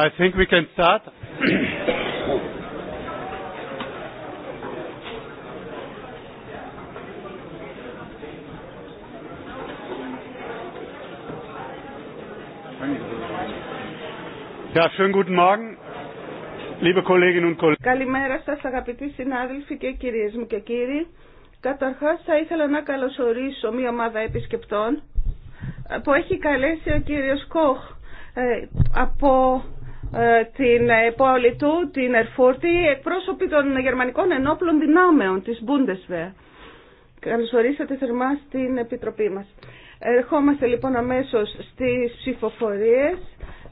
I think we can start. Ja, schönen guten Morgen. Καλημέρα σας αγαπητοί συνάδελφοι και κυρίες μου και κύριοι. Καταρχάς θα ήθελα να καλωσορίσω μια ομάδα επισκεπτών ε, που έχει καλέσει ο κύριος Κοχ ε, από ε, την πόλη του, την Ερφούρτη, εκπρόσωποι των γερμανικών ενόπλων δυνάμεων της Bundeswehr. Καλωσορίσατε θερμά στην Επιτροπή μας. Ερχόμαστε λοιπόν αμέσως στις ψηφοφορίες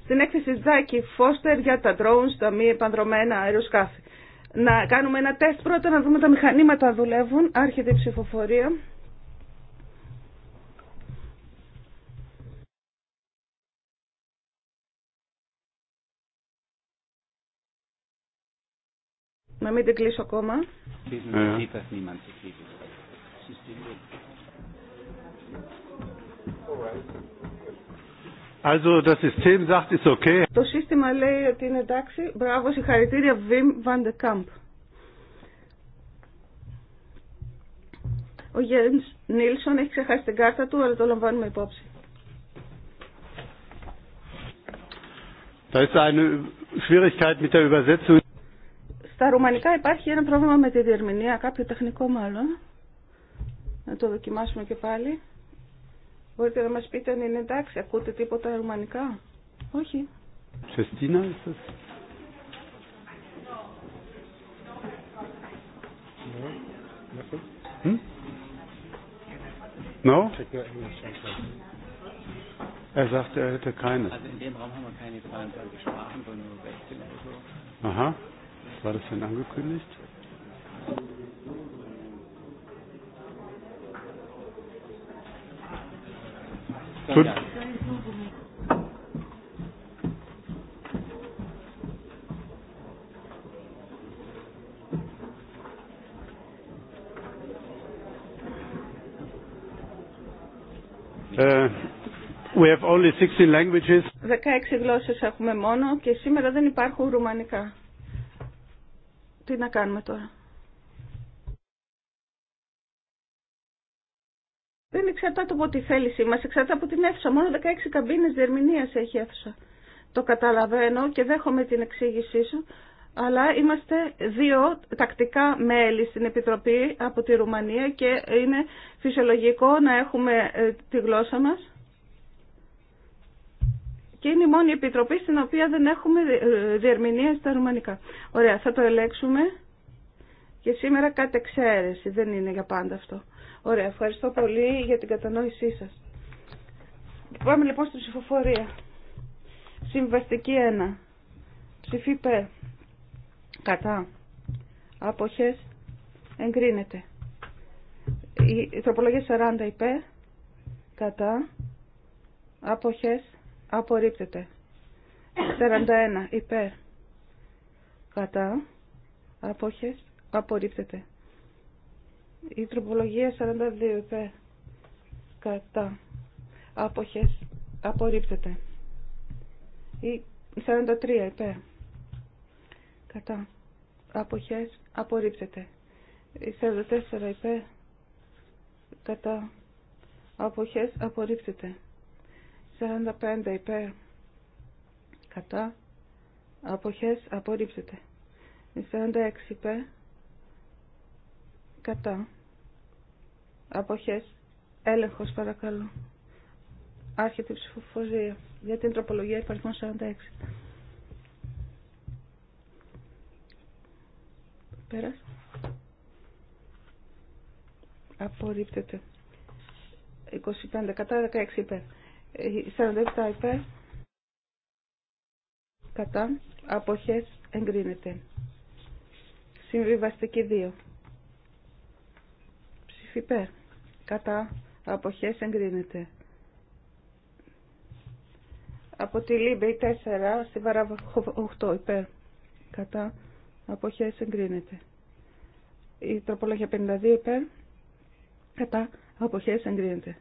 στην έκθεση Ζάκη Φώστερ για τα drones, τα μη επανδρομένα αεροσκάφη. Να κάνουμε ένα τεστ πρώτα, να δούμε τα μηχανήματα δουλεύουν. Άρχεται η ψηφοφορία. Να μην την κλείσω ακόμα. Ε. Το σύστημα λέει ότι είναι εντάξει. Μπράβο, συγχαρητήρια Βιμ Βαντεκάμπ. Ο Γιάννης Νίλσον έχει ξεχάσει την κάρτα του, αλλά το λαμβάνουμε υπόψη. Στα ρουμανικά υπάρχει ένα πρόβλημα με τη διερμηνία, κάποιο τεχνικό μάλλον. Να το δοκιμάσουμε και πάλι. Μπορείτε να μας πείτε αν είναι εντάξει, ακούτε τίποτα ρουμανικά. Όχι. Σε στήνα σας. No? Er sagte, er hätte keine. Also in dem Raum haben wir keine 22 Sprachen, sondern nur 16 oder so. Aha. war das denn angekündigt? Uh, We have only 16 languages. 16 γλώσσες έχουμε μόνο και σήμερα δεν υπάρχουν ρουμανικά. Τι να κάνουμε τώρα. Δεν εξαρτάται από τη θέλησή μας, εξαρτάται από την αίθουσα. Μόνο 16 καμπίνε διερμηνία έχει αίθουσα. Το καταλαβαίνω και δέχομαι την εξήγησή σου, αλλά είμαστε δύο τακτικά μέλη στην Επιτροπή από τη Ρουμανία και είναι φυσιολογικό να έχουμε ε, τη γλώσσα μας. Και είναι η μόνη επιτροπή στην οποία δεν έχουμε ε, διερμηνία στα ρουμανικά. Ωραία, θα το ελέξουμε και σήμερα κάτι εξαίρεση, δεν είναι για πάντα αυτό. Ωραία, ευχαριστώ πολύ για την κατανόησή σας. Πάμε λοιπόν στην ψηφοφορία. Συμβαστική 1. Ψηφί υπέρ. Κατά. Αποχές. Εγκρίνεται. Η τροπολογία 40 υπε, Κατά. Αποχές. Απορρίπτεται. 41 υπέρ. Κατά. Αποχές. Απορρίπτεται. Η τροπολογία 42 υπέρ κατά αποχές απορρίπτεται. Η 43 υπέρ κατά αποχές απορρίπτεται. Η 44 υπέρ κατά αποχές απορρίπτεται. 45 υπέρ κατά αποχές απορρίπτεται. Η 46 υπέρ κατά αποχές έλεγχος παρακαλώ άρχεται η ψηφοφορία για την τροπολογία υπαριθμών 46 Πέρασε. απορρίπτεται 25 κατά 16 υπέρ 47 ε, υπέρ κατά αποχές εγκρίνεται συμβιβαστική 2 υπέρ. Κατά αποχές εγκρίνεται. Από τη Λίμπη 4 στη παράγραφο 8 υπέρ. Κατά αποχές εγκρίνεται. Η τροπολογία 52 υπέρ. Κατά αποχές εγκρίνεται.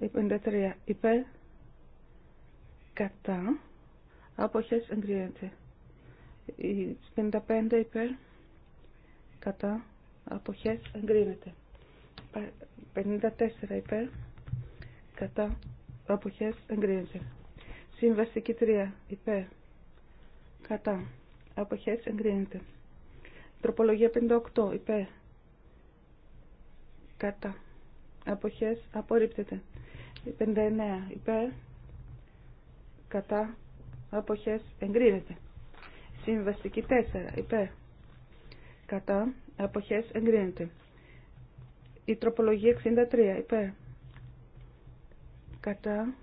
Η 53 υπέρ. Κατά αποχές εγκρίνεται. Η 55 υπέρ. Κατά αποχές εγκρίνεται. 54 υπέρ κατά αποχές εγκρίνεται. Συμβαστική 3 υπέρ κατά αποχές εγκρίνεται. Τροπολογία 58 υπέρ κατά αποχές απορρίπτεται. 59 υπέρ κατά αποχές εγκρίνεται. Συμβαστική 4 υπέρ κατά αποχές εγκρίνεται. Η τροπολογία 63 υπέρ. Κατά.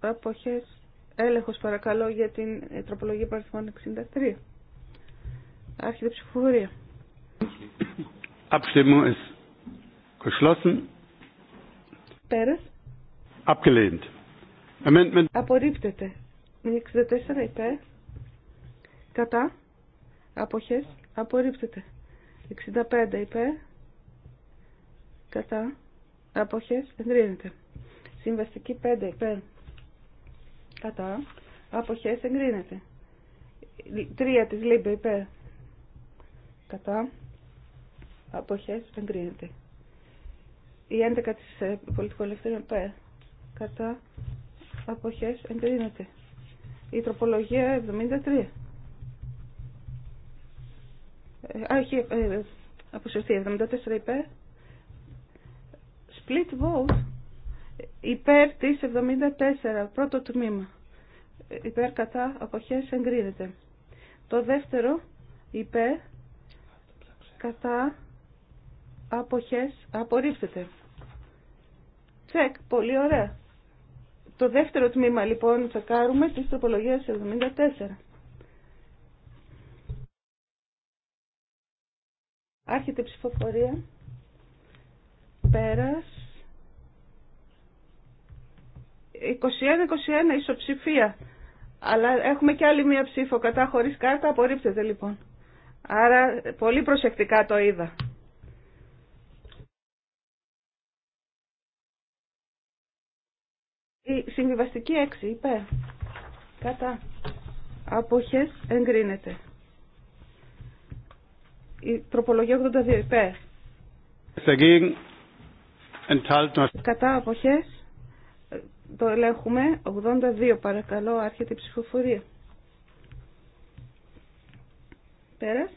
Αποχές. Έλεγχος παρακαλώ για την ε, τροπολογία παριθμών 63. Άρχεται ψηφοφορία. Abstimmung ist geschlossen. Πέρας. Abgelehnt. Amendment. 64 υπέρ. Κατά. Αποχές. Απορρίπτεται. 65 υπέρ κατά αποχές εγκρίνεται. Συμβαστική 5 υπέρ κατά αποχές εγκρίνεται. 3 της Λίμπε υπέρ κατά αποχές εγκρίνεται. Η έντεκα της ε, ελευθερίου υπέρ κατά αποχές εγκρίνεται. Η τροπολογία 73. Ε, α, έχει ε, αποσυρθεί 74 υπέρ Split vote υπέρ της 74, πρώτο τμήμα. Υπέρ κατά αποχές εγκρίνεται. Το δεύτερο υπέρ κατά αποχές απορρίφθεται. Τσεκ, πολύ ωραία. Το δεύτερο τμήμα λοιπόν τσεκάρουμε της τροπολογίας 74. Άρχεται ψηφοφορία. Πέρας. 21-21 ισοψηφία. Αλλά έχουμε και άλλη μία ψήφο κατά χωρίς κάρτα. Απορρίπτεται λοιπόν. Άρα πολύ προσεκτικά το είδα. Η συμβιβαστική 6 είπε, Κατά. Απόχες εγκρίνεται. Η τροπολογία 82 υπέρ. εκεί Κατά αποχές το ελέγχουμε 82 παρακαλώ άρχεται η ψηφοφορία. Πέρας.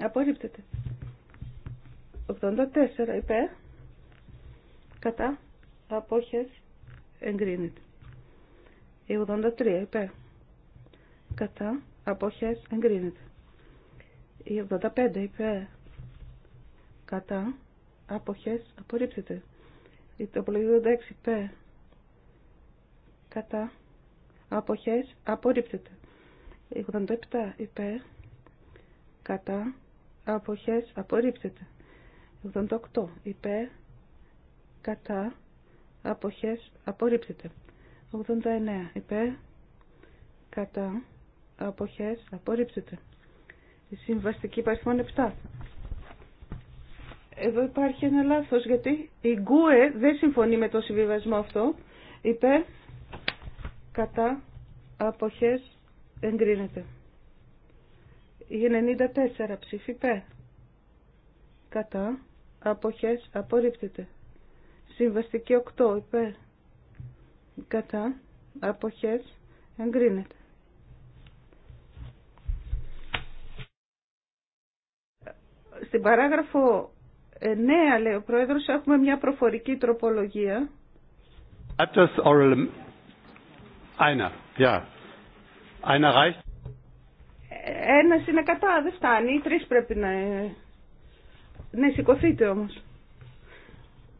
Απορρίπτεται. 84 υπέρ. Κατά απόχες εγκρίνεται. 83 υπέρ. Κατά απόχες εγκρίνεται. 85 υπέρ κατά, αποχές, απορρίπτεται. Η τοπολογία κατά, αποχές, απορρίπτεται. Η 87 υπέ, κατά, αποχές, απορρίπτεται. 88 υπέ, κατά, αποχές, απορρίπτεται. 89 υπέ, κατά, αποχές, απορρίπτεται. Η συμβαστική παριθμόν 7 εδώ υπάρχει ένα λάθος γιατί η Γκουε δεν συμφωνεί με το συμβιβασμό αυτό. είπε κατά, αποχές, εγκρίνεται. Η 94 ψήφι πέ. κατά, αποχές, απορρίπτεται. Συμβαστική 8 είπε. κατά, αποχές, εγκρίνεται. Στην παράγραφο ε, ναι, λέει ο Πρόεδρος, έχουμε μια προφορική τροπολογία. Ε, Ένα είναι κατά, δεν φτάνει. Τρει τρεις πρέπει να... Ε, ναι, σηκωθείτε όμω.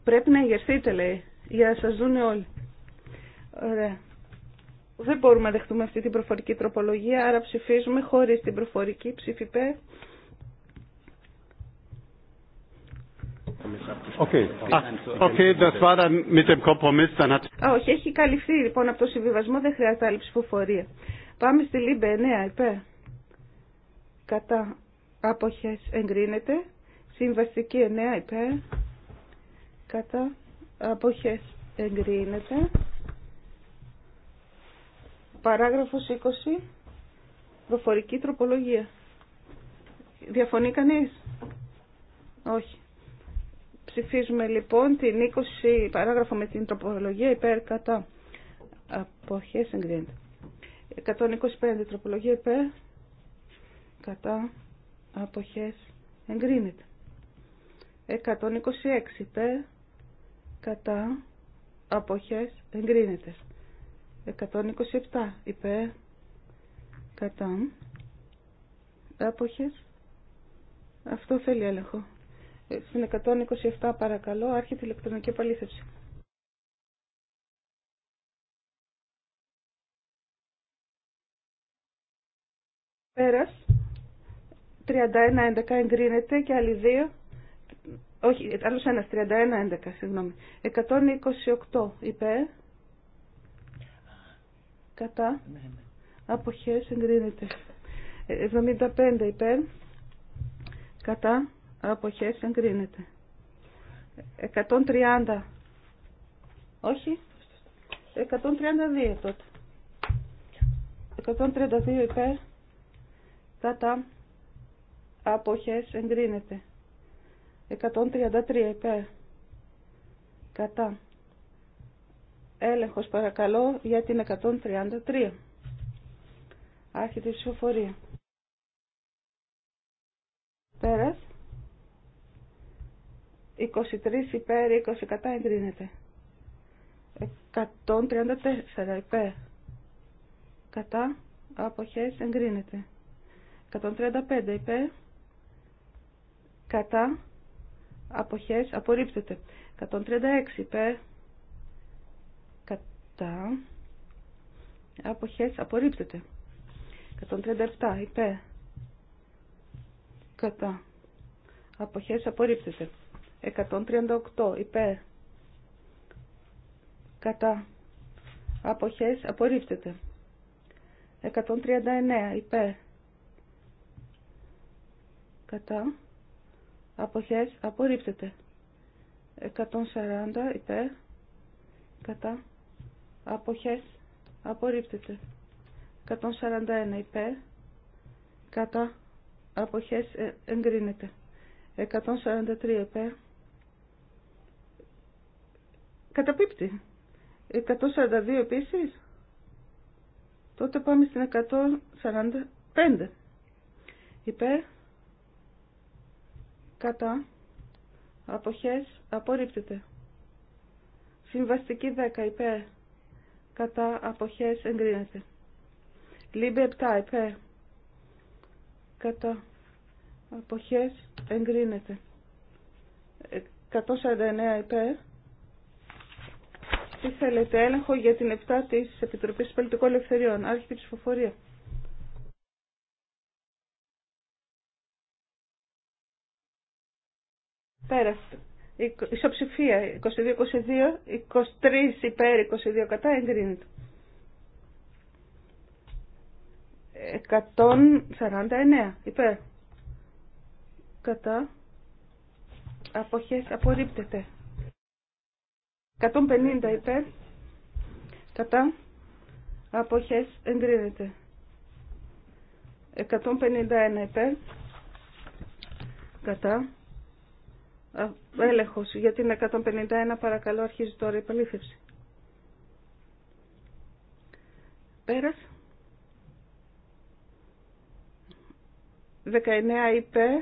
Πρέπει να εγερθείτε, λέει, για να σα δουν όλοι. Ωραία. Δεν μπορούμε να δεχτούμε αυτή την προφορική τροπολογία, άρα ψηφίζουμε χωρί την προφορική ψηφιπέ. Α, όχι, έχει καλυφθεί λοιπόν από το συμβιβασμό, δεν χρειάζεται άλλη ψηφοφορία. Πάμε στη ΛΥΜΠΕ 9, υπέ. Κατά άποχες εγκρίνεται. Συμβαστική 9, υπέ. Κατά άποχες εγκρίνεται. Παράγραφος 20, προφορική τροπολογία. Διαφωνεί κανείς? Όχι. Ψηφίζουμε λοιπόν την 20 παράγραφο με την τροπολογία υπέρ κατά αποχές εγκρίνεται. 125 τροπολογία υπέρ κατά αποχές εγκρίνεται. 126 υπέρ κατά αποχές εγκρίνεται. 127 υπέρ κατά αποχές αυτό θέλει έλεγχο. Στην 127 παρακαλώ, άρχεται η ηλεκτρονική επαλήθευση. Πέρας. 31-11 εγκρίνεται και άλλοι δύο. άλλο άλλος ένας, 31-11, συγγνώμη. 128 υπέρ. Κατά. Ναι, ναι. Αποχές εγκρίνεται. 75 υπέρ. Κατά. Αποχές εγκρίνεται. 130. Όχι. 132 τότε. 132 υπέρ. Κατά. Αποχές εγκρίνεται. 133 υπέρ. Κατά. Έλεγχος παρακαλώ για την 133. Άρχεται η ψηφοφορία. Πέρας. 23 υπέρ, 20 κατά εγκρίνεται. 134 υπέρ. Κατά αποχές εγκρίνεται. 135 υπέρ. Κατά αποχές απορρίπτεται. 136 υπέρ. Κατά αποχές απορρίπτεται. 137 υπέρ. Κατά αποχές απορρίπτεται. 138 υπέρ κατά αποχές απορρίφτεται 139 υπέρ κατά αποχές απορρίφτεται 140 υπέρ κατά αποχές απορρίφτεται 141 υπέρ κατά αποχές ε, εγκρίνεται 143 υπέρ Καταπίπτει. 142 επίσης. Τότε πάμε στην 145. Υπέρ. Κατά. Αποχές. Απορρίπτεται. Συμβαστική 10 υπέρ. Κατά. Αποχές. Εγκρίνεται. Λίμπε 7 υπέρ. Κατά. Αποχές. Εγκρίνεται. 149 υπέρ τι θέλετε, έλεγχο για την 7 τη Επιτροπή Πολιτικών Ελευθεριών. Άρχιτε ψηφοφορία. Πέρασε. Ισοψηφία 22-22, 23 υπέρ, 22 κατά, εγκρίνεται. 149 υπέρ. Κατά. Αποχέ, απορρίπτεται. 150 υπέρ. Κατά. Αποχές εγκρίνεται. 151 υπέρ. Κατά. Έλεγχος για την 151 παρακαλώ αρχίζει τώρα η παλήθευση. Πέρας. 19 υπέρ.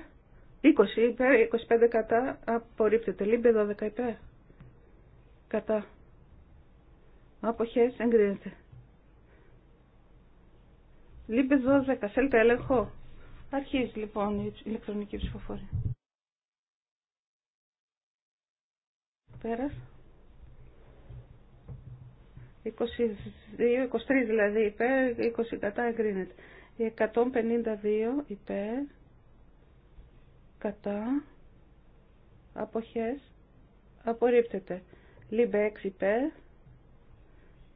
20 υπέρ. 25 κατά. Απορρίπτεται. Λίμπε 12 υπέρ κατά αποχές εγκρίνεται. Λίπε 12, θέλετε έλεγχο. Αρχίζει λοιπόν η ηλεκτρονική ψηφοφορία. Πέρας. 23 δηλαδή υπέρ, 20 κατά εγκρίνεται. 152 υπέρ, κατά, αποχές, απορρίπτεται. Λίμπε 6 υπέρ.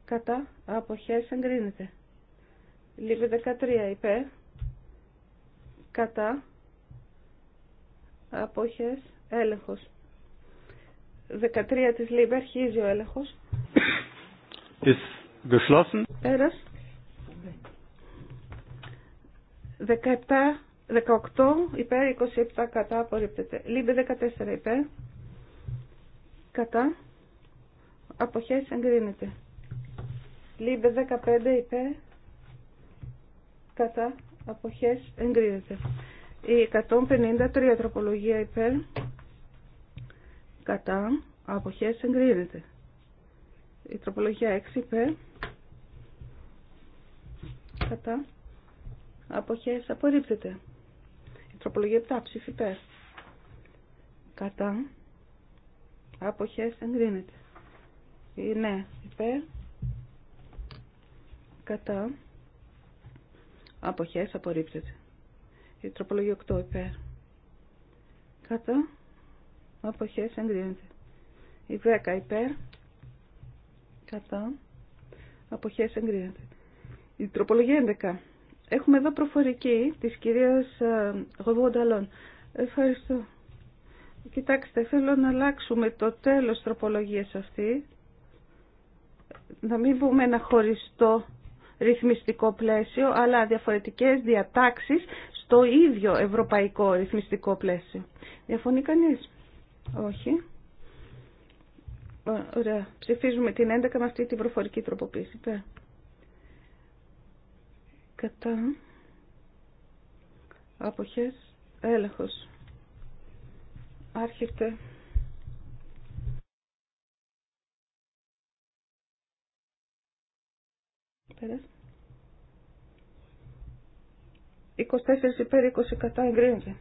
Κατά. Αποχές εγκρίνεται. Λίμπε 13 υπέρ. Κατά. Αποχές έλεγχος. 13 της Λίμπε αρχίζει ο έλεγχος. Ist geschlossen. Πέρας. 17, 18 υπέρ, 27 κατά απορρίπτεται. Λίμπε 14 υπέρ. Κατά αποχές εγκρίνεται. Λίμπε 15 υπέρ κατά αποχές εγκρίνεται. Η 153 τροπολογία υπέρ κατά αποχές εγκρίνεται. Η τροπολογία 6 υπέρ κατά αποχές απορρίπτεται. Η τροπολογία 7 ψήφι υπέρ κατά αποχές εγκρίνεται. Ναι υπέρ. Κατά. Αποχές απορρίπτεται. Η τροπολογία 8 υπέρ. Κατά. Αποχές εγκρίνεται. Η 10 υπέρ. Κατά. Αποχές εγκρίνεται. Η τροπολογία 11. Έχουμε εδώ προφορική της κυρίας Γοβονταλών. Ε, Ευχαριστώ. Κοιτάξτε, θέλω να αλλάξουμε το τέλος τροπολογίας αυτή να μην βούμε ένα χωριστό ρυθμιστικό πλαίσιο, αλλά διαφορετικές διατάξεις στο ίδιο ευρωπαϊκό ρυθμιστικό πλαίσιο. Διαφωνεί κανείς? Όχι. Ωραία. Ψηφίζουμε την 11 με αυτή την προφορική τροποποίηση. Κατά. Αποχές. Έλεγχος. Άρχεται. Πέρας. 24 υπέρ 20 κατά εγκρίνεται.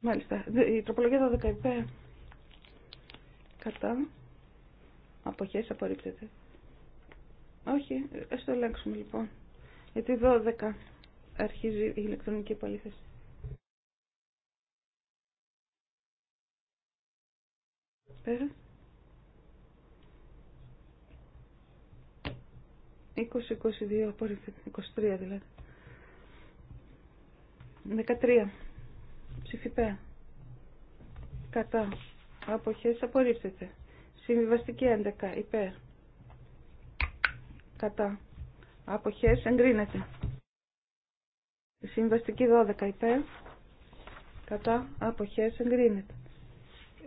Μάλιστα. Η τροπολογία 12 υπέρ κατά αποχές απορρίπτεται. Όχι, ας το ελέγξουμε λοιπόν. Γιατί 12 αρχίζει η ηλεκτρονική επαλήθευση. Πέρα. 20-22 23 δηλαδή. 13. Ψηφιπέ. Κατά. Αποχές απορρίπτεται. Συμβιβαστική 11. Υπέρ. Κατά. Αποχές εγκρίνεται. Συμβαστική 12. Υπέρ. Κατά. Αποχές εγκρίνεται.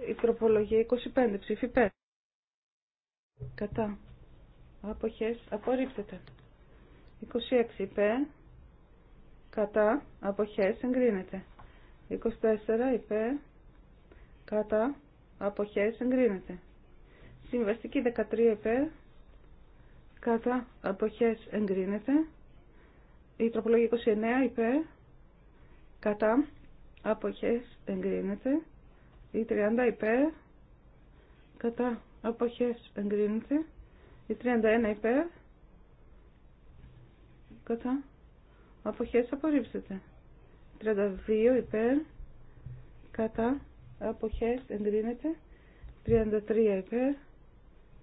Η τροπολογία 25. Ψηφιπέ. Κατά αποχές απορρίπτεται. 26 Υπέ, κατά αποχές εγκρίνεται. 24 Υπέ, κατά αποχές εγκρίνεται. Συμβαστική 13 Υπέ, κατά αποχές εγκρίνεται. Η τροπολογία 29 Υπέ, κατά αποχές εγκρίνεται. Η 30 υπε, κατά αποχές εγκρίνεται. Η 31 υπέρ. Κατά. Αποχές απορρίψετε. 32 υπέρ. Κατά. Αποχές εγκρίνεται. 33 υπέρ.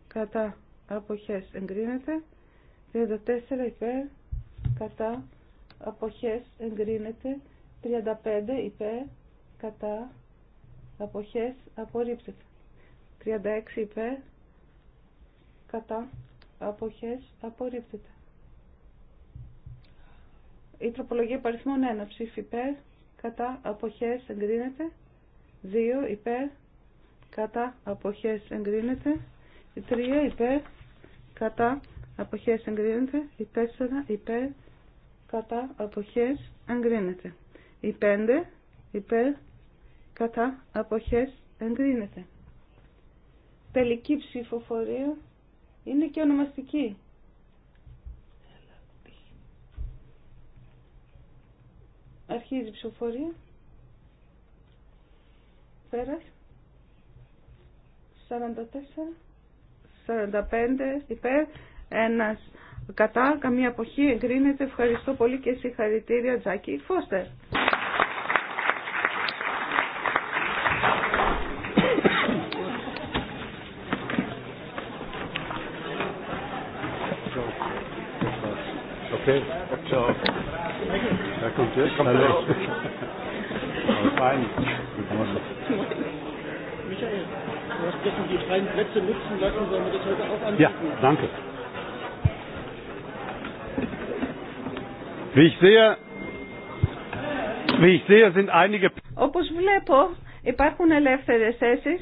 Κατά. Αποχές εγκρίνεται. 34 υπέρ. Κατά. Αποχές εγκρίνεται. 35 υπέρ. Κατά. Αποχές απορρίψετε. 36 υπέρ κατά αποχές απορρίπτεται. Η τροπολογία παριθμών 1 ψήφι υπέρ, κατά αποχές εγκρίνεται. 2 υπέρ, κατά αποχές εγκρίνεται. Η 3 υπέρ, κατά αποχές εγκρίνεται. Η 4 υπέρ, κατά αποχές εγκρίνεται. Η 5 υπέρ, κατά αποχές εγκρίνεται. Τελική ψηφοφορία είναι και ονομαστική. Αρχίζει η ψηφοφορία. Πέρας. 44. 45 υπέρ. Ένας κατά. Καμία αποχή εγκρίνεται. Ευχαριστώ πολύ και συγχαρητήρια Τζάκη Φώστερ. Okay, Όπως βλέπω, υπάρχουν ελεύθερες θέσεις.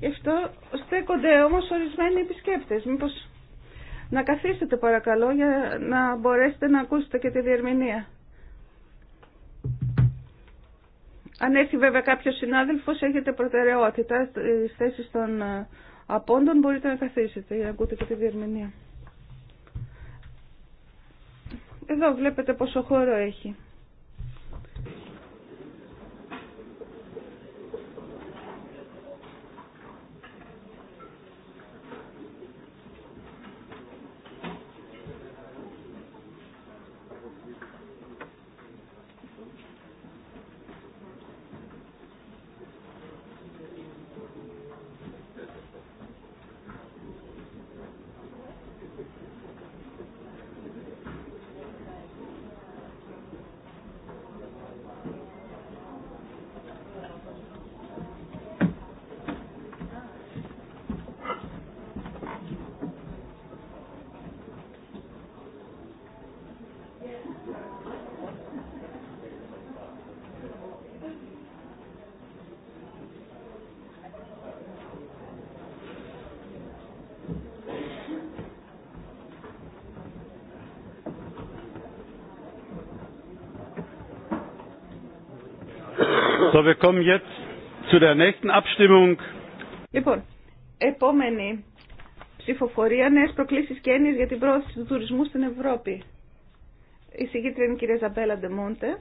Γι' αυτό στέκονται όμως ορισμένοι επισκέπτες. Μήπως να καθίσετε παρακαλώ για να μπορέσετε να ακούσετε και τη διερμηνία. Αν έρθει βέβαια κάποιο συνάδελφο, έχετε προτεραιότητα στι θέσει των ε, απόντων. Μπορείτε να καθίσετε για να ακούτε και τη διερμηνία. Εδώ βλέπετε πόσο χώρο έχει. So, wir kommen jetzt zu der nächsten Abstimmung. Λοιπόν, επόμενη ψηφοφορία, νέε προκλήσεις και έννοιες για την πρόθεση του τουρισμού στην Ευρώπη. Η συγκήτρια είναι η κυρία Ζαμπέλα Ντεμόντε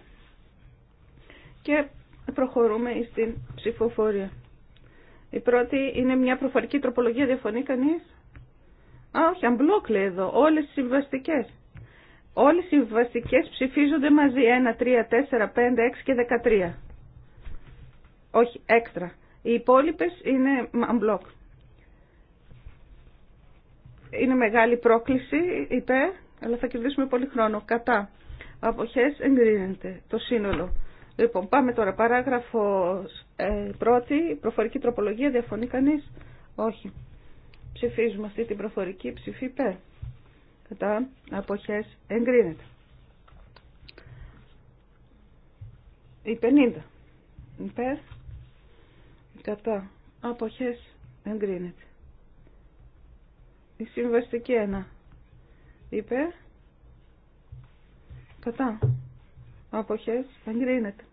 και προχωρούμε στην ψηφοφορία. Η πρώτη είναι μια προφορική τροπολογία, διαφωνεί κανείς. Α, όχι, αμπλόκ λέει εδώ, Όλε τι συμβαστικέ. Όλε οι συμβαστικέ ψηφίζονται μαζί, 1, 3, 4, 5, 6 και 13 όχι έξτρα. Οι υπόλοιπε είναι unblock. Είναι μεγάλη πρόκληση είπε. αλλά θα κερδίσουμε πολύ χρόνο. Κατά. Αποχές εγκρίνεται το σύνολο. Λοιπόν, πάμε τώρα. Παράγραφος ε, πρώτη, προφορική τροπολογία. Διαφωνεί κανεί. Όχι. Ψηφίζουμε αυτή την προφορική ψηφή Κατά. Αποχές εγκρίνεται. Η 50. Υπέρ κατά αποχές εγκρίνεται. Η συμβαστική ενα υπέρ κατά αποχές εγκρίνεται.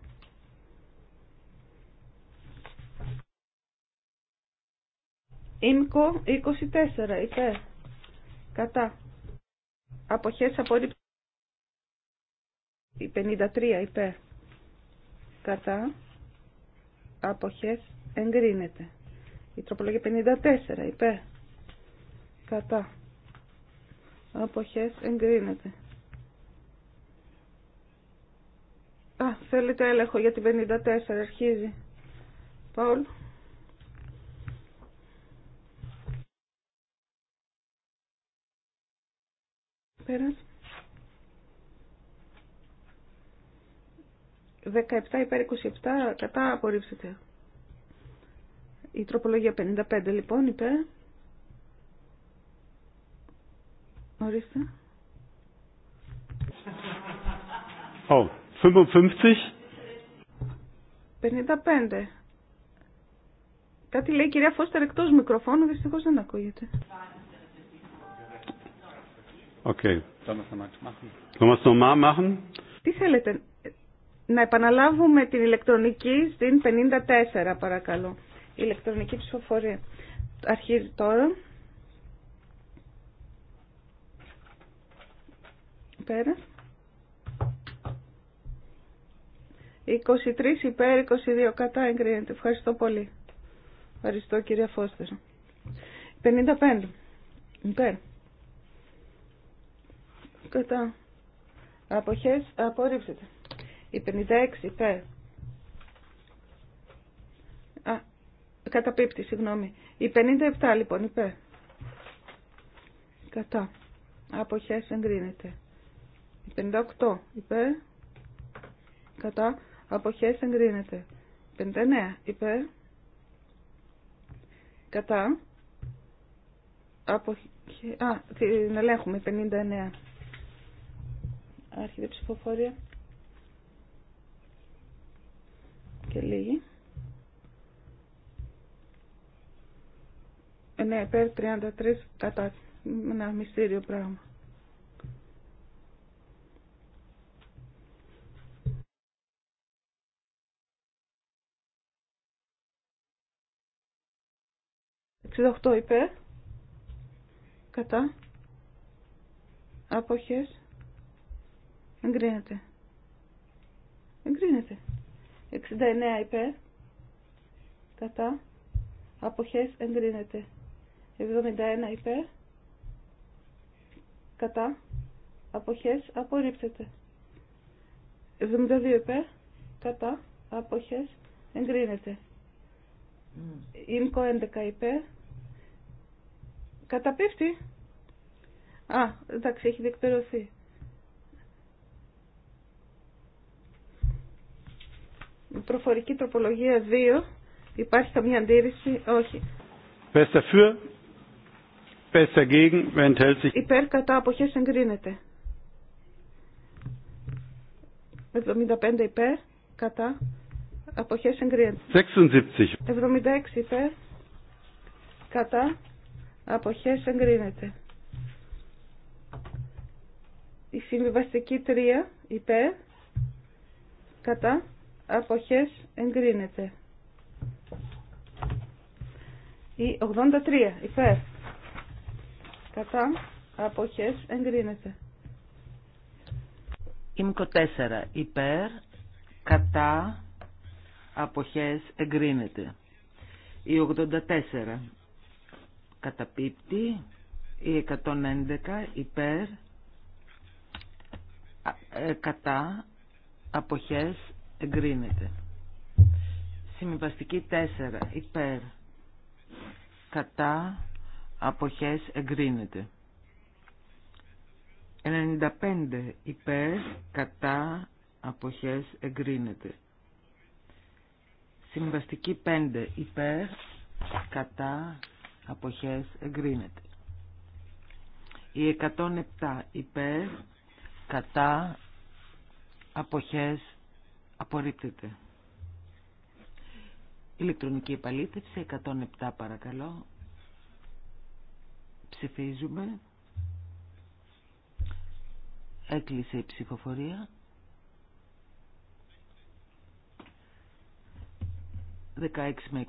Ήμκο 24 υπέρ κατά αποχές απόρριψη. Η 53 υπέρ κατά αποχές εγκρίνεται. Η τροπολογία 54 υπέρ κατά αποχές εγκρίνεται. Α, θέλετε έλεγχο για την 54, αρχίζει. Παόλ. Πέρας. 17 υπέρ 27, κατά απορρίψετε. Η τροπολογία 55 λοιπόν είπε; Ορίστε. Oh, 55. 55. Κάτι λέει η κυρία Φώστερ εκτός μικροφώνου, δυστυχώς δεν ακούγεται. Okay. Τι θέλετε, να επαναλάβουμε την ηλεκτρονική στην 54 παρακαλώ ηλεκτρονική ψηφοφορία. Αρχίζει τώρα. Πέρα. 23 υπέρ, 22 κατά εγκρίνεται. Ευχαριστώ πολύ. Ευχαριστώ κυρία Φώστερ. 55 υπέρ. Κατά. Αποχές απορρίψετε. Η 56 υπέρ. Καταπίπτει, συγγνώμη. Η 57 λοιπόν υπέρ. Κατά. Αποχές εγκρίνεται. Η 58 είπε. Κατά. Αποχές εγκρίνεται. 59 είπε. Κατά. Αποχέ... Α, την ελέγχουμε. 59. Άρχεται ψηφοφορία. Και λίγη. ναι, υπέρ 33 κατά. Ένα μυστήριο πράγμα. 68 υπέρ. Κατά. Αποχές. Εγκρίνεται. Εγκρίνεται. 69 υπέρ. Κατά. Αποχές εγκρίνεται. 71 υπέρ. Κατά. Αποχές απορρίπτεται. 72 υπέρ. Κατά. Αποχές εγκρίνεται. Ήμκο 11 υπέρ. Καταπέφτει. Α, εντάξει, έχει διεκπαιρωθεί. Προφορική τροπολογία 2. Υπάρχει καμία αντίρρηση. Όχι. Wer ist dafür? Υπέρ κατά αποχέ εγκρίνεται. 75 υπέρ κατά αποχέ εγκρίνεται. 76. 76 υπέρ κατά αποχέ εγκρίνεται. Η συμβιβαστική 3 υπέρ κατά απόχέ εγκρίνεται. Η 83 υπέρ Κατά αποχές εγκρίνεται. Ήμκο 4. Υπέρ, κατά, αποχές εγκρίνεται. Η 84. Καταπίπτει. Η 111. Υπέρ, ε, κατά, αποχές εγκρίνεται. Συμβαστική 4. Υπέρ, κατά, αποχές εγκρίνεται. 95 υπέρ κατά αποχές εγκρίνεται. Συμβαστική 5 υπέρ κατά αποχές εγκρίνεται. Η 107 υπέρ κατά αποχές απορρίπτεται. Ηλεκτρονική επαλήθευση 107 παρακαλώ. Ψηφίζουμε. Έκλεισε η ψηφοφορία. 16 με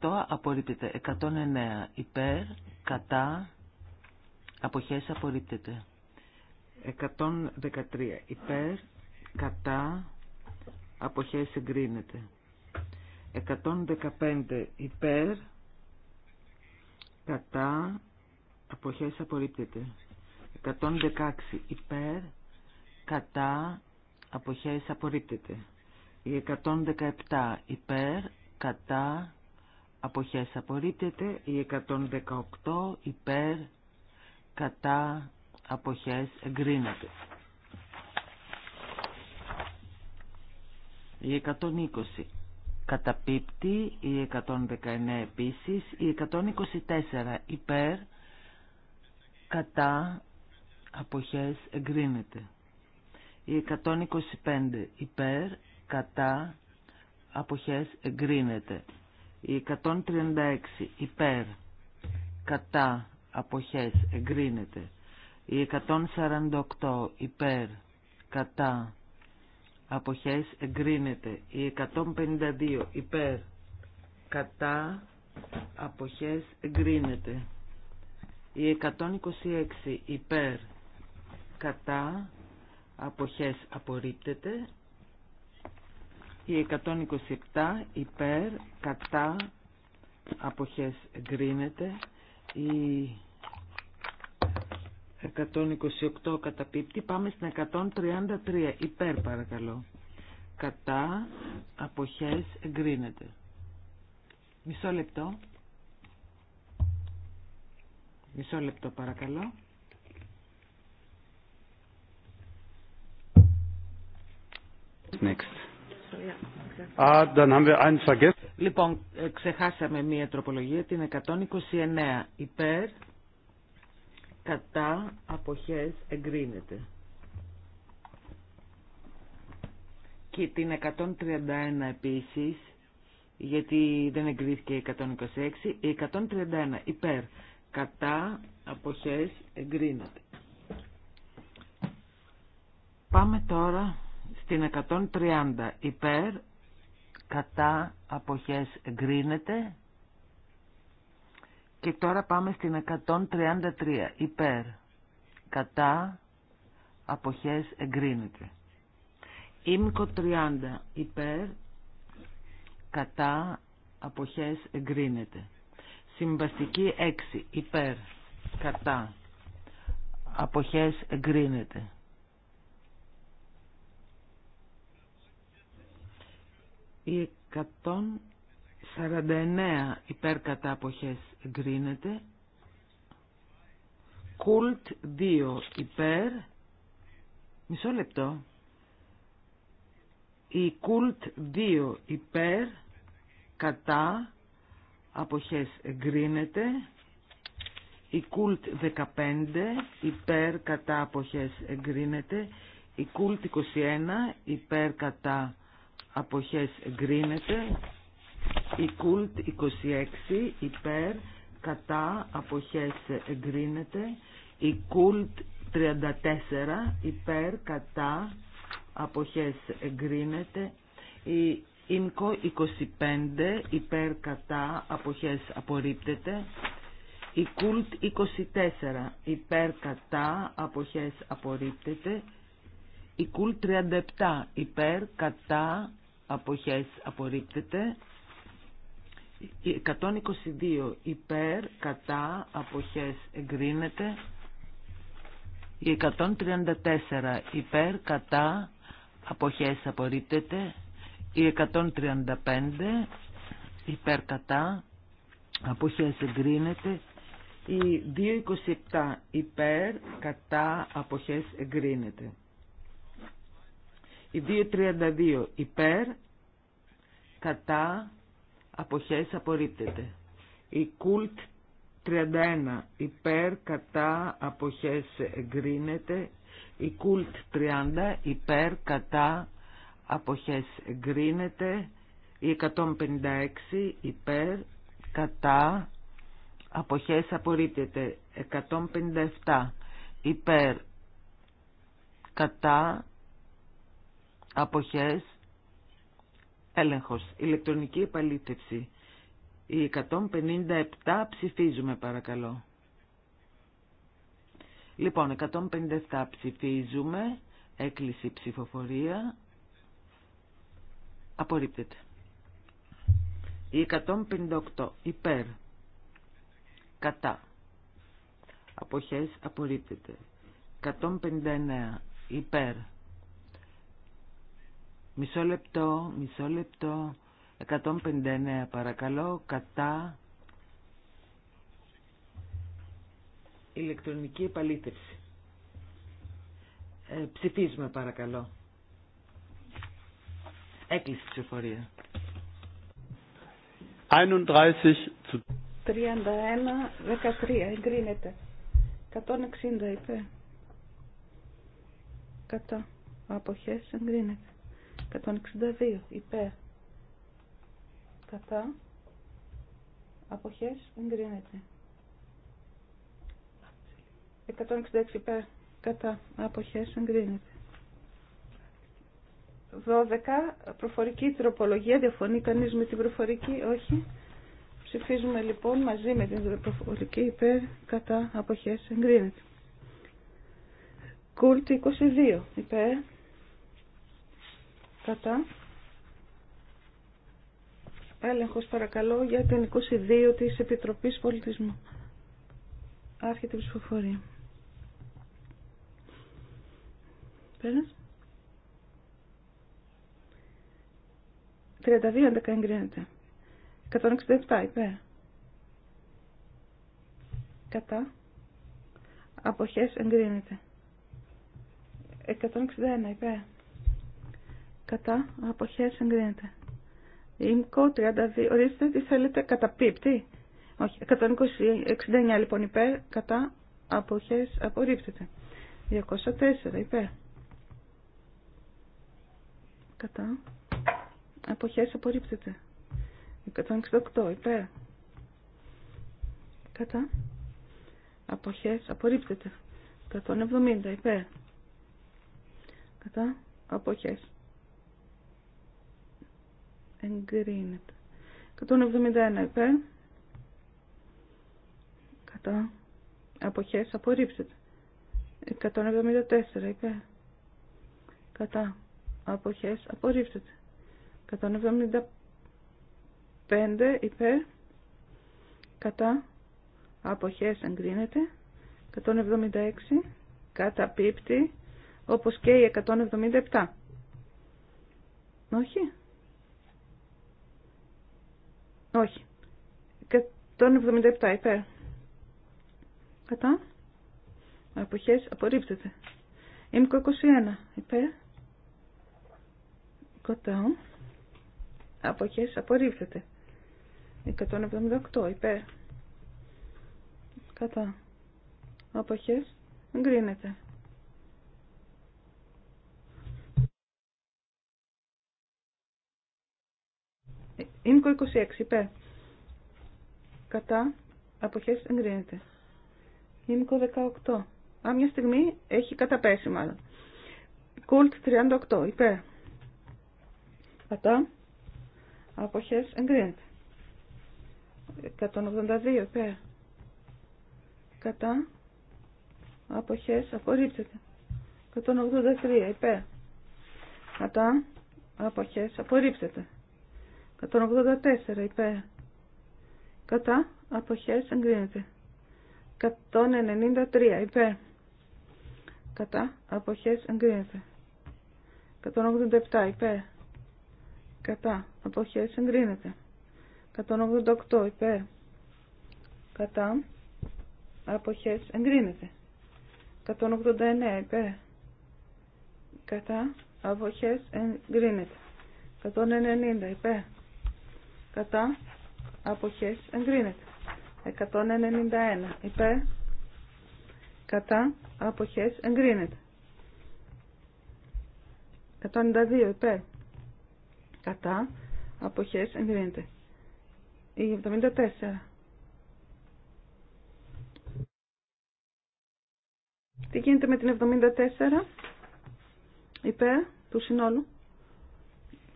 28 απορρίπτεται. 109 υπέρ, κατά, αποχέ απορρίπτεται. 113 υπέρ, κατά, απόχέ εγκρίνεται. 115 υπέρ, κατά, αποχές απορρίπτεται. 116 υπέρ, κατά, αποχές απορρίπτεται. Η 117 υπέρ, κατά, αποχές απορρίπτεται. Η 118 υπέρ, κατά, αποχές εγκρίνεται. Η 120 καταπίπτει, η 119 επίσης, η 124 υπέρ, κατά αποχές εγκρίνεται. Η 125 υπέρ κατά αποχές εγκρίνεται. Η 136 υπέρ κατά αποχές εγκρίνεται. Η 148 υπέρ κατά αποχές εγκρίνεται. Η 152 υπέρ κατά αποχές εγκρίνεται. Η 126 υπέρ κατά αποχές απορρίπτεται. Η 127 υπέρ κατά αποχές εγκρίνεται. Η 128 καταπίπτει. Πάμε στην 133 υπέρ παρακαλώ. Κατά αποχές εγκρίνεται. Μισό λεπτό. Μισό λεπτό παρακαλώ. Next. Ah, λοιπόν, ε, ξεχάσαμε μία τροπολογία, την 129. Υπέρ, κατά, αποχές, εγκρίνεται. Και την 131 επίσης, γιατί δεν εγκρίθηκε η 126, η 131 υπέρ, κατά αποχές εγκρίνεται. Πάμε τώρα στην 130 υπέρ κατά αποχές εγκρίνεται και τώρα πάμε στην 133 υπέρ κατά αποχές εγκρίνεται. Ήμικο 30 υπέρ κατά αποχές εγκρίνεται. Συμβαστική 6. Υπέρ. Κατά. Αποχές εγκρίνεται. 149 υπέρ κατά αποχές εγκρίνεται. Κουλτ 2 υπέρ. Μισό λεπτό. Η κουλτ 2 υπέρ κατά αποχές εγκρίνεται. Η κουλτ 15 υπέρ κατά αποχές εγκρίνεται. Η κουλτ 21 υπέρ κατά αποχές εγκρίνεται. Η κουλτ 26 υπέρ κατά αποχές εγκρίνεται. Η κουλτ 34 υπέρ κατά αποχές εγκρίνεται. Η ΙΜΚΟ 25 υπέρ κατά αποχές απορρίπτεται. Η Κούλτ 24 υπέρ κατά αποχές απορρίπτεται. Η Κούλτ 37 υπέρ κατά αποχές απορρίπτεται. 122 υπέρ κατά αποχές εγκρίνεται. Η 134 υπέρ κατά αποχές απορρίπτεται. Η 135 υπέρ κατά αποχές εγκρίνεται. Η 227 υπέρ κατά αποχές εγκρίνεται. Η 232 υπέρ κατά αποχές απορρίπτεται. Η κουλτ 31 υπέρ κατά αποχές εγκρίνεται. Η κουλτ 30 υπέρ κατά αποχές εγκρίνεται η 156 υπέρ κατά αποχές απορρίπτεται 157 υπέρ κατά αποχές έλεγχος ηλεκτρονική επαλήθευση η 157 ψηφίζουμε παρακαλώ λοιπόν 157 ψηφίζουμε έκλειση ψηφοφορία Απορρίπτεται. Η 158 υπέρ. Κατά. Αποχές απορρίπτεται. 159 υπέρ. Μισό λεπτό, μισό λεπτό. 159 παρακαλώ. Κατά. Ηλεκτρονική επαλήθευση. Ε, ψηφίζουμε παρακαλώ. Έκλεισε η ψηφορία. 31 31-13 εγκρίνεται. 160 υπέρ. Κατά. Αποχές εγκρίνεται. 162 υπέρ. Κατά. Αποχές εγκρίνεται. 166 υπέρ. Κατά. Αποχές εγκρίνεται. 12, προφορική τροπολογία, διαφωνεί κανείς με την προφορική, όχι. Ψηφίζουμε λοιπόν μαζί με την προφορική υπέρ κατά αποχές εγκρίνεται. Κούλτ 22 υπέρ κατά. Έλεγχος παρακαλώ για την 22 της Επιτροπής Πολιτισμού. Άρχεται η ψηφοφορία. Πέρασε. 32-11 εγκρίνεται. 167 υπέρ. Κατά. Αποχές εγκρίνεται. 161 υπέρ. Κατά. Αποχές εγκρίνεται. Ήμκο 32. Ορίστε τι θέλετε. πίπτη. Όχι. 169 λοιπόν υπέρ. Κατά. Αποχές απορρίπτεται. 204 υπέρ. Κατά. Αποχές απορρίπτεται. 168 υπέρ. Κατά. Αποχές απορρίπτεται. 170 υπέρ. Κατά. Αποχές. Εγκρίνεται. 171 υπέρ. Κατά. Αποχές απορρίπτεται. 174 υπέρ. Κατά. Αποχές απορρίπτεται. 175 υπέρ κατά αποχές εγκρίνεται 176 κατά πίπτη, όπως και η 177 όχι όχι 177 υπέρ κατά αποχές απορρίπτεται ΕΜΚΟ 21 υπέρ κατά αποχές απορρίπτεται. 178 υπέρ κατά αποχές εγκρίνεται. Ίνκο 26 υπέρ κατά αποχές εγκρίνεται. Ίνκο 18 Α, μια στιγμή έχει καταπέσει μάλλον. Κουλτ 38 υπέρ κατά Αποχές εγκρίνεται. 182 υπέρ. Κατά. Αποχές απορρίπτεται. 183 υπέρ. Κατά. Αποχές απορρίπτεται. 184 υπέρ. Κατά. Αποχές εγκρίνεται. 193 υπέρ. Κατά. Αποχές εγκρίνεται. 187 υπέρ κατά αποχές εγκρίνεται 188 υπέρ κατά αποχές εγκρίνεται 189 υπέρ κατά αποχές εγκρίνεται 190 υπέρ κατά αποχές εγκρίνεται 191 υπέρ κατά αποχές εγκρίνεται 192 υπέρ κατά, αποχές εγκρίνεται. Η 74. Τι γίνεται με την 74 υπέρ του συνόλου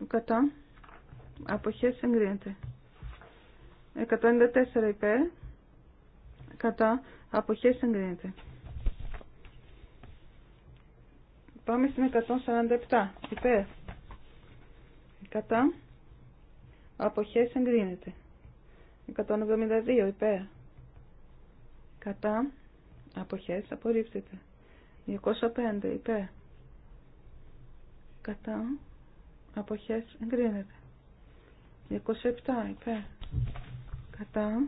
κατά αποχές εγκρίνεται. 194 υπέρ κατά αποχές εγκρίνεται. Πάμε στην 147 υπέρ Κατά. Αποχές εγκρίνεται. 172 υπέρ. Κατά. Αποχές απορρίπτεται. 205 υπέρ. Κατά. Αποχές εγκρίνεται. 207 υπέρ. Κατά.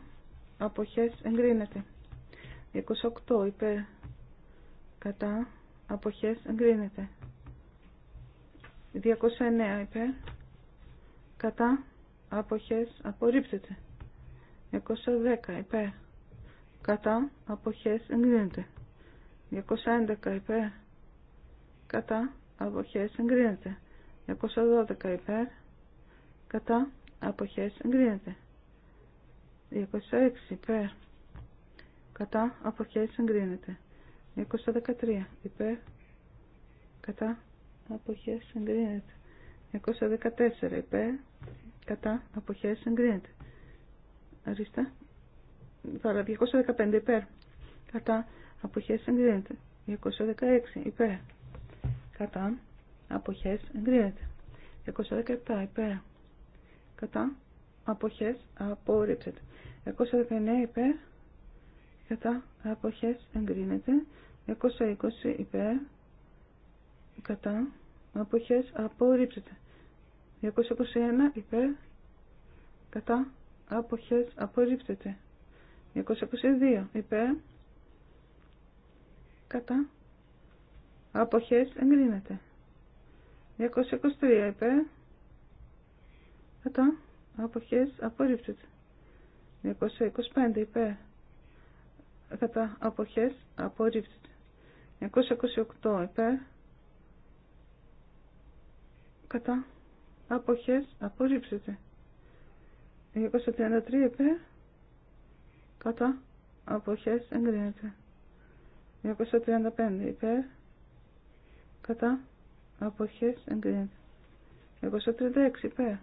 Αποχές εγκρίνεται. 28 υπέρ. Κατά. Αποχές εγκρίνεται. 209 υπέρ κατά αποχές απορρίπτεται. 210 υπέρ κατά αποχές εγκρίνεται. 211 υπέρ κατά αποχές εγκρίνεται. 212 υπέρ κατά αποχές εγκρίνεται. 206 υπέρ κατά αποχές εγκρίνεται. 213 υπέρ κατά αποχές εγκρίνεται. 214 υπέρ κατά αποχές εγκρίνεται. Αριστα. Βάλα 215 υπέρ. Κατά αποχές εγκρίνεται. 216 υπέρ. Κατά αποχές εγκρίνεται. 217 υπέρ. Κατά αποχές απορρίπτεται. 219 υπέρ. Κατά αποχές εγκρίνεται. 220 υπέρ. Κατά αποχές απορρίπτεται. 221 υπέρ κατά αποχές απορρίπτεται. 222 υπέρ κατά αποχές εγκρίνεται. 223 υπέρ κατά αποχές απορρίπτεται. 225 υπέρ κατά αποχές απορρίπτεται. 228 υπέρ κατά αποχές απορρίψετε 233 υπέρ κατά αποχές εγκρίνεται 235 υπέρ κατά αποχές εγκρίνεται 236 υπέρ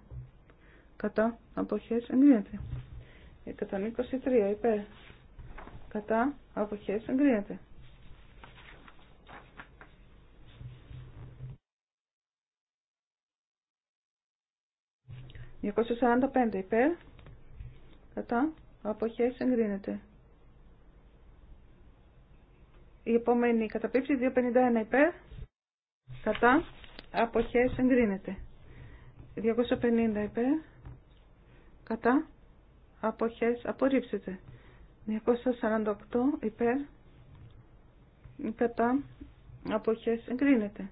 κατά αποχές εγκρίνεται 123 υπέρ κατά αποχές εγκρίνεται 245 υπέρ. Κατά. Αποχές εγκρίνεται. Η επόμενη καταπίψη 251 υπέρ. Κατά. Αποχές εγκρίνεται. 250 υπέρ. Κατά. Αποχές απορρίψεται. 248 υπέρ. Κατά. Αποχές εγκρίνεται.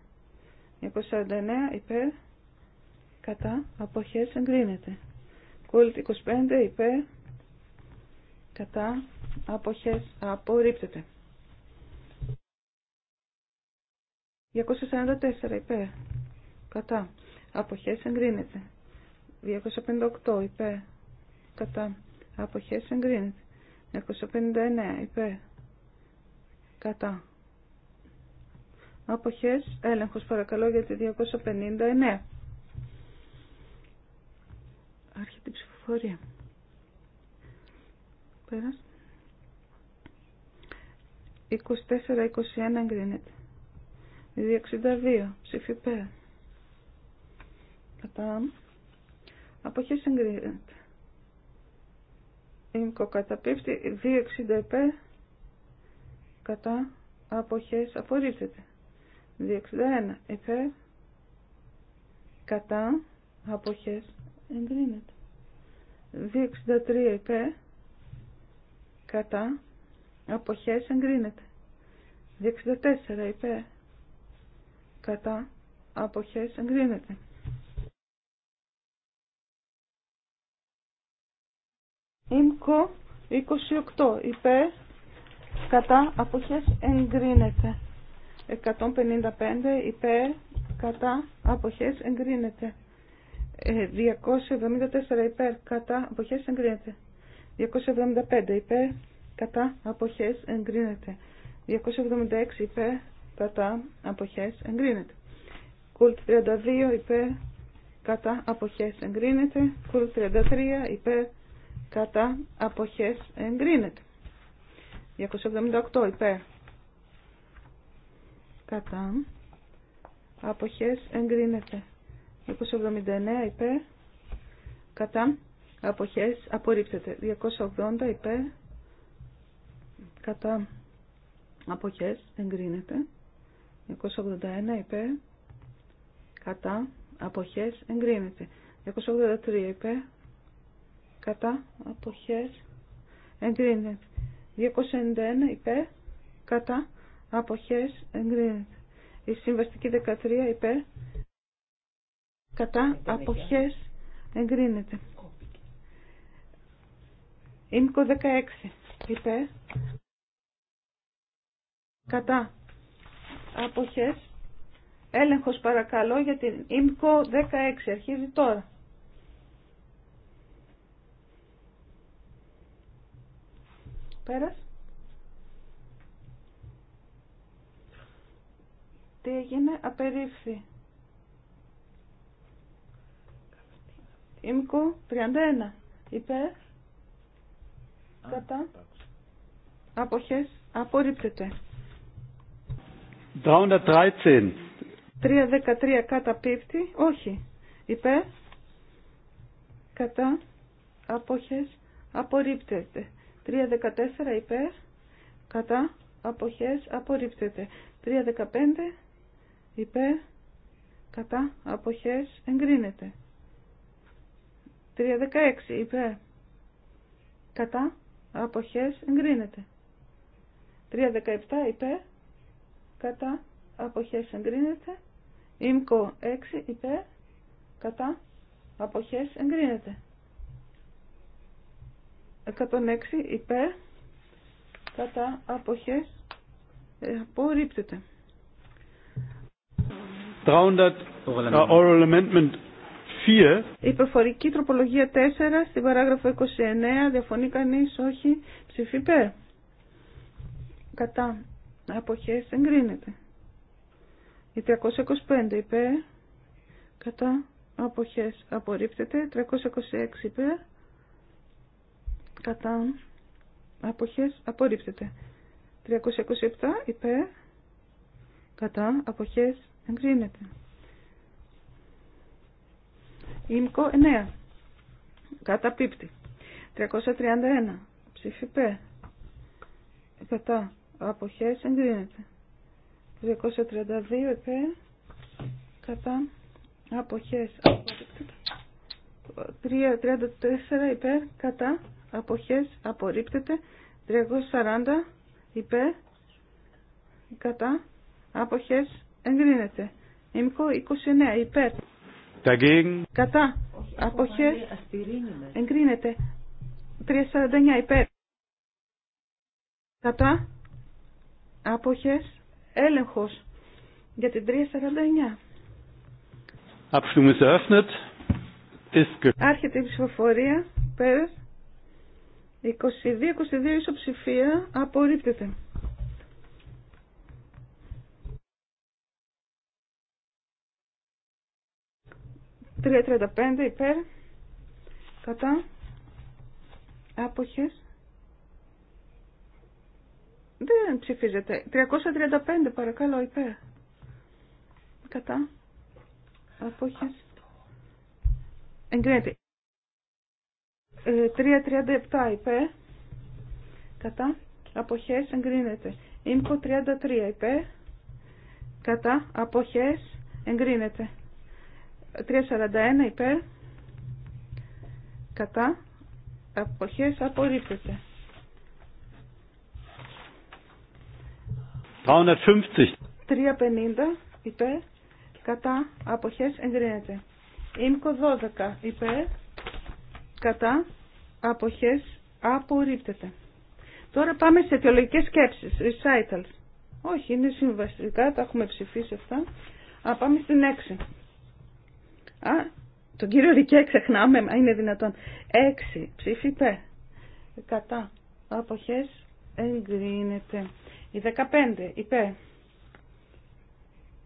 249 υπέρ κατά αποχές εγκρίνεται. Κούλτ 25 υπέρ κατά αποχές απορρίπτεται. 244 υπέρ κατά αποχές εγκρίνεται. 258 υπέρ κατά αποχές εγκρίνεται. 259 υπέρ κατά αποχές έλεγχος παρακαλώ για τη 259. Άρχεται η ψηφοφορία. Πέρας. 24-21 εγκρίνεται. 262 ψήφι πέρα. Κατά. Αποχές εγκρίνεται. Ήμκο καταπίπτει 2,60 επέ. κατά αποχές απορρίπτεται. 2,61 επέ. κατά αποχές εγκρίνεται. 263 υπέρ κατά αποχές εγκρίνεται. 264 υπέρ κατά αποχές εγκρίνεται. 28 υπέρ κατά αποχές εγκρίνεται. 155 υπέρ κατά αποχές εγκρίνεται. 274 ε, υπέρ κατά αποχές εγκρίνεται. 275 υπέρ κατά αποχές εγκρίνεται. 276 υπέρ κατά αποχές εγκρίνεται. Κουλτ 32 υπέρ κατά αποχές εγκρίνεται. Κουλτ 33 υπέρ κατά αποχές εγκρίνεται. 278 υπέρ κατά αποχές εγκρίνεται. 279 υπέρ. Κατά. Αποχές. Απορρίπτεται. 280 υπέρ. Κατά. Αποχές. Εγκρίνεται. 281 υπέρ. Κατά. Αποχές. Εγκρίνεται. 283 υπέρ. Κατά. Αποχές. Εγκρίνεται. 291 υπέρ. Κατά. Αποχές. Εγκρίνεται. Η συμβαστική 13 υπέρ κατά αποχές εγκρίνεται. Ήμικο 16 είπε κατά αποχές έλεγχος παρακαλώ για την Ήμικο 16 αρχίζει τώρα. Πέρας. Τι έγινε, απερίφθη. Ήμκο 31. Υπέρ. Κατά. Αποχές. Απορρίπτεται. 313. 313 κατά πίπτη. Όχι. Υπέρ. Κατά. Αποχές. Απορρίπτεται. 314 υπέρ. Κατά. Αποχές. Απορρίπτεται. 315 υπέρ. Κατά. απόχέ, Εγκρίνεται. 316 υπέρ. Κατά. Αποχές εγκρίνεται. 317 υπέρ. Κατά. Αποχές εγκρίνεται. Ίμκο 6 υπέρ. Κατά. Αποχές εγκρίνεται. 106 υπέρ. Κατά. Αποχές ε, απορρίπτεται. 300 oral amendment ε, 4. Η προφορική τροπολογία 4 στην παράγραφο 29. Διαφωνεί κανεί, όχι. ψηφίπε Κατά. Αποχέ εγκρίνεται. Η 325 υπέρ. Κατά. Αποχέ απορρίπτεται. 326 υπέρ. Κατά. Αποχέ απορρίπτεται. 327 υπέρ. Κατά. Αποχέ εγκρίνεται. Ήμκο 9. πίπτη. 331. Ψήφι Π. Κατά. Αποχέ εγκρίνεται. 232 επέ. Κατά. κατά, Απορρίπτεται. 334 ΥΠΕ. Κατά. Αποχές. Απορρίπτεται. 340 ΥΠΕ. Κατά. Αποχές εγκρίνεται. Ήμκο 29 ΥΠΕ. Κατά. απόχε. Εγκρίνεται. 349 υπέρ. Κατά. άποχε, Έλεγχος. Για την 349. Άρχεται η ψηφοφορια περα Πέρας. 22-22 ισοψηφία. Απορρίπτεται. 3.35 υπέρ κατά άποχες δεν ψηφίζεται 335 παρακαλώ υπέρ κατά άποχες εγκρίνεται 3.37 ε, υπέρ κατά αποχές εγκρίνεται ΙΜΚΟ 33 υπέρ κατά αποχές εγκρίνεται 341 υπέρ κατά αποχές απορρίπτεται. 350 υπέρ κατά αποχές εγκρίνεται. Ήμκο 12 υπέρ κατά αποχές απορρίπτεται. Τώρα πάμε σε αιτιολογικές σκέψεις, recitals. Όχι, είναι συμβαστικά, τα έχουμε ψηφίσει αυτά. Α, πάμε στην 6. Α, τον κύριο Ρικέ ξεχνάμε, είναι δυνατόν. 6 ψήφι υπέρ. Κατά. Αποχές εγκρίνεται. 15 υπέρ.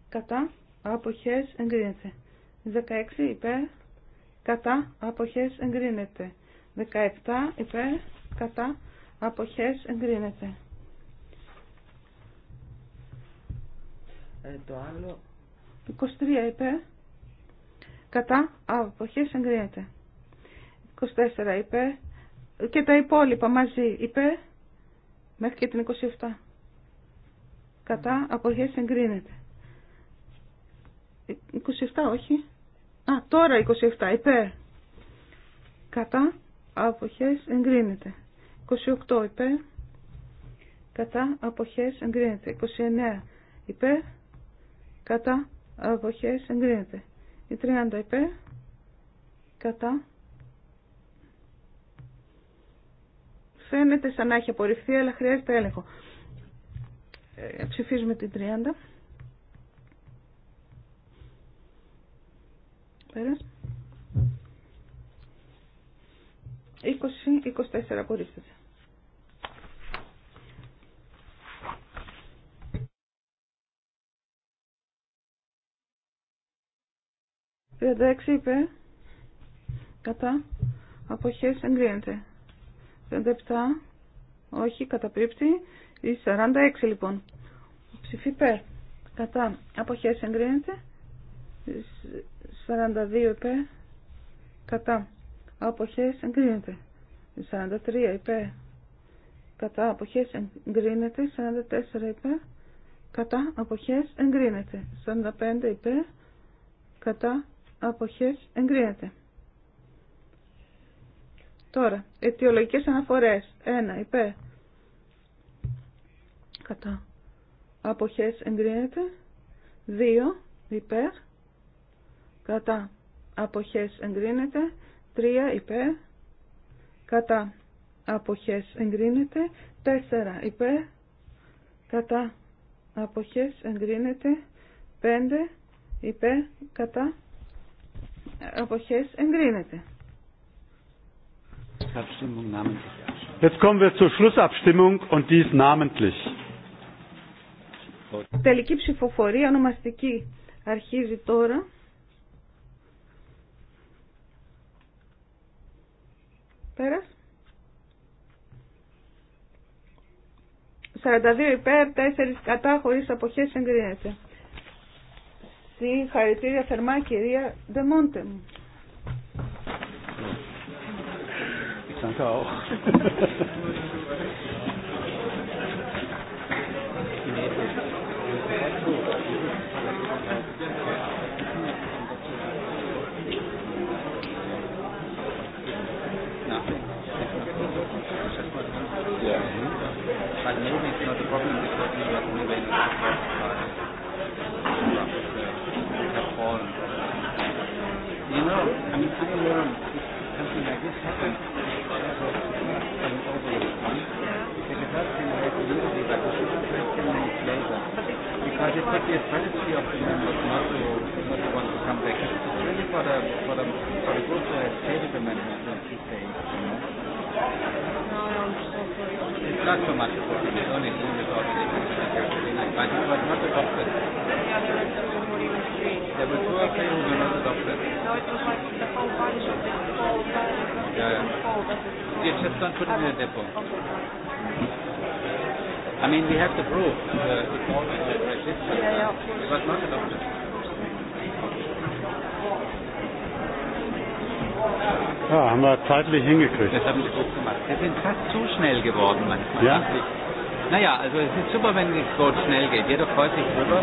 Κατά. Αποχές εγκρίνεται. 16 υπέρ. Κατά. Αποχές εγκρίνεται. 17 υπέρ. Κατά. Αποχές εγκρίνεται. Ε, το άλλο... 23 υπέρ κατά αποχή εγκρίνεται. 24 είπε, και τα υπόλοιπα μαζί είπε μέχρι και την 27. Κατά αποχή εγκρίνεται. 27 όχι. Α, τώρα 27 είπε. Κατά αποχές εγκρίνεται. 28 είπε. Κατά αποχές εγκρίνεται. 29 είπε. Κατά αποχές εγκρίνεται. Η 30 υπέρ. Κατά. Φαίνεται σαν να έχει απορριφθεί, αλλά χρειάζεται έλεγχο. Ε, ψηφίζουμε την 30. Πέρα. 20-24 απορρίφθηκε. 36 είπε. Κατά. Αποχές εγκρίνεται. 37. Όχι, καταπίπτει. Η 46 λοιπόν. ψηφιπε Κατά. Αποχές εγκρίνεται. 42 ειπε Κατά. Αποχές εγκρίνεται. 43 ειπε Κατά. Αποχές εγκρίνεται. 44 ειπε Κατά. Αποχές εγκρίνεται. 45 ειπε Κατά αποχές εγκρίνεται. Τώρα, αιτιολογικές αναφορές. 1 υπέρ. Κατά. Αποχές εγκρίνεται. 2 υπέρ. Κατά. Αποχές εγκρίνεται. 3 υπέρ. Κατά. Αποχές εγκρίνεται. 4 υπέρ. Κατά. Αποχές εγκρίνεται. 5 υπέρ. Κατά αποχές εγκρίνεται. Jetzt kommen wir zur Schlussabstimmung und dies namentlich. Τελική ψηφοφορία ονομαστική αρχίζει τώρα. Πέρας. 42 υπέρ, 4 κατά, χωρίς αποχές εγκρίνεται. Συγχαρητήρια θερμά κυρία Δεμόντε μου. Ευχαριστώ. for the for the group uh, the management that It's not so much only But it was not adopted. There were two No, it was like the bunch of yeah. You just don't put in a depot. I mean, we have to proof. the it's the, It was not adopted. Ja, haben wir zeitlich hingekriegt. Das haben Sie gut gemacht. Wir sind fast zu schnell geworden manchmal. Ja? Naja, also es ist super, wenn es so schnell geht. Jeder freut sich drüber.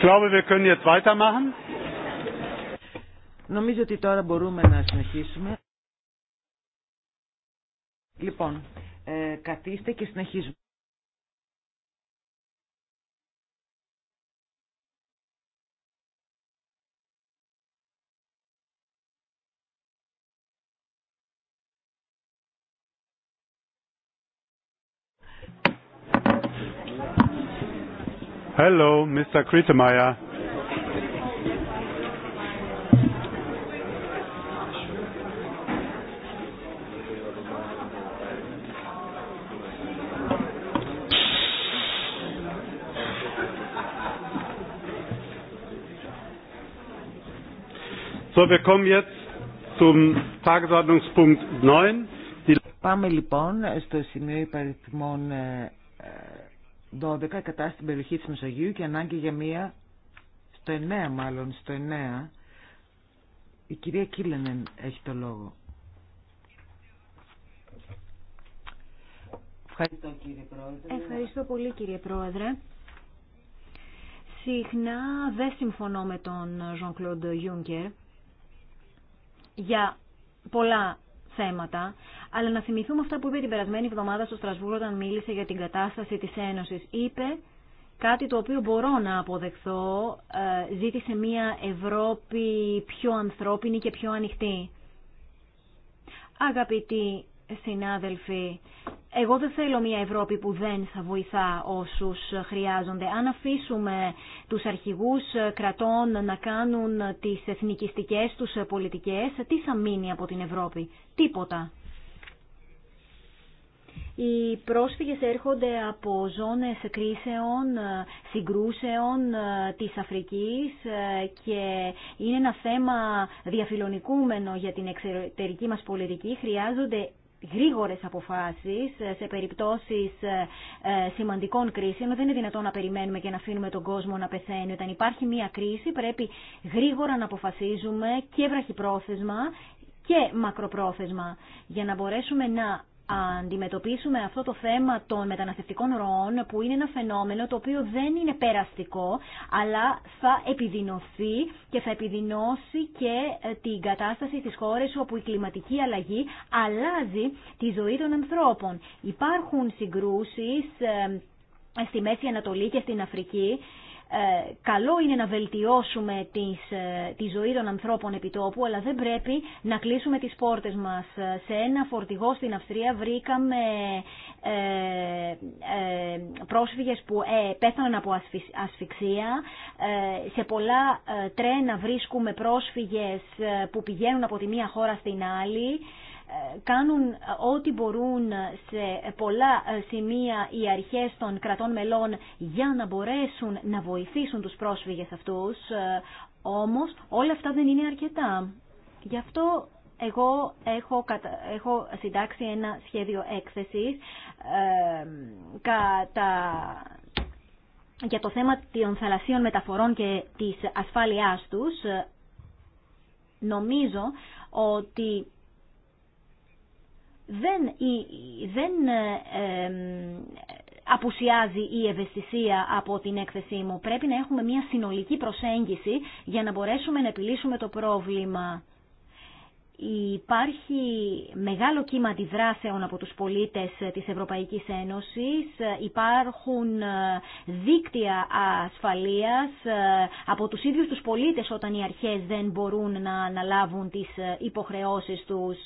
Ich glaube, wir können jetzt weitermachen. Νομίζω ότι τώρα μπορούμε να συνεχίσουμε. Λοιπόν, ε, καθίστε και συνεχίζουμε. Hello, Mr. Kretemeyer. So, wir kommen jetzt zum Tagesordnungspunkt 9. Πάμε λοιπόν στο σημείο υπαριθμών 12 κατά κατάσταση στην περιοχή της Μεσογείου και ανάγκη για μία στο 9 μάλλον, στο 9 η κυρία Κίλενεν έχει το λόγο. Ευχαριστώ κύριε Πρόεδρε. Ευχαριστώ πολύ κύριε Πρόεδρε. Συχνά δεν συμφωνώ με τον Jean-Claude Juncker για πολλά θέματα, αλλά να θυμηθούμε αυτά που είπε την περασμένη εβδομάδα στο Στρασβούργο όταν μίλησε για την κατάσταση της Ένωσης. Είπε κάτι το οποίο μπορώ να αποδεχθώ, ε, ζήτησε μια Ευρώπη πιο ανθρώπινη και πιο ανοιχτή. Αγαπητοί συνάδελφοι, εγώ δεν θέλω μια Ευρώπη που δεν θα βοηθά όσους χρειάζονται. Αν αφήσουμε τους αρχηγούς κρατών να κάνουν τις εθνικιστικές τους πολιτικές, τι θα μείνει από την Ευρώπη. Τίποτα. Οι πρόσφυγες έρχονται από ζώνες κρίσεων, συγκρούσεων ε, της Αφρικής ε, και είναι ένα θέμα διαφιλονικούμενο για την εξωτερική μας πολιτική. Χρειάζονται γρήγορες αποφάσεις ε, σε περιπτώσεις σημαντικών κρίσεων. Δεν είναι δυνατόν να περιμένουμε και να αφήνουμε τον κόσμο να πεθαίνει. Όταν υπάρχει μια κρίση πρέπει γρήγορα να αποφασίζουμε και βραχυπρόθεσμα και μακροπρόθεσμα για να μπορέσουμε να αντιμετωπίσουμε αυτό το θέμα των μεταναστευτικών ροών που είναι ένα φαινόμενο το οποίο δεν είναι περαστικό αλλά θα επιδεινωθεί και θα επιδεινώσει και ε, την κατάσταση της χώρες όπου η κλιματική αλλαγή αλλάζει τη ζωή των ανθρώπων. Υπάρχουν συγκρούσεις ε, στη Μέση Ανατολή και στην Αφρική ε, καλό είναι να βελτιώσουμε τις, ε, τη ζωή των ανθρώπων επιτόπου, αλλά δεν πρέπει να κλείσουμε τις πόρτες μας. Σε ένα φορτηγό στην Αυστρία βρήκαμε ε, ε πρόσφυγες που πέθαναν από ασφυξία. σε πολλά τρένα βρίσκουμε πρόσφυγες που πηγαίνουν από τη μία χώρα στην άλλη κάνουν ε, ό,τι μπορούν σε πολλά ε, σημεία οι αρχές των κρατών μελών για να μπορέσουν να βοηθήσουν τους πρόσφυγες αυτούς, ε, όμως όλα αυτά δεν είναι αρκετά. Γι' αυτό εγώ έχω, έχω συντάξει ένα σχέδιο έκθεσης για το θέμα των θαλασσίων μεταφορών και της ασφάλειάς τους. Νομίζω ότι δεν, δεν απουσιάζει η ευαισθησία από την έκθεσή μου. Πρέπει να έχουμε μια συνολική προσέγγιση για να μπορέσουμε να επιλύσουμε το πρόβλημα. Υπάρχει μεγάλο κύμα αντιδράσεων από τους πολίτες της Ευρωπαϊκής Ένωσης. Υπάρχουν ε, δίκτυα ασφαλείας ε, από τους ίδιους τους πολίτες όταν οι αρχές δεν μπορούν να αναλάβουν τις ε, υποχρεώσεις τους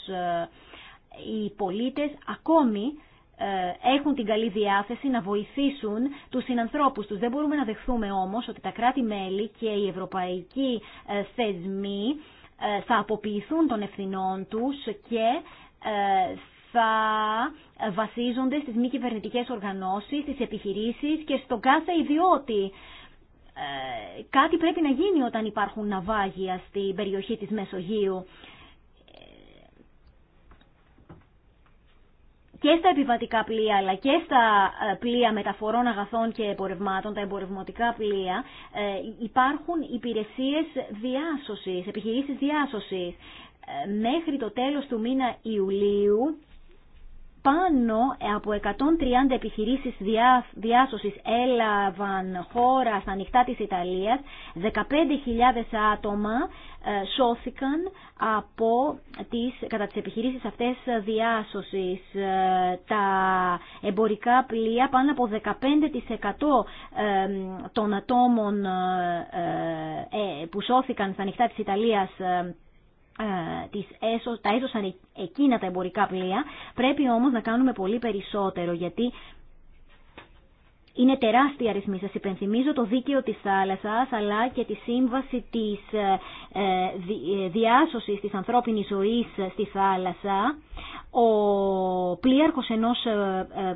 οι πολίτες ακόμη ε, έχουν την καλή διάθεση να βοηθήσουν τους συνανθρώπους τους. Δεν μπορούμε να δεχθούμε όμως ότι τα κράτη-μέλη και οι ευρωπαϊκοί ε, θεσμοί ε, θα αποποιηθούν των ευθυνών τους και θα βασίζονται στις μη κυβερνητικέ οργανώσεις, στις επιχειρήσεις και στον κάθε ιδιώτη. Κάτι πρέπει να γίνει όταν υπάρχουν ναυάγια στην περιοχή της Μεσογείου. και στα επιβατικά πλοία αλλά και στα ε, πλοία μεταφορών αγαθών και εμπορευμάτων, τα εμπορευματικά πλοία, ε, υπάρχουν υπηρεσίες διάσωσης, επιχειρήσεις διάσωσης. Ε, μέχρι το τέλος του μήνα Ιουλίου πάνω από 130 επιχειρήσεις διάσωσης έλαβαν χώρα στα ανοιχτά της Ιταλίας. 15.000 άτομα ε, σώθηκαν από τις, κατά τις επιχειρήσεις αυτές διάσωσης. Ε, τα εμπορικά πλοία πάνω από 15% ε, των ατόμων που σώθηκαν στα ανοιχτά της Ιταλίας ε, τις έσω, τα έσωσαν εκείνα τα εμπορικά πλοία. Πρέπει όμως να κάνουμε πολύ περισσότερο γιατί είναι τεράστια αριθμή. Σας υπενθυμίζω το δίκαιο της θάλασσας αλλά και τη σύμβαση της ε, ε, διάσωσης της ανθρώπινης ζωής στη θάλασσα. Ο πλοίαρχος ενός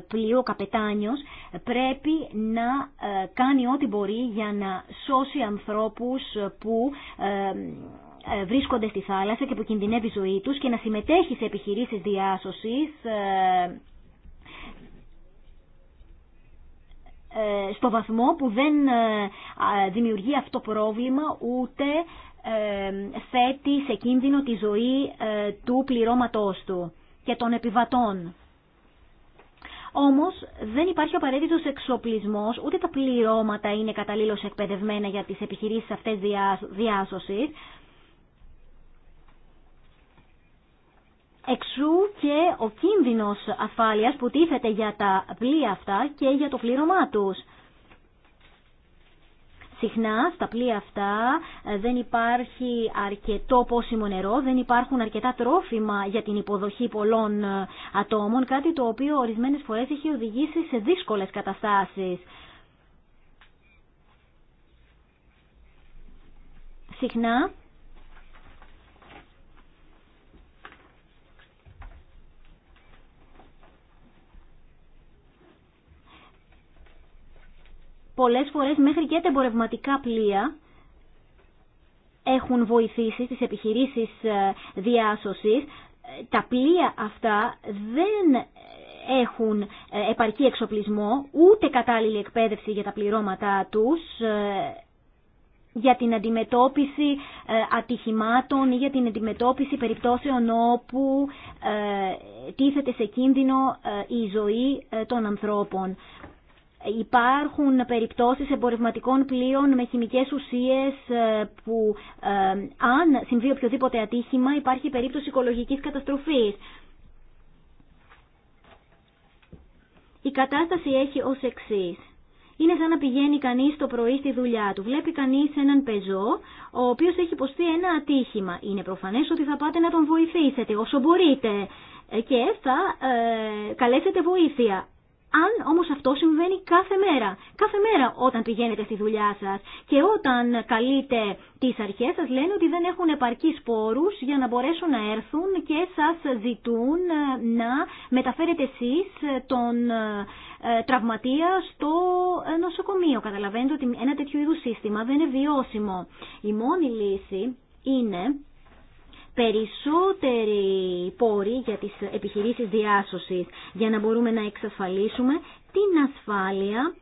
πλοίου, ο καπετάνιος, πρέπει να κάνει ό,τι μπορεί για να σώσει ανθρώπους που ε, βρίσκονται στη θάλασσα και που κινδυνεύει η ζωή τους και να συμμετέχει σε επιχειρήσεις διάσωσης ε, ε, στο βαθμό που δεν δημιουργεί αυτό πρόβλημα ούτε θέτει σε κίνδυνο τη ζωή του πληρώματός του και των επιβατών. Όμως δεν υπάρχει απαραίτητος εξοπλισμός, ούτε τα πληρώματα είναι καταλήλως εκπαιδευμένα για τις επιχειρήσεις αυτές διάσωσης, Εξού και ο κίνδυνος ασφάλειας που τίθεται για τα πλοία αυτά και για το πλήρωμά τους. Συχνά στα πλοία αυτά ε, δεν υπάρχει αρκετό πόσιμο νερό, δεν υπάρχουν αρκετά τρόφιμα για την υποδοχή πολλών ε, ατόμων, κάτι το οποίο ορισμένες φορές έχει οδηγήσει σε δύσκολες καταστάσεις. Συχνά Πολλές φορές μέχρι και τα εμπορευματικά πλοία έχουν βοηθήσει τις επιχειρήσεις ε, διάσωσης. Τα πλοία αυτά δεν έχουν ε, επαρκή εξοπλισμό, ούτε κατάλληλη εκπαίδευση για τα πληρώματά τους, ε, για την αντιμετώπιση ατυχημάτων ή για την αντιμετώπιση περιπτώσεων όπου τίθεται σε κίνδυνο η ζωή των ανθρώπων. Υπάρχουν περιπτώσεις εμπορευματικών πλοίων με χημικές ουσίες ε, που ε, αν συμβεί οποιοδήποτε ατύχημα υπάρχει περίπτωση οικολογικής καταστροφής. Η κατάσταση έχει ως εξής. Είναι σαν να πηγαίνει κανείς το πρωί στη δουλειά του. Βλέπει κανείς έναν πεζό, ο οποίος έχει υποστεί ένα ατύχημα. Είναι προφανές ότι θα πάτε να τον βοηθήσετε όσο μπορείτε ε, και θα καλέσετε βοήθεια. Αν όμως αυτό συμβαίνει κάθε μέρα, κάθε μέρα όταν πηγαίνετε στη δουλειά σας και όταν καλείτε τις αρχές σας λένε ότι δεν έχουν επαρκή σπόρους για να μπορέσουν να έρθουν και σας ζητούν ε, να μεταφέρετε εσείς τον ε, τραυματία στο ε, νοσοκομείο. Καταλαβαίνετε ότι ένα τέτοιο είδους σύστημα δεν είναι βιώσιμο. Η μόνη λύση είναι περισσότεροι πόροι για τις επιχειρήσεις διάσωσης για να μπορούμε να εξασφαλίσουμε την ασφάλεια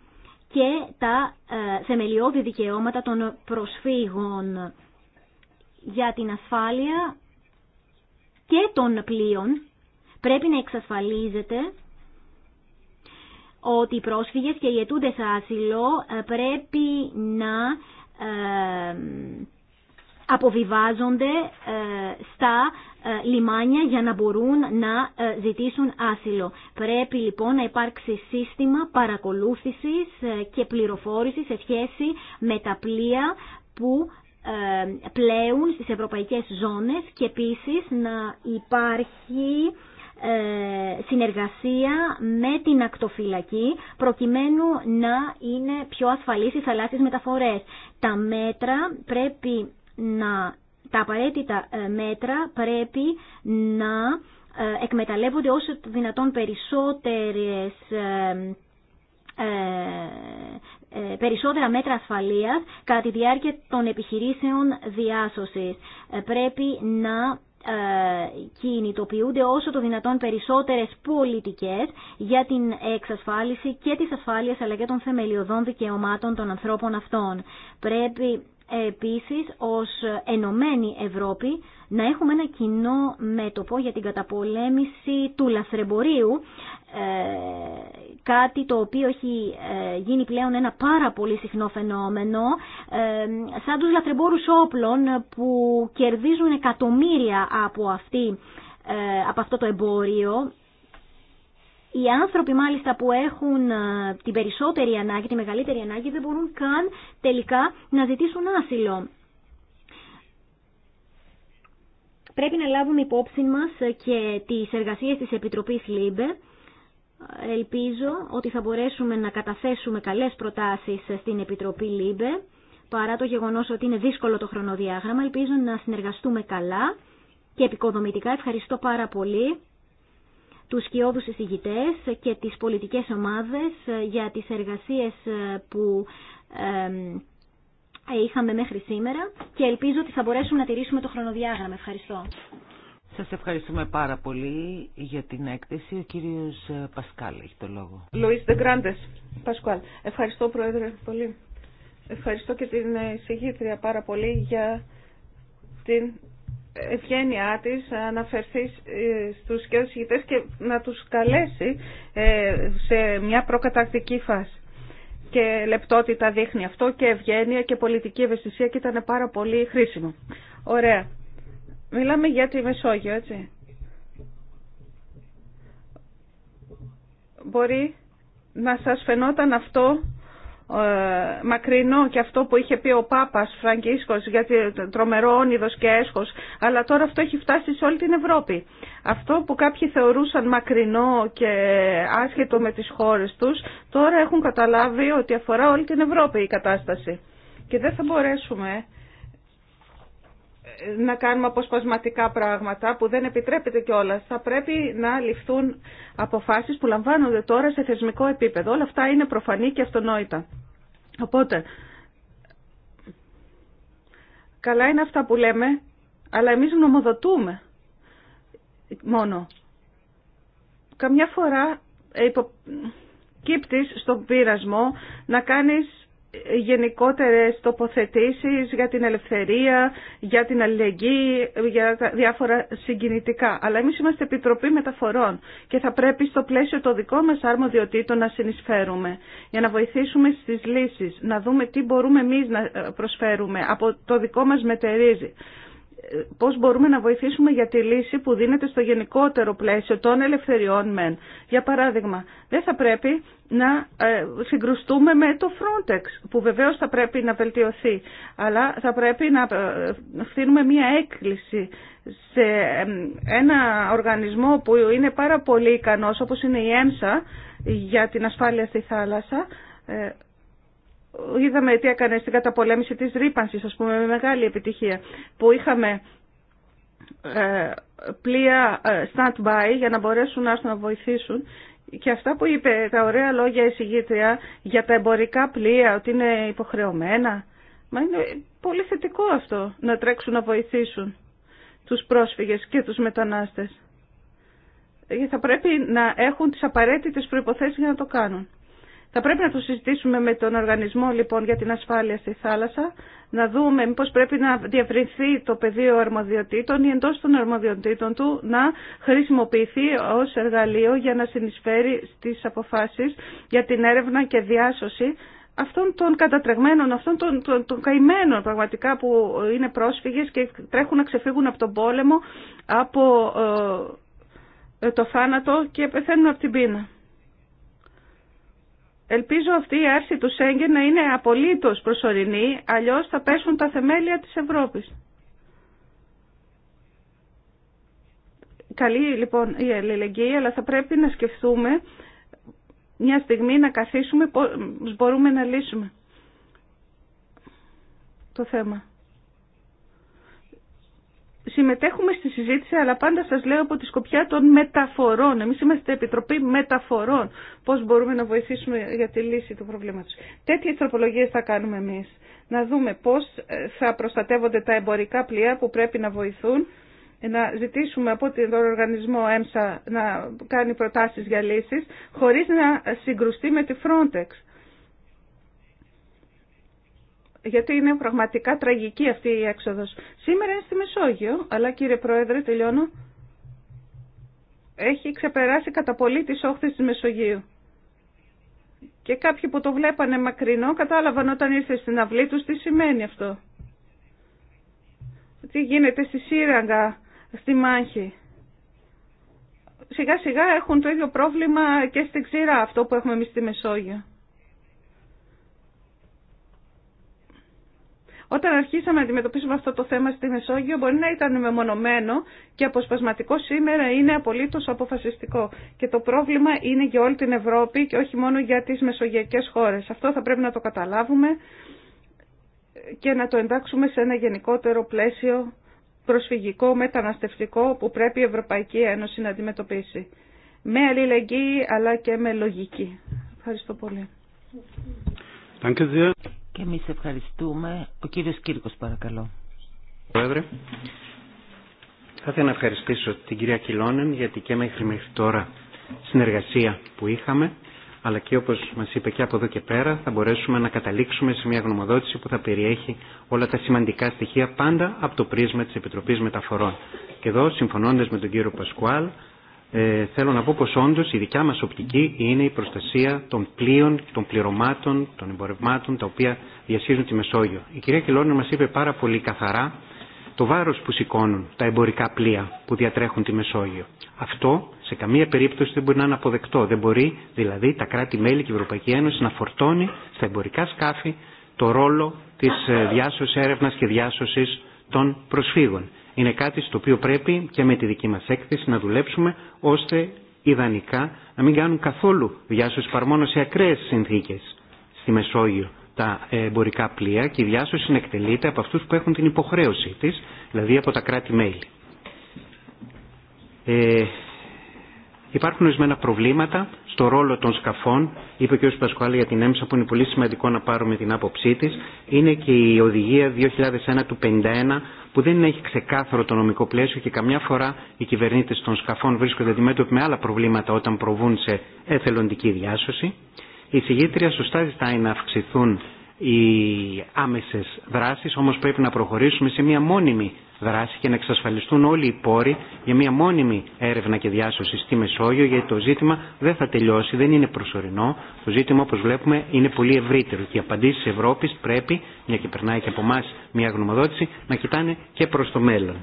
και τα ε, θεμελιώδη δικαιώματα των προσφύγων για την ασφάλεια και των πλοίων πρέπει να εξασφαλίζεται ότι οι πρόσφυγες και οι αιτούντες άσυλο ε, πρέπει να ε, αποβιβάζονται ε, στα ε, λιμάνια για να μπορούν να ε, ζητήσουν άσυλο. Πρέπει λοιπόν να υπάρξει σύστημα παρακολούθησης και πληροφόρησης σε σχέση με τα πλοία που πλέουν στις ευρωπαϊκές ζώνες και επίσης να υπάρχει συνεργασία με την ακτοφυλακή προκειμένου να είναι πιο ασφαλείς οι θαλάσσιες μεταφορές. Τα μέτρα πρέπει να τα απαραίτητα ε, μέτρα πρέπει να ε, εκμεταλλεύονται όσο το δυνατόν περισσότερες ε, περισσότερα μέτρα ασφαλείας κατά τη διάρκεια των επιχειρήσεων διάσωσης. Πρέπει να κινητοποιούνται όσο το δυνατόν περισσότερες πολιτικές για την εξασφάλιση και της ασφάλειας αλλά και των θεμελιωδών δικαιωμάτων των ανθρώπων αυτών. Πρέπει επίσης ως Ενωμένη Ευρώπη να έχουμε ένα κοινό μέτωπο για την καταπολέμηση του λαθρεμπορίου, ε, κάτι το οποίο έχει ε, γίνει πλέον ένα πάρα πολύ συχνό φαινόμενο, ε, σαν τους λαθρεμπόρους όπλων που κερδίζουν εκατομμύρια από, αυτή, από αυτό το εμπόριο οι άνθρωποι μάλιστα που έχουν ε, την περισσότερη ανάγκη, τη μεγαλύτερη ανάγκη δεν μπορούν καν τελικά να ζητήσουν άσυλο. Πρέπει να λάβουμε υπόψη μας ε, και τις εργασίες της Επιτροπής ΛΥΜΠΕ. Ελπίζω ότι θα μπορέσουμε να καταθέσουμε καλές προτάσεις ε, στην Επιτροπή ΛΥΜΠΕ, παρά το γεγονός ότι είναι δύσκολο το χρονοδιάγραμμα. Ελπίζω να συνεργαστούμε καλά και επικοδομητικά. Ευχαριστώ πάρα πολύ τους σκιώδους εισηγητές και τις πολιτικές ομάδες ε, για τις εργασίες ε, που είχαμε μέχρι σήμερα και ελπίζω ότι θα μπορέσουμε να τηρήσουμε το χρονοδιάγραμμα. Ευχαριστώ. Σας ευχαριστούμε πάρα πολύ για την έκθεση. Ο κύριος ε, Πασκάλ έχει το λόγο. Λουίς Δεγκράντες, Πασκάλ. Ευχαριστώ Πρόεδρε πολύ. Ευχαριστώ και την εισηγήτρια πάρα πολύ για την ευγένειά να αναφερθεί στους και τους και να τους καλέσει ε, σε μια προκατακτική φάση. Και λεπτότητα δείχνει αυτό και ευγένεια και πολιτική ευαισθησία και ήταν πάρα πολύ χρήσιμο. Ωραία. Μιλάμε για τη Μεσόγειο, έτσι. Μπορεί να σας φαινόταν αυτό ε, μακρινό και αυτό που είχε πει ο Πάπας Φραγκίσκος για τρομερό όνειδος και έσχος αλλά τώρα αυτό έχει φτάσει σε όλη την Ευρώπη αυτό που κάποιοι θεωρούσαν μακρινό και άσχετο με τις χώρες τους τώρα έχουν καταλάβει ότι αφορά όλη την Ευρώπη η κατάσταση και δεν θα μπορέσουμε να κάνουμε αποσπασματικά πράγματα που δεν επιτρέπεται κιόλα. Θα πρέπει να ληφθούν αποφάσει που λαμβάνονται τώρα σε θεσμικό επίπεδο. Όλα αυτά είναι προφανή και αυτονόητα. Οπότε, καλά είναι αυτά που λέμε, αλλά εμείς γνωμοδοτούμε μόνο. Καμιά φορά υποκύπτεις στον πειρασμό να κάνεις γενικότερες τοποθετήσεις για την ελευθερία, για την αλληλεγγύη, για διάφορα συγκινητικά. Αλλά εμείς είμαστε Επιτροπή Μεταφορών και θα πρέπει στο πλαίσιο το δικό μας αρμοδιοτήτων να συνεισφέρουμε για να βοηθήσουμε στις λύσεις, να δούμε τι μπορούμε εμείς να προσφέρουμε από το δικό μας μετερίζει πώς μπορούμε να βοηθήσουμε για τη λύση που δίνεται στο γενικότερο πλαίσιο των ελευθεριών μεν. Για παράδειγμα, δεν θα πρέπει να ε, συγκρουστούμε με το Frontex, που βεβαίως θα πρέπει να βελτιωθεί, αλλά θα πρέπει να ε, φτύνουμε μία έκκληση σε ένα οργανισμό που είναι πάρα πολύ ικανός, όπως είναι η ΕΜΣΑ, για την ασφάλεια στη θάλασσα, ε, είδαμε τι έκανε στην καταπολέμηση της ρήπανσης, ας πούμε, με μεγάλη επιτυχία, που είχαμε ε, πλοία ε, stand-by για να μπορέσουν να να βοηθήσουν και αυτά που είπε τα ωραία λόγια η για τα εμπορικά πλοία ότι είναι υποχρεωμένα μα είναι πολύ θετικό αυτό να τρέξουν να βοηθήσουν τους πρόσφυγες και τους μετανάστες ε, θα πρέπει να έχουν τις απαραίτητες προϋποθέσεις για να το κάνουν θα πρέπει να το συζητήσουμε με τον Οργανισμό λοιπόν για την Ασφάλεια στη Θάλασσα, να δούμε μήπως πρέπει να διευρυνθεί το πεδίο αρμοδιοτήτων ή εντό των αρμοδιοτήτων του να χρησιμοποιηθεί ω εργαλείο για να συνεισφέρει στι αποφάσει για την έρευνα και διάσωση αυτών των κατατρεγμένων, αυτών των, των, των καημένων πραγματικά που είναι πρόσφυγες και τρέχουν να ξεφύγουν από τον πόλεμο, από ε, το θάνατο και πεθαίνουν από την πείνα. Ελπίζω αυτή η άρση του Σέγγεν να είναι απολύτως προσωρινή, αλλιώς θα πέσουν τα θεμέλια της Ευρώπης. Καλή λοιπόν η αλληλεγγύη, αλλά θα πρέπει να σκεφτούμε μια στιγμή να καθίσουμε πώς μπορούμε να λύσουμε το θέμα συμμετέχουμε στη συζήτηση, αλλά πάντα σας λέω από τη σκοπιά των μεταφορών. Εμείς είμαστε Επιτροπή Μεταφορών. Πώς μπορούμε να βοηθήσουμε για τη λύση του προβλήματος. Τέτοιες τροπολογίες θα κάνουμε εμείς. Να δούμε πώς ε, θα προστατεύονται τα εμπορικά πλοία που πρέπει να βοηθούν. Να ζητήσουμε από τον οργανισμό ΕΜΣΑ να κάνει προτάσεις για λύσεις, χωρίς να συγκρουστεί με τη Frontex γιατί είναι πραγματικά τραγική αυτή η έξοδος. Σήμερα είναι στη Μεσόγειο, αλλά κύριε Πρόεδρε, τελειώνω, έχει ξεπεράσει κατά πολύ τις όχθες της Μεσογείου. Και κάποιοι που το βλέπανε μακρινό κατάλαβαν όταν ήρθε στην αυλή τους τι σημαίνει αυτό. Τι γίνεται στη σύραγγα, στη μάχη. Σιγά σιγά έχουν το ίδιο πρόβλημα και στην ξηρά αυτό που έχουμε εμείς στη Μεσόγειο. Όταν αρχίσαμε να αντιμετωπίσουμε αυτό το θέμα στη Μεσόγειο μπορεί να ήταν μεμονωμένο και αποσπασματικό σήμερα είναι απολύτως αποφασιστικό. Και το πρόβλημα είναι για όλη την Ευρώπη και όχι μόνο για τις μεσογειακές χώρες. Αυτό θα πρέπει να το καταλάβουμε και να το εντάξουμε σε ένα γενικότερο πλαίσιο προσφυγικό, μεταναστευτικό που πρέπει η Ευρωπαϊκή Ένωση να αντιμετωπίσει. Με αλληλεγγύη αλλά και με λογική. Ευχαριστώ πολύ. Και εμείς ευχαριστούμε. Ο κύριο Κύρκο, παρακαλώ. Πρόεδρε, θα ήθελα να ευχαριστήσω την κυρία Κιλόνεν γιατί και μέχρι μέχρι τώρα συνεργασία που είχαμε αλλά και όπως μας είπε και από εδώ και πέρα θα μπορέσουμε να καταλήξουμε σε μια γνωμοδότηση που θα περιέχει όλα τα σημαντικά στοιχεία πάντα από το πρίσμα της Επιτροπής Μεταφορών. Και εδώ συμφωνώντας με τον κύριο Πασκουάλ ε, θέλω να πω πως όντως η δικιά μας οπτική είναι η προστασία των πλοίων, των πληρωμάτων, των εμπορευμάτων τα οποία διασχίζουν τη Μεσόγειο. Η κυρία Κελώνη μας είπε πάρα πολύ καθαρά το βάρος που σηκώνουν τα εμπορικά πλοία που διατρέχουν τη Μεσόγειο. Αυτό σε καμία περίπτωση δεν μπορεί να είναι αποδεκτό. Δεν μπορεί δηλαδή τα κράτη-μέλη και η Ευρωπαϊκή Ένωση να φορτώνει στα εμπορικά σκάφη το ρόλο της ε, διάσωσης έρευνας και διάσωσης των προσφύγων. Είναι κάτι στο οποίο πρέπει και με τη δική μας έκθεση να δουλέψουμε ώστε ιδανικά να μην κάνουν καθόλου διάσωση παρά μόνο σε ακραίες συνθήκες στη Μεσόγειο τα εμπορικά πλοία και η διάσωση εκτελείται από αυτούς που έχουν την υποχρέωση της, δηλαδή από τα κράτη-μέλη. Ε, Υπάρχουν ορισμένα προβλήματα στο ρόλο των σκαφών. Είπε ο κ. Πασκουάλη για την έμψα που είναι πολύ σημαντικό να πάρουμε την άποψή τη. Είναι και η οδηγία 2001 του 51 που δεν έχει ξεκάθαρο το νομικό πλαίσιο και καμιά φορά οι κυβερνήτε των σκαφών βρίσκονται αντιμέτωποι με άλλα προβλήματα όταν προβούν σε εθελοντική διάσωση. Η συγγήτρια σωστά ζητάει να αυξηθούν οι άμεσε δράσει, όμω πρέπει να προχωρήσουμε σε μια μόνιμη δράση και να εξασφαλιστούν όλοι οι πόροι για μια μόνιμη έρευνα και διάσωση στη Μεσόγειο, γιατί το ζήτημα δεν θα τελειώσει, δεν είναι προσωρινό. Το ζήτημα, όπω βλέπουμε, είναι πολύ ευρύτερο και οι απαντήσει τη Ευρώπη πρέπει, μια και περνάει και από εμά μια γνωμοδότηση, να κοιτάνε και προ το μέλλον.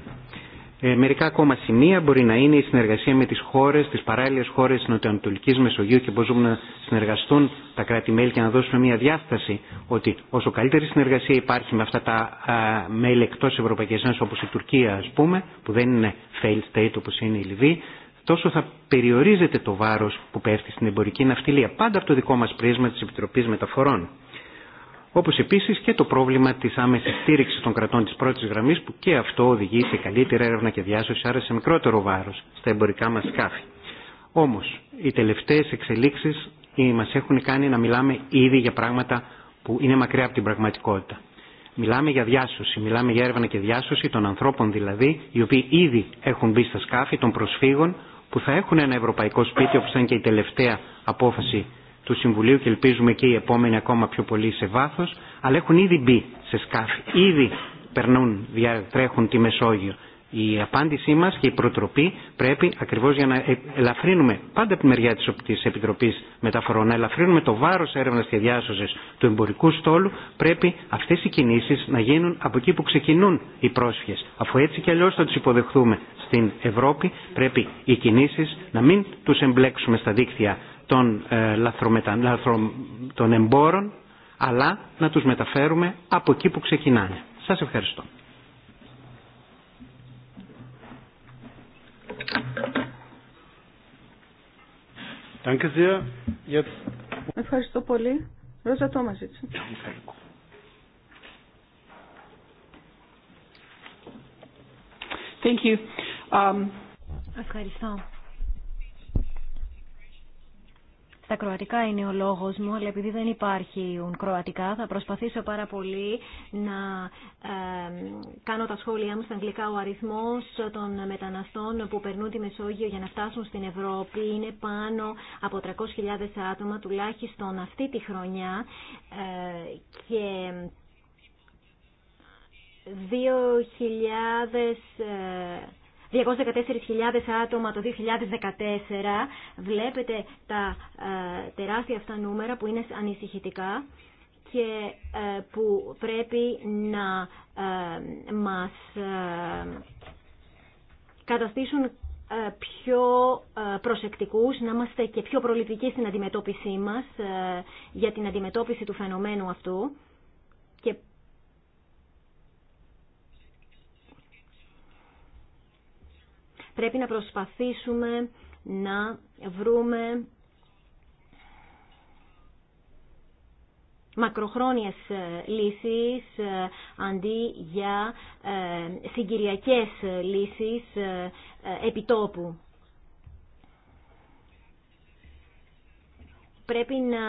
Ε, μερικά ακόμα σημεία μπορεί να είναι η συνεργασία με τις χώρες, τις παράλληλες χώρες της Νοτιοανατολικής Μεσογείου και μπορούμε να συνεργαστούν τα κράτη-μέλη και να δώσουμε μια διάσταση ότι όσο καλύτερη συνεργασία υπάρχει με αυτά τα α, μέλη εκτός Ευρωπαϊκής Ένωσης όπως η Τουρκία ας πούμε, που δεν είναι failed state όπως είναι η Λιβύη, τόσο θα περιορίζεται το βάρος που πέφτει στην εμπορική ναυτιλία. Πάντα από το δικό μας πρίσμα της Επιτροπής Μεταφορών όπως επίσης και το πρόβλημα της άμεσης στήριξης των κρατών της πρώτης γραμμής που και αυτό οδηγεί σε καλύτερη έρευνα και διάσωση, άρα σε μικρότερο βάρος στα εμπορικά μας σκάφη. Όμως, οι τελευταίες εξελίξεις ε, μας έχουν κάνει να μιλάμε ήδη για πράγματα που είναι μακριά από την πραγματικότητα. Μιλάμε για διάσωση, μιλάμε για έρευνα και διάσωση των ανθρώπων δηλαδή, οι οποίοι ήδη έχουν μπει στα σκάφη, των προσφύγων, που θα έχουν ένα ευρωπαϊκό σπίτι, όπως ήταν και η τελευταία απόφαση του Συμβουλίου και ελπίζουμε και οι επόμενοι ακόμα πιο πολύ σε βάθος, αλλά έχουν ήδη μπει σε σκάφη, ήδη περνούν, τρέχουν τη Μεσόγειο. Η απάντησή μας και η προτροπή πρέπει ακριβώς για να ε, ελαφρύνουμε πάντα από τη μεριά της Επιτροπής Μεταφορών, να ελαφρύνουμε το βάρος έρευνας και διάσωσης του εμπορικού στόλου, πρέπει αυτές οι κινήσεις να γίνουν από εκεί που ξεκινούν οι πρόσφυγες. Αφού έτσι και αλλιώς θα τους υποδεχθούμε στην Ευρώπη, πρέπει οι κινήσεις να μην τους εμπλέξουμε στα δίκτυα των, ε, λαθρομετα... των εμπόρων, αλλά να τους μεταφέρουμε από εκεί που ξεκινάνε. Σας ευχαριστώ. Ευχαριστώ πολύ. Ρόζα Τόμας, έτσι. Thank you. Um... Ευχαριστώ. κροατικά είναι ο λόγος μου, αλλά επειδή δεν υπάρχουν κροατικά, θα προσπαθήσω πάρα πολύ να κάνω τα σχόλιά μου στα αγγλικά. Ο αριθμός των μεταναστών που περνούν τη Μεσόγειο για να φτάσουν στην Ευρώπη είναι πάνω από 300.000 άτομα, τουλάχιστον αυτή τη χρονιά. Ε, και 2.000 214.000 άτομα το 2014. Βλέπετε τα ε, τεράστια αυτά νούμερα που είναι ανησυχητικά και ε, που πρέπει να ε, μας καταστήσουν πιο προσεκτικούς, να είμαστε και πιο προληπτικοί στην αντιμετώπιση μας για την αντιμετώπιση του φαινομένου αυτού. πρέπει να προσπαθήσουμε να βρούμε μακροχρόνιες ε, λύσεις ε, αντί για ε, συγκυριακές λύσεις επιτόπου. Πρέπει να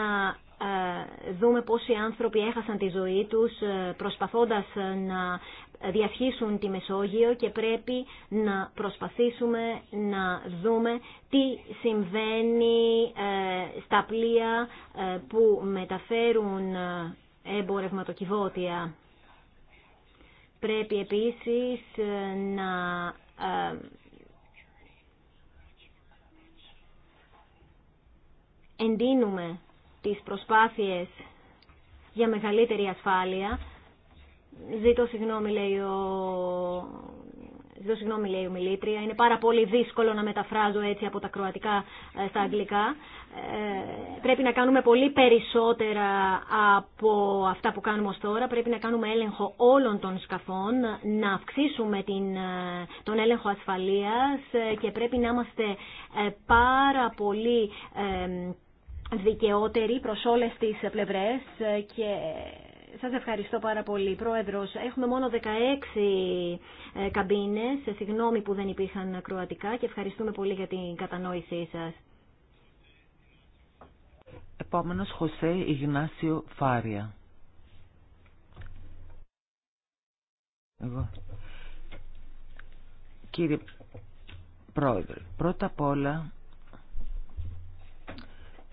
ε, δούμε πόσοι άνθρωποι έχασαν τη ζωή τους ε, προσπαθώντας ε, να διασχίσουν τη Μεσόγειο και πρέπει να προσπαθήσουμε να δούμε τι συμβαίνει στα πλοία που μεταφέρουν εμπορευματοκιβώτια. Πρέπει επίσης να εντείνουμε τις προσπάθειες για μεγαλύτερη ασφάλεια. Ζήτω συγγνώμη, λέει ο... Ζητώ συγγνώμη, λέει Μιλήτρια. Είναι πάρα πολύ δύσκολο να μεταφράζω έτσι από τα κροατικά ε, στα αγγλικά. Ε, πρέπει να κάνουμε πολύ περισσότερα από αυτά που κάνουμε ως τώρα. Πρέπει να κάνουμε έλεγχο όλων των σκαφών, να αυξήσουμε την, ε, τον έλεγχο ασφαλείας και πρέπει να είμαστε πάρα πολύ δικαιότερη προς όλες τις πλευρές και σας ευχαριστώ πάρα πολύ. Πρόεδρος, έχουμε μόνο 16 ε, καμπίνες, συγγνώμη που δεν υπήρχαν κροατικά και ευχαριστούμε πολύ για την κατανόησή σας. Επόμενος Χωσέ Ιγνάσιο Φάρια. Κύριε Πρόεδρε, πρώτα απ' όλα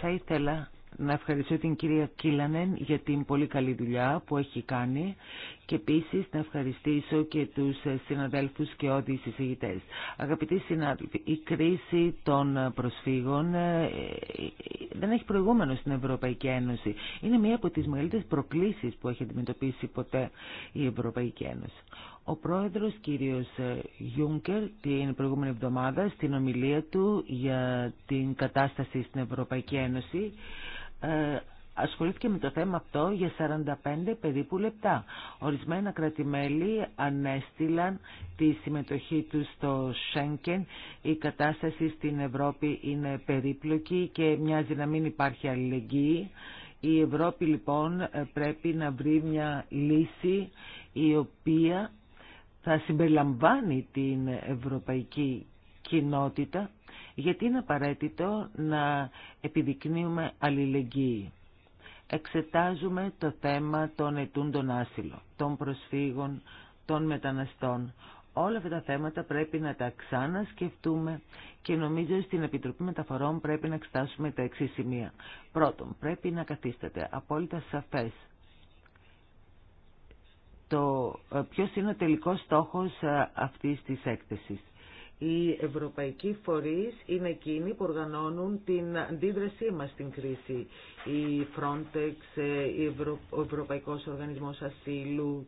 θα ήθελα να ευχαριστήσω την κυρία Κίλανεν για την πολύ καλή δουλειά που έχει κάνει και επίση να ευχαριστήσω και τους συναδέλφους και οι συζητητέ. Αγαπητοί συνάδελφοι, η κρίση των προσφύγων ε, δεν έχει προηγούμενο στην Ευρωπαϊκή Ένωση. Είναι μία από τις μεγαλύτερες προκλήσεις που έχει αντιμετωπίσει ποτέ η Ευρωπαϊκή Ένωση. Ο πρόεδρος κύριος ε, Γιούγκερ την προηγούμενη εβδομάδα στην ομιλία του για την κατάσταση στην Ευρωπαϊκή Ένωση ε, ασχολήθηκε με το θέμα αυτό για 45 περίπου λεπτά. Ορισμένα κρατημέλη ανέστηλαν τη συμμετοχή τους στο Σέγκεν. Η κατάσταση στην Ευρώπη είναι περίπλοκη και μοιάζει να μην υπάρχει αλληλεγγύη. Η Ευρώπη λοιπόν πρέπει να βρει μια λύση η οποία θα συμπεριλαμβάνει την ευρωπαϊκή κοινότητα γιατί είναι απαραίτητο να επιδεικνύουμε αλληλεγγύη εξετάζουμε το θέμα των ετούντων άσυλων, των προσφύγων, των μεταναστών. Όλα αυτά τα θέματα πρέπει να τα ξανασκεφτούμε και νομίζω στην Επιτροπή Μεταφορών πρέπει να εξετάσουμε τα εξή σημεία. Πρώτον, πρέπει να καθίσταται απόλυτα σαφές το ε, ποιος είναι ο τελικός στόχος ε, αυτής της έκθεσης. Οι ευρωπαϊκοί φορείς είναι εκείνοι που οργανώνουν την αντίδρασή μας στην κρίση. Η Frontex, ε, ο Ευρωπαϊκός Οργανισμός Ασύλου.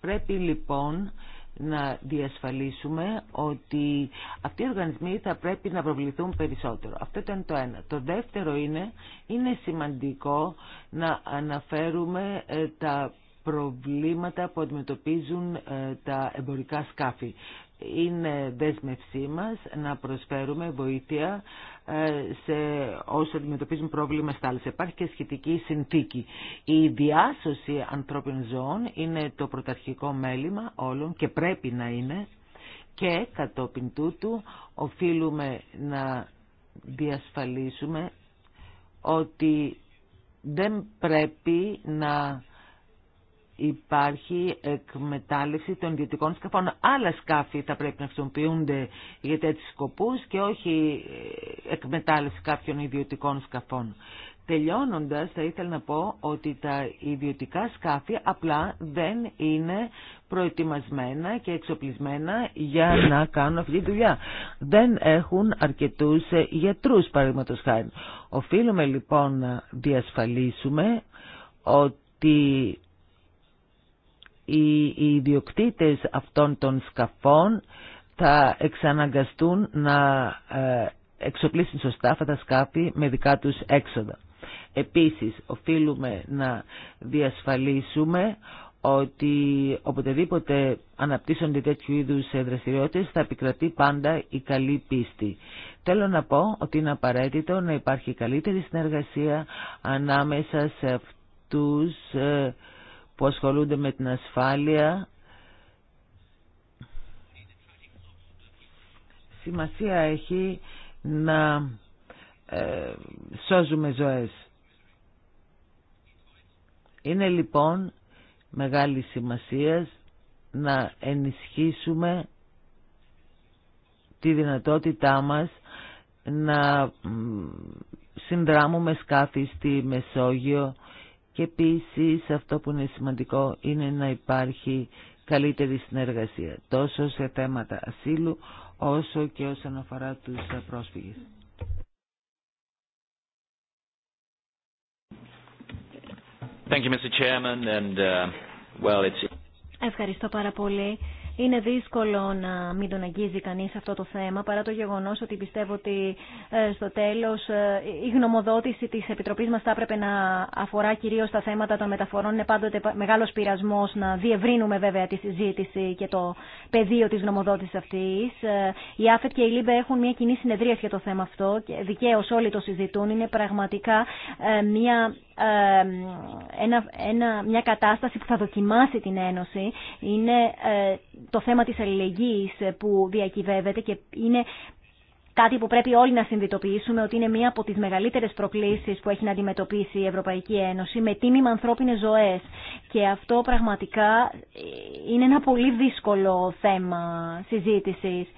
Πρέπει λοιπόν να διασφαλίσουμε ότι αυτοί οι οργανισμοί θα πρέπει να προβληθούν περισσότερο. Αυτό ήταν το ένα. Το δεύτερο είναι, είναι σημαντικό να αναφέρουμε ε, τα προβλήματα που αντιμετωπίζουν ε, τα εμπορικά σκάφη είναι δέσμευσή μας να προσφέρουμε βοήθεια ε, σε όσοι αντιμετωπίζουν πρόβλημα στα άλλα. Υπάρχει και σχετική συνθήκη. Η διάσωση ανθρώπινων ζώων είναι το πρωταρχικό μέλημα όλων και πρέπει να είναι και κατόπιν τούτου οφείλουμε να διασφαλίσουμε ότι δεν πρέπει να υπάρχει εκμετάλλευση των ιδιωτικών σκαφών. Άλλα σκάφη θα πρέπει να χρησιμοποιούνται για τέτοιους σκοπούς και όχι ε, εκμετάλλευση κάποιων ιδιωτικών σκαφών. Τελειώνοντας θα ήθελα να πω ότι τα ιδιωτικά σκάφη απλά δεν είναι προετοιμασμένα και εξοπλισμένα για να κάνουν αυτή τη δουλειά. Δεν έχουν αρκετούς ε, γιατρούς παραδείγματος χάρη. Οφείλουμε λοιπόν να διασφαλίσουμε ότι οι ιδιοκτήτες αυτών των σκαφών θα εξαναγκαστούν να ε, εξοπλίσουν σωστά αυτά τα σκάφη με δικά τους έξοδα. Επίσης, οφείλουμε να διασφαλίσουμε ότι οποτεδήποτε αναπτύσσονται τέτοιου είδου δραστηριότητε θα επικρατεί πάντα η καλή πίστη. Θέλω να πω ότι είναι απαραίτητο να υπάρχει καλύτερη συνεργασία ανάμεσα σε αυτούς ε, που ασχολούνται με την ασφάλεια. Σημασία έχει να ε, σώζουμε ζωές. Είναι λοιπόν μεγάλη σημασία να ενισχύσουμε τη δυνατότητά μας να συνδράμουμε σκάφη στη Μεσόγειο και επίση αυτό που είναι σημαντικό είναι να υπάρχει καλύτερη συνεργασία τόσο σε θέματα ασύλου όσο και όσον αφορά τους πρόσφυγες. Thank you, Mr. Uh, Ευχαριστώ πάρα πολύ. Είναι δύσκολο να μην τον αγγίζει κανείς αυτό το θέμα, παρά το γεγονός ότι πιστεύω ότι ε, στο τέλος ε, η γνωμοδότηση της Επιτροπής μας θα έπρεπε να αφορά κυρίως τα θέματα των μεταφορών. Είναι πάντοτε μεγάλος πειρασμός να διευρύνουμε βέβαια τη συζήτηση και το πεδίο της γνωμοδότησης αυτής. Ε, η ΑΦΕΤ και η ΛΥΜΠΕ έχουν μια κοινή συνεδρία για το θέμα αυτό και δικαίως όλοι το συζητούν. Είναι πραγματικά μια μια κατάσταση που θα δοκιμάσει την Ένωση. Είναι ε, το θέμα της αλληλεγγύης που διακυβεύεται και είναι κάτι που πρέπει όλοι να συνδυτοποιήσουμε ότι είναι μία από τις μεγαλύτερες προκλήσεις που έχει να αντιμετωπίσει η Ευρωπαϊκή Ένωση με τίμημα ανθρώπινες ζωές. Και αυτό πραγματικά είναι ένα πολύ δύσκολο θέμα συζήτησης.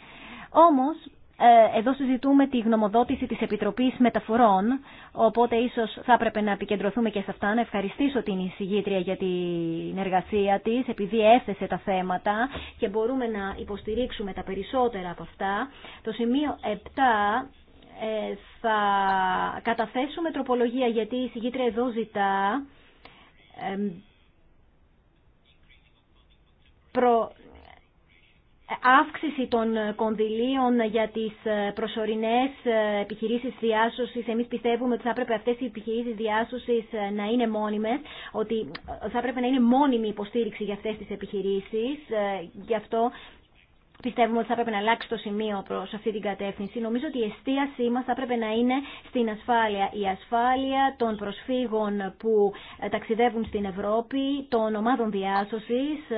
Όμως ε, εδώ συζητούμε τη γνωμοδότηση της Επιτροπής Μεταφορών, οπότε ίσως θα έπρεπε να επικεντρωθούμε και σε αυτά. Να ευχαριστήσω την εισηγήτρια για την εργασία της, επειδή έθεσε τα θέματα και μπορούμε να υποστηρίξουμε τα περισσότερα από αυτά. Το σημείο 7 ε, θα καταθέσουμε τροπολογία, γιατί η εισηγήτρια εδώ ζητά ε, προ, αύξηση των κονδυλίων για τις ε, προσωρινές ε, επιχειρήσεις διάσωσης. Εμείς πιστεύουμε ότι θα έπρεπε αυτές οι επιχειρήσεις διάσωσης ε, να είναι μόνιμες, ότι θα έπρεπε να είναι μόνιμη υποστήριξη για αυτές τις επιχειρήσεις. Γι' αυτό Πιστεύουμε ότι θα πρέπει να αλλάξει το σημείο προ αυτή την κατεύθυνση. Νομίζω ότι η εστίασή μα θα πρέπει να είναι στην ασφάλεια. Η ασφάλεια των προσφύγων που ε, ταξιδεύουν στην Ευρώπη, των ομάδων διάσωση, ε,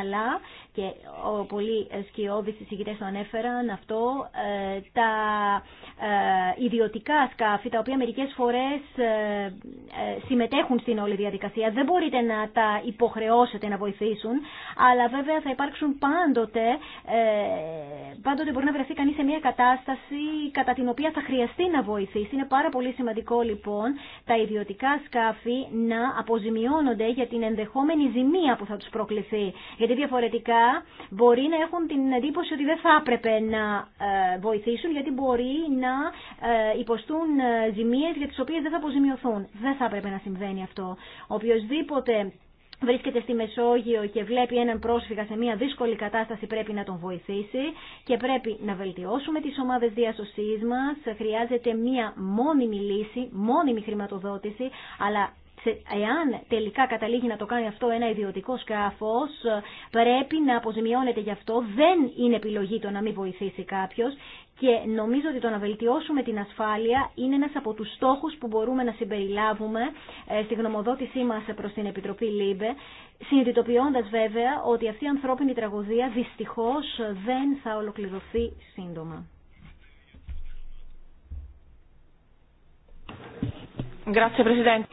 αλλά και ο πολύ σκιώδη εισηγητέ το ανέφεραν αυτό, ε, τα ιδιωτικά σκάφη, τα οποία μερικέ φορέ συμμετέχουν στην όλη διαδικασία. Δεν μπορείτε να τα υποχρεώσετε να βοηθήσουν, αλλά βέβαια θα υπάρξουν πάντοτε ε, πάντοτε μπορεί να βρεθεί κανείς σε μια κατάσταση κατά την οποία θα χρειαστεί να βοηθήσει. Είναι πάρα πολύ σημαντικό λοιπόν τα ιδιωτικά σκάφη να αποζημιώνονται για την ενδεχόμενη ζημία που θα τους προκληθεί. Γιατί διαφορετικά μπορεί να έχουν την εντύπωση ότι δεν θα έπρεπε να ε, βοηθήσουν γιατί μπορεί να ε, υποστούν ζημίες για τις οποίες δεν θα αποζημιωθούν. Δεν θα έπρεπε να συμβαίνει αυτό. Οποιοςδήποτε βρίσκεται στη Μεσόγειο και βλέπει έναν πρόσφυγα σε μια δύσκολη κατάσταση πρέπει να τον βοηθήσει και πρέπει να βελτιώσουμε τις ομάδες διασωσής μας. Χρειάζεται μια μόνιμη λύση, μόνιμη χρηματοδότηση, αλλά εάν τελικά καταλήγει να το κάνει αυτό ένα ιδιωτικό σκάφος, πρέπει να αποζημιώνεται γι' αυτό. Δεν είναι επιλογή το να μην βοηθήσει κάποιος και νομίζω ότι το να βελτιώσουμε την ασφάλεια είναι ένας από τους στόχους που μπορούμε να συμπεριλάβουμε ε, στη γνωμοδότησή μας προς την Επιτροπή ΛΥΜΠΕ, συνειδητοποιώντας βέβαια ότι αυτή η ανθρώπινη τραγωδία δυστυχώς δεν θα ολοκληρωθεί σύντομα. Grazie Presidente.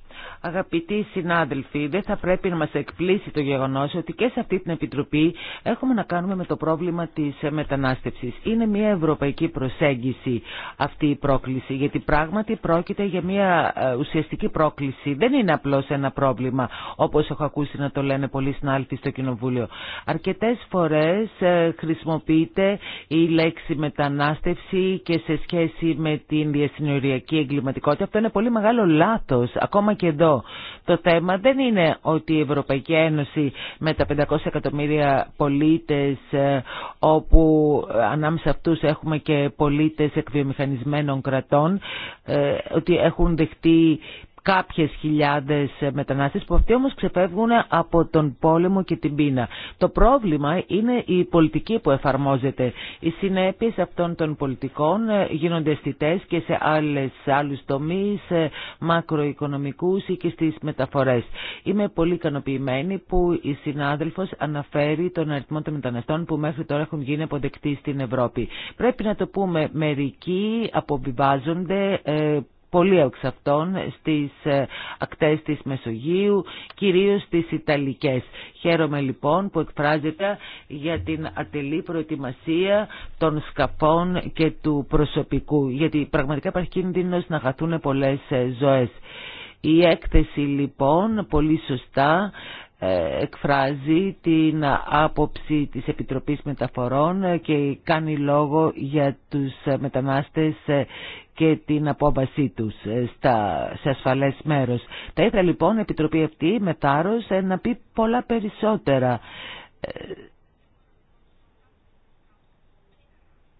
Αγαπητοί συνάδελφοι, δεν θα πρέπει να μας εκπλήσει το γεγονός ότι και σε αυτή την Επιτροπή έχουμε να κάνουμε με το πρόβλημα της μετανάστευσης. Είναι μια ευρωπαϊκή προσέγγιση αυτή η πρόκληση, γιατί πράγματι πρόκειται για μια ε, ουσιαστική πρόκληση. Δεν είναι απλώς ένα πρόβλημα, όπως έχω ακούσει να το λένε πολλοί συνάδελφοι στο Κοινοβούλιο. Αρκετές φορές ε, χρησιμοποιείται η λέξη μετανάστευση και σε σχέση με την διασυνοριακή εγκληματικότητα. Αυτό είναι πολύ μεγάλο λάθος, ακόμα και εδώ το θέμα δεν είναι ότι η Ευρωπαϊκή Ένωση με τα 500 εκατομμύρια πολίτες ε, όπου ανάμεσα αυτούς έχουμε και πολίτες εκβιομηχανισμένων κρατών ε, ότι έχουν δεχτεί κάποιες χιλιάδες ε, μετανάστες που αυτοί όμως ξεφεύγουν από τον πόλεμο και την πείνα. Το πρόβλημα είναι η πολιτική που εφαρμόζεται. Οι συνέπειες αυτών των πολιτικών ε, γίνονται αισθητέ και σε άλλες, άλλους τομείς, ε, μακροοικονομικούς ή και στις μεταφορές. Είμαι πολύ ικανοποιημένη που η συνάδελφος αναφέρει τον αριθμό των μεταναστών που μέχρι τώρα έχουν γίνει αποδεκτοί στην Ευρώπη. Πρέπει να το πούμε, μερικοί αποβιβάζονται, πολλοί εξ αυτών στις ε, ακτές της Μεσογείου, κυρίως στις Ιταλικές. Χαίρομαι λοιπόν που εκφράζεται για την ατελή προετοιμασία των σκαφών και του προσωπικού, γιατί πραγματικά υπάρχει κίνδυνος να χαθούν πολλές ε, ζωές. Η έκθεση λοιπόν πολύ σωστά ε, εκφράζει την άποψη της Επιτροπής Μεταφορών και κάνει λόγο για τους μετανάστες και την απόβασή τους ε, στα, σε ασφαλές μέρος. Θα ήθελα λοιπόν η Επιτροπή αυτή με θάρρος ε, να πει πολλά περισσότερα. Ε,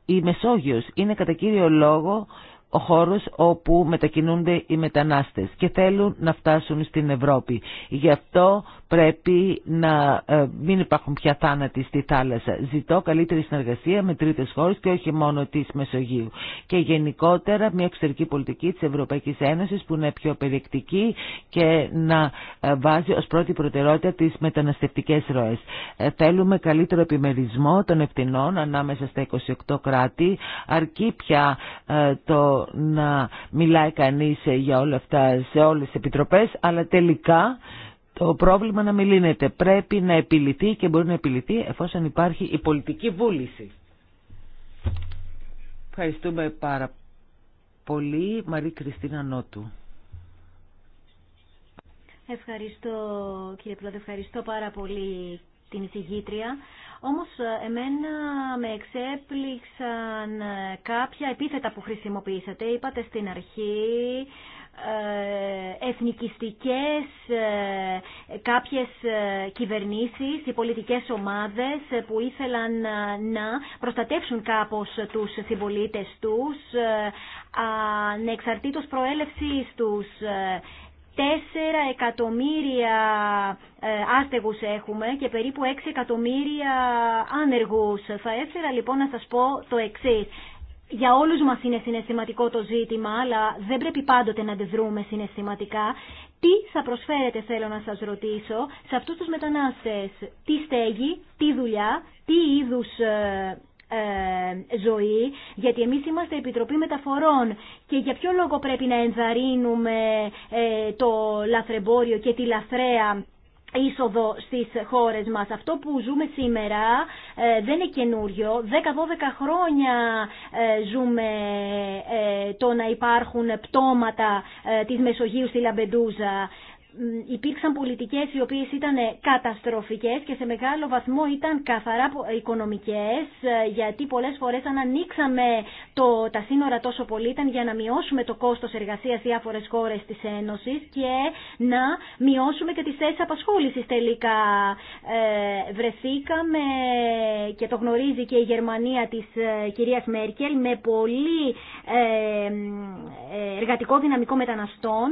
η Μεσόγειος είναι κατά κύριο λόγο ο χώρος όπου μετακινούνται οι μετανάστες και θέλουν να φτάσουν στην Ευρώπη. Γι' αυτό πρέπει να ε, μην υπάρχουν πια θάνατοι στη θάλασσα. Ζητώ καλύτερη συνεργασία με τρίτες χώρες και όχι μόνο της Μεσογείου. Και γενικότερα μια εξωτερική πολιτική της Ευρωπαϊκής Ένωσης που είναι πιο περιεκτική και να ε, βάζει ως πρώτη προτεραιότητα τις μεταναστευτικές ροές. Ε, θέλουμε καλύτερο επιμερισμό των ευθυνών ανάμεσα στα 28 κράτη. Αρκεί πια το να μιλάει κανείς για όλα αυτά σε όλες τις επιτροπές, αλλά τελικά το πρόβλημα να μην λύνεται. Πρέπει να επιληθεί και μπορεί να επιληθεί εφόσον υπάρχει η πολιτική βούληση. Ευχαριστούμε πάρα πολύ. Μαρή Κριστίνα Νότου. Ευχαριστώ κύριε Πρόεδρε, ευχαριστώ πάρα πολύ την εισηγήτρια. Όμως εμένα με εξέπληξαν κάποια επίθετα που χρησιμοποιήσατε. Είπατε στην αρχή ε, εθνικιστικές ε, κάποιες ε, κυβερνήσεις ή πολιτικές ομάδες που ήθελαν να προστατεύσουν κάπως τους συμπολίτε τους ανεξαρτήτως προέλευσής τους. Τέσσερα εκατομμύρια άστεγους έχουμε και περίπου 6 εκατομμύρια άνεργους. Θα έφερα λοιπόν να σας πω το εξής για όλους μας είναι συναισθηματικό το ζήτημα, αλλά δεν πρέπει πάντοτε να αντιδρούμε συναισθηματικά. Τι θα προσφέρετε, θέλω να σας ρωτήσω, σε αυτούς τους μετανάστες. Τι στέγη, τι δουλειά, τι είδους ε, ε, ζωή, γιατί εμείς είμαστε Επιτροπή Μεταφορών και για ποιο λόγο πρέπει να ενθαρρύνουμε ε, το λαθρεμπόριο και τη λαθρέα είσοδο στις χώρες μας. Αυτό που ζούμε σήμερα ε, δεν είναι καινούριο. 10-12 χρόνια ε, ζούμε ε, το να υπάρχουν πτώματα της Μεσογείου στη Λαμπεντούζα υπήρξαν πολιτικές οι οποίες ήταν καταστροφικές και σε μεγάλο βαθμό ήταν καθαρά οικονομικές ε, γιατί πολλές φορές αν ανοίξαμε το, τα σύνορα τόσο πολύ ήταν για να μειώσουμε το κόστος εργασίας διάφορες χώρες της Ένωσης και να μειώσουμε και τις θέσεις απασχόλησης τελικά. Ε, βρεθήκαμε και το γνωρίζει και η Γερμανία της ε, κυρίας Μέρκελ με πολύ ε, ε εργατικό δυναμικό μεταναστών,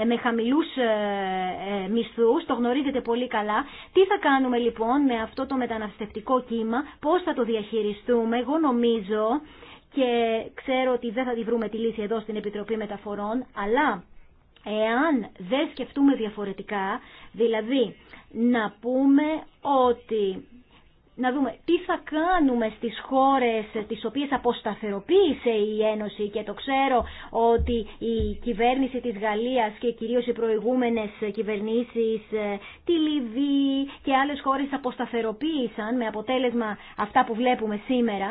ε, με χαμηλού ε, ε, μισθούς, το γνωρίζετε πολύ καλά. Τι θα κάνουμε λοιπόν με αυτό το μεταναστευτικό κύμα, πώς θα το διαχειριστούμε, εγώ νομίζω και ξέρω ότι δεν θα τη βρούμε τη λύση εδώ στην Επιτροπή Μεταφορών, αλλά εάν δεν σκεφτούμε διαφορετικά, δηλαδή να πούμε ότι να δούμε τι θα κάνουμε στις χώρες τις οποίες αποσταθεροποίησε η Ένωση και το ξέρω ότι η κυβέρνηση της Γαλλίας και κυρίως οι προηγούμενες κυβερνήσεις ε, τη Λιβύη και άλλες χώρες αποσταθεροποίησαν με αποτέλεσμα αυτά που βλέπουμε σήμερα.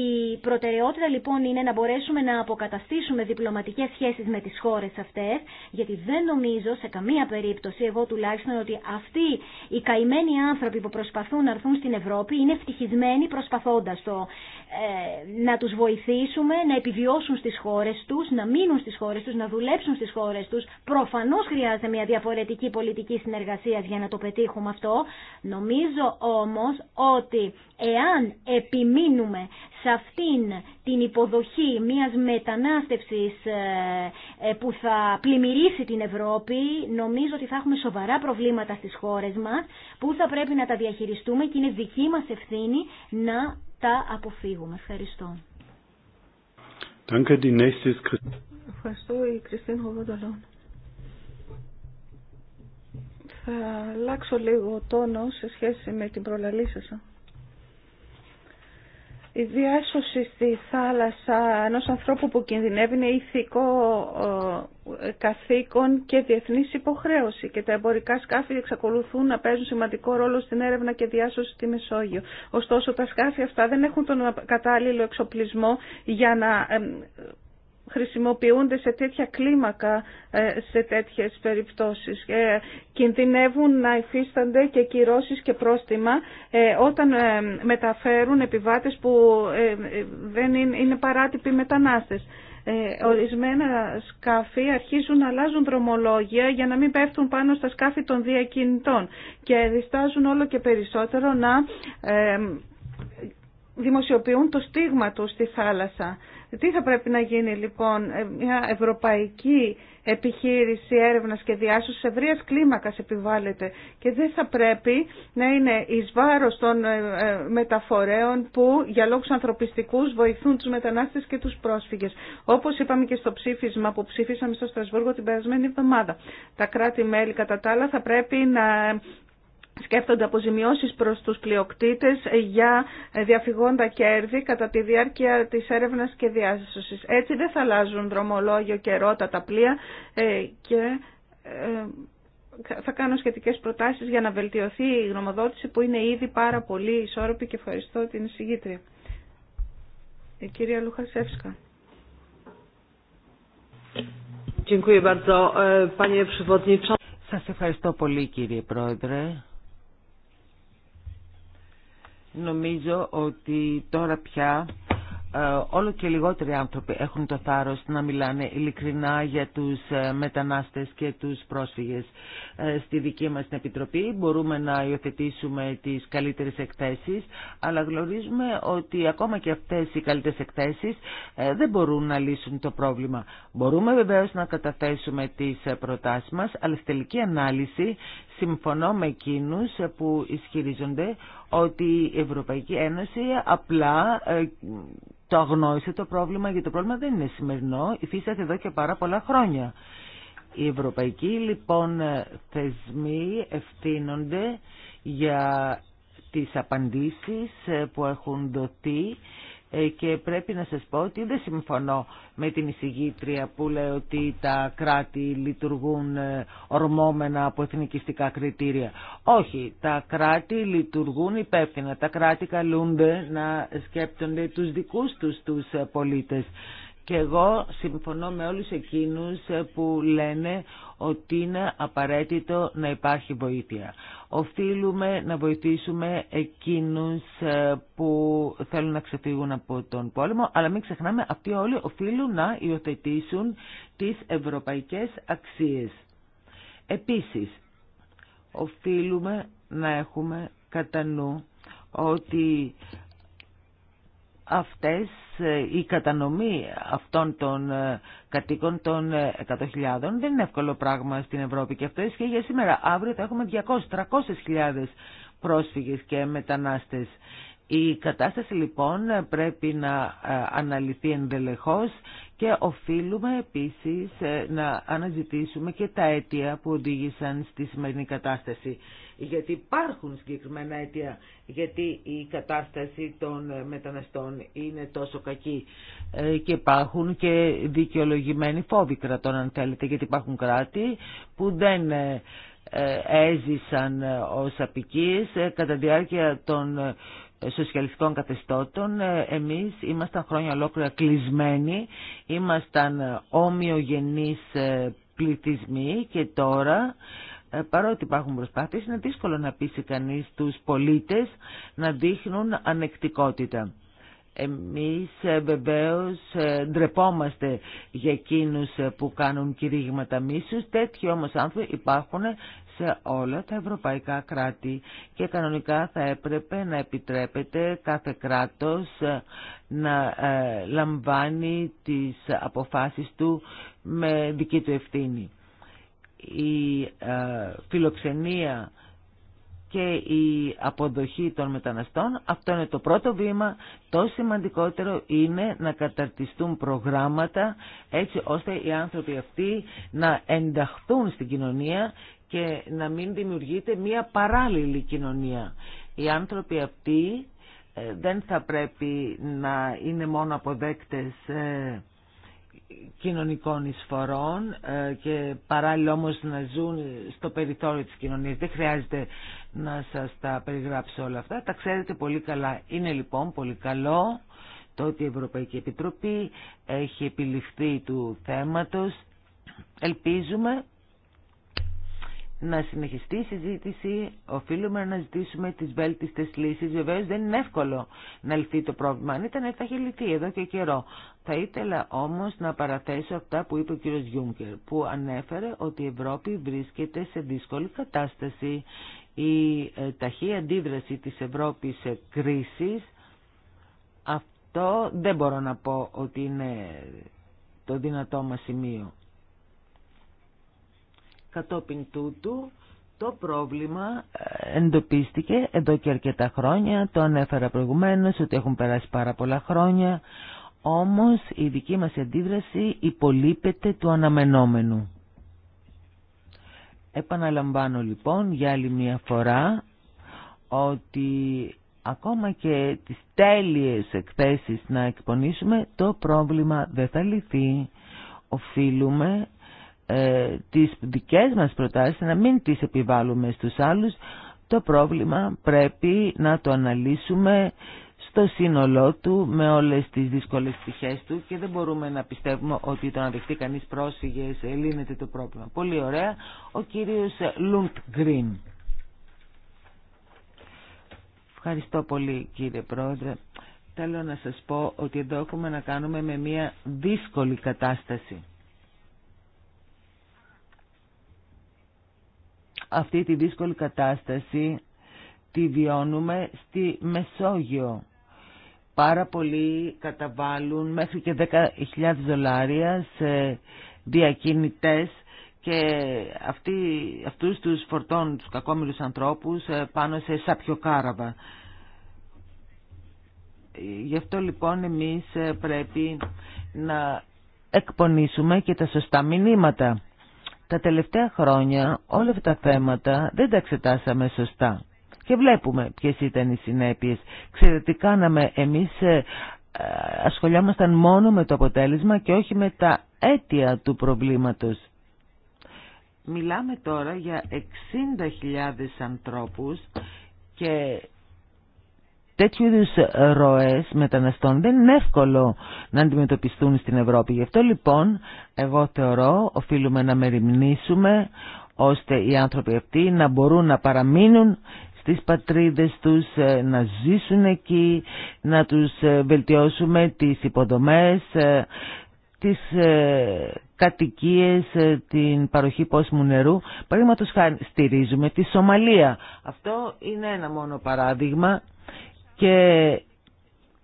Η προτεραιότητα λοιπόν είναι να μπορέσουμε να αποκαταστήσουμε διπλωματικές σχέσεις με τις χώρες αυτές γιατί δεν νομίζω σε καμία περίπτωση εγώ τουλάχιστον ότι αυτοί οι καημένοι άνθρωποι που προσπαθούν να έρθουν στην Ευρώπη άνθρωποι είναι ευτυχισμένοι προσπαθώντας το. Ε, να τους βοηθήσουμε να επιβιώσουν στις χώρες τους, να μείνουν στις χώρες τους, να δουλέψουν στις χώρες τους. Προφανώς χρειάζεται μια διαφορετική πολιτική συνεργασία για να το πετύχουμε αυτό. Νομίζω όμως ότι εάν επιμείνουμε σε αυτήν την υποδοχή μιας μετανάστευσης ε, ε, που θα πλημμυρίσει την Ευρώπη, νομίζω ότι θα έχουμε σοβαρά προβλήματα στις χώρες μας που θα πρέπει να τα διαχειριστούμε και είναι δική μας ευθύνη να τα αποφύγουμε. Ευχαριστώ. Ευχαριστώ η Κριστίν Χοβοντολόν. Θα αλλάξω λίγο τόνο σε σχέση με την προλαλή σας. Η διάσωση στη θάλασσα ενό ανθρώπου που κινδυνεύει είναι ηθικό καθήκον και διεθνής υποχρέωση και τα εμπορικά σκάφη εξακολουθούν να παίζουν σημαντικό ρόλο στην έρευνα και διάσωση στη Μεσόγειο. Ωστόσο τα σκάφη αυτά δεν έχουν τον κατάλληλο εξοπλισμό για να χρησιμοποιούνται σε τέτοια κλίμακα ε, σε τέτοιες περιπτώσεις. Ε, κινδυνεύουν να υφίστανται και κυρώσεις και πρόστιμα ε, όταν μεταφέρουν επιβάτες που δεν είναι, είναι παράτυποι μετανάστες. Ορισμένα σκάφη αρχίζουν να αλλάζουν δρομολόγια για να μην πέφτουν πάνω στα σκάφη των διακινητών και διστάζουν όλο και περισσότερο να δημοσιοποιούν το στίγμα του στη θάλασσα. Τι θα πρέπει να γίνει λοιπόν ε, μια ευρωπαϊκή επιχείρηση έρευνας και διάσωσης ευρείας κλίμακας επιβάλλεται και δεν θα πρέπει να είναι εις βάρος των ε, ε, μεταφορέων που για λόγους ανθρωπιστικούς βοηθούν τους μετανάστες και τους πρόσφυγες. Όπως είπαμε και στο ψήφισμα που ψήφισαμε στο Στρασβούργο την περασμένη εβδομάδα. Τα κράτη-μέλη κατά τα άλλα θα πρέπει να σκέφτονται αποζημιώσεις προς τους πλειοκτήτες για διαφυγόντα κέρδη κατά τη διάρκεια της έρευνας και διάσωσης. Έτσι δεν θα αλλάζουν δρομολόγιο και ρότα τα πλοία ε, και ε, θα κάνω σχετικές προτάσεις για να βελτιωθεί η γνωμοδότηση που είναι ήδη πάρα πολύ ισόρροπη και ευχαριστώ την εισηγήτρια. Η κυρία Λουχασεύσκα. E, Σας ευχαριστώ πολύ κύριε Πρόεδρε. Νομίζω ότι τώρα πια ε, όλο και λιγότεροι άνθρωποι έχουν το θάρρος να μιλάνε ειλικρινά για τους ε, μετανάστες και τους πρόσφυγες. Ε, στη δική μας την Επιτροπή μπορούμε να υιοθετήσουμε τις καλύτερες εκθέσεις, αλλά γνωρίζουμε ότι ακόμα και αυτές οι καλύτερες εκθέσεις δεν μπορούν να λύσουν το πρόβλημα. Μπορούμε βεβαίως να καταθέσουμε τις προτάσεις μας, αλλά στη τελική ανάλυση συμφωνώ με εκείνους που ισχυρίζονται ότι η Ευρωπαϊκή Ένωση απλά ε, το αγνόησε το πρόβλημα, γιατί το πρόβλημα δεν είναι σημερινό, υφίσταται εδώ και πάρα πολλά χρόνια. Οι ευρωπαϊκοί λοιπόν θεσμοί ευθύνονται για τις απαντήσεις ε, που έχουν δοθεί ε, και πρέπει να σας πω ότι δεν συμφωνώ με την εισηγήτρια που λέει ότι τα κράτη λειτουργούν ε, ορμόμενα από εθνικιστικά κριτήρια. Όχι, τα κράτη λειτουργούν υπεύθυνα. Τα κράτη καλούνται να σκέπτονται τους δικούς τους τους ε, πολίτες. Και εγώ συμφωνώ με όλους εκείνους που λένε ότι είναι απαραίτητο να υπάρχει βοήθεια. Οφείλουμε να βοηθήσουμε εκείνους ε, που θέλουν να ξεφύγουν από τον πόλεμο, αλλά μην ξεχνάμε αυτοί όλοι οφείλουν να υιοθετήσουν τις ευρωπαϊκές αξίες. Επίσης, οφείλουμε να έχουμε κατά νου ότι αυτές ε, η κατανομή αυτών των ε, κατοίκων των 100.000 ε, δεν είναι εύκολο πράγμα στην Ευρώπη και αυτό ισχύει για σήμερα. Αύριο θα έχουμε 200-300.000 πρόσφυγες και μετανάστες. Η κατάσταση λοιπόν πρέπει να αναλυθεί εντελεχώς. Και οφείλουμε επίσης ε, να αναζητήσουμε και τα αίτια που οδήγησαν στη σημερινή κατάσταση. Γιατί υπάρχουν συγκεκριμένα αίτια, γιατί η κατάσταση των ε, μεταναστών είναι τόσο κακή. Ε, και υπάρχουν και δικαιολογημένοι φόβοι κρατών, αν θέλετε, γιατί υπάρχουν κράτη που δεν έζησαν ως απικίες κατά διάρκεια των σοσιαλιστικών καθεστώτων. Ε, εμείς ήμασταν χρόνια ολόκληρα κλεισμένοι, ήμασταν ε, ομοιογενείς ε, πληθυσμοί και τώρα παρότι υπάρχουν προσπάθειες είναι δύσκολο να πείσει κανείς τους πολίτες να δείχνουν ανεκτικότητα. Εμείς βεβαίως ντρεπόμαστε για εκείνους που κάνουν κηρύγματα μίσους, τέτοιοι όμως άνθρωποι υπάρχουν σε όλα τα ευρωπαϊκά κράτη και κανονικά θα έπρεπε να επιτρέπεται κάθε κράτος ε, να ε, λαμβάνει τις αποφάσεις του με δική του ευθύνη. Η ε, φιλοξενία και η αποδοχή των μεταναστών. Αυτό είναι το πρώτο βήμα. Το σημαντικότερο είναι να καταρτιστούν προγράμματα έτσι ώστε οι άνθρωποι αυτοί να ενταχθούν στην κοινωνία και να μην δημιουργείται μία παράλληλη κοινωνία. Οι άνθρωποι αυτοί ε, δεν θα πρέπει να είναι μόνο αποδέκτες ε, κοινωνικών εισφορών ε, και παράλληλα όμως να ζουν στο περιθώριο της κοινωνίας. Δεν χρειάζεται να σας τα περιγράψω όλα αυτά. Τα ξέρετε πολύ καλά. Είναι λοιπόν πολύ καλό το ότι η Ευρωπαϊκή Επιτροπή έχει επιληφθεί του θέματος. Ελπίζουμε να συνεχιστεί η συζήτηση, οφείλουμε να ζητήσουμε τις βέλτιστες λύσεις. Βεβαίως δεν είναι εύκολο να λυθεί το πρόβλημα. Αν ήταν θα είχε λυθεί εδώ και καιρό. Θα ήθελα όμως να παραθέσω αυτά που είπε ο κύριος Γιούγκερ, που ανέφερε ότι η Ευρώπη βρίσκεται σε δύσκολη κατάσταση. Η ε, ταχεία αντίδραση της Ευρώπης σε κρίσεις, αυτό δεν μπορώ να πω ότι είναι το δυνατό μας σημείο. Κατόπιν τούτου το πρόβλημα ε, εντοπίστηκε εδώ και αρκετά χρόνια, το ανέφερα προηγουμένως ότι έχουν περάσει πάρα πολλά χρόνια, όμως η δική μας αντίδραση υπολείπεται του αναμενόμενου. Επαναλαμβάνω λοιπόν για άλλη μια φορά ότι ακόμα και τις τέλειες εκθέσεις να εκπονήσουμε, το πρόβλημα δεν θα λυθεί. Οφείλουμε ε, τις δικές μας προτάσεις, να μην τις επιβάλλουμε στους άλλους, το πρόβλημα πρέπει να το αναλύσουμε στο σύνολό του με όλες τις δύσκολες πτυχές του και δεν μπορούμε να πιστεύουμε ότι το να δεχτεί κανείς πρόσφυγες λύνεται το πρόβλημα. Πολύ ωραία. Ο κύριος Λουντ Γκριν. Ευχαριστώ πολύ κύριε Πρόεδρε. Θέλω να σας πω ότι εδώ έχουμε να κάνουμε με μια δύσκολη κατάσταση. Αυτή τη δύσκολη κατάσταση τη βιώνουμε στη Μεσόγειο. Πάρα πολλοί καταβάλουν μέχρι και 10.000 δολάρια σε διακινητές και αυτοί, αυτούς τους φορτών τους κακόμιλους ανθρώπους ε, πάνω σε κάραβα. Γι' αυτό λοιπόν εμείς ε, πρέπει να εκπονήσουμε και τα σωστά μηνύματα. Τα τελευταία χρόνια όλα αυτά τα θέματα δεν τα εξετάσαμε σωστά. Και βλέπουμε ποιες ήταν οι συνέπειες. Ξέρετε τι κάναμε εμείς ε, ασχολιάμασταν μόνο με το αποτέλεσμα και όχι με τα αίτια του προβλήματος. Μιλάμε τώρα για 60.000 ανθρώπους και τέτοιου είδου ε, ροές μεταναστών δεν είναι εύκολο να αντιμετωπιστούν στην Ευρώπη. Γι' αυτό λοιπόν εγώ θεωρώ οφείλουμε να μεριμνήσουμε ώστε οι άνθρωποι αυτοί να μπορούν να παραμείνουν στις πατρίδες τους, ε, να ζήσουν εκεί, να τους ε, βελτιώσουμε τις υποδομές, τις κατοικίες, την παροχή πόσμου νερού. Παραδείγματος χάρη στηρίζουμε τη Σομαλία. Αυτό είναι ένα μόνο παράδειγμα και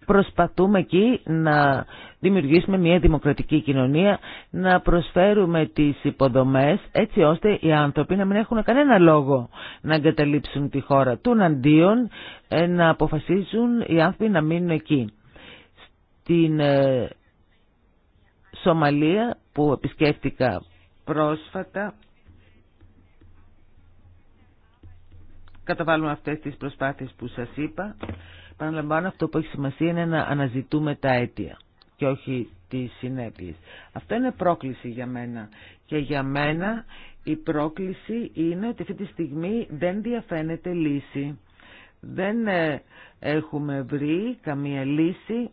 προσπαθούμε εκεί να δημιουργήσουμε μια δημοκρατική κοινωνία, να προσφέρουμε τις υποδομές έτσι ώστε οι άνθρωποι να μην έχουν κανένα λόγο να εγκαταλείψουν τη χώρα του, αντίον ε, να αποφασίζουν οι άνθρωποι να μείνουν εκεί. Στην ε, Σομαλία που επισκέφτηκα πρόσφατα, καταβάλουμε αυτές τις προσπάθειες που σας είπα Παναλαμβάνω αυτό που έχει σημασία είναι να αναζητούμε τα αίτια και όχι τις συνέπειες. Αυτό είναι πρόκληση για μένα και για μένα η πρόκληση είναι ότι αυτή τη στιγμή δεν διαφαίνεται λύση. Δεν ε, έχουμε βρει καμία λύση,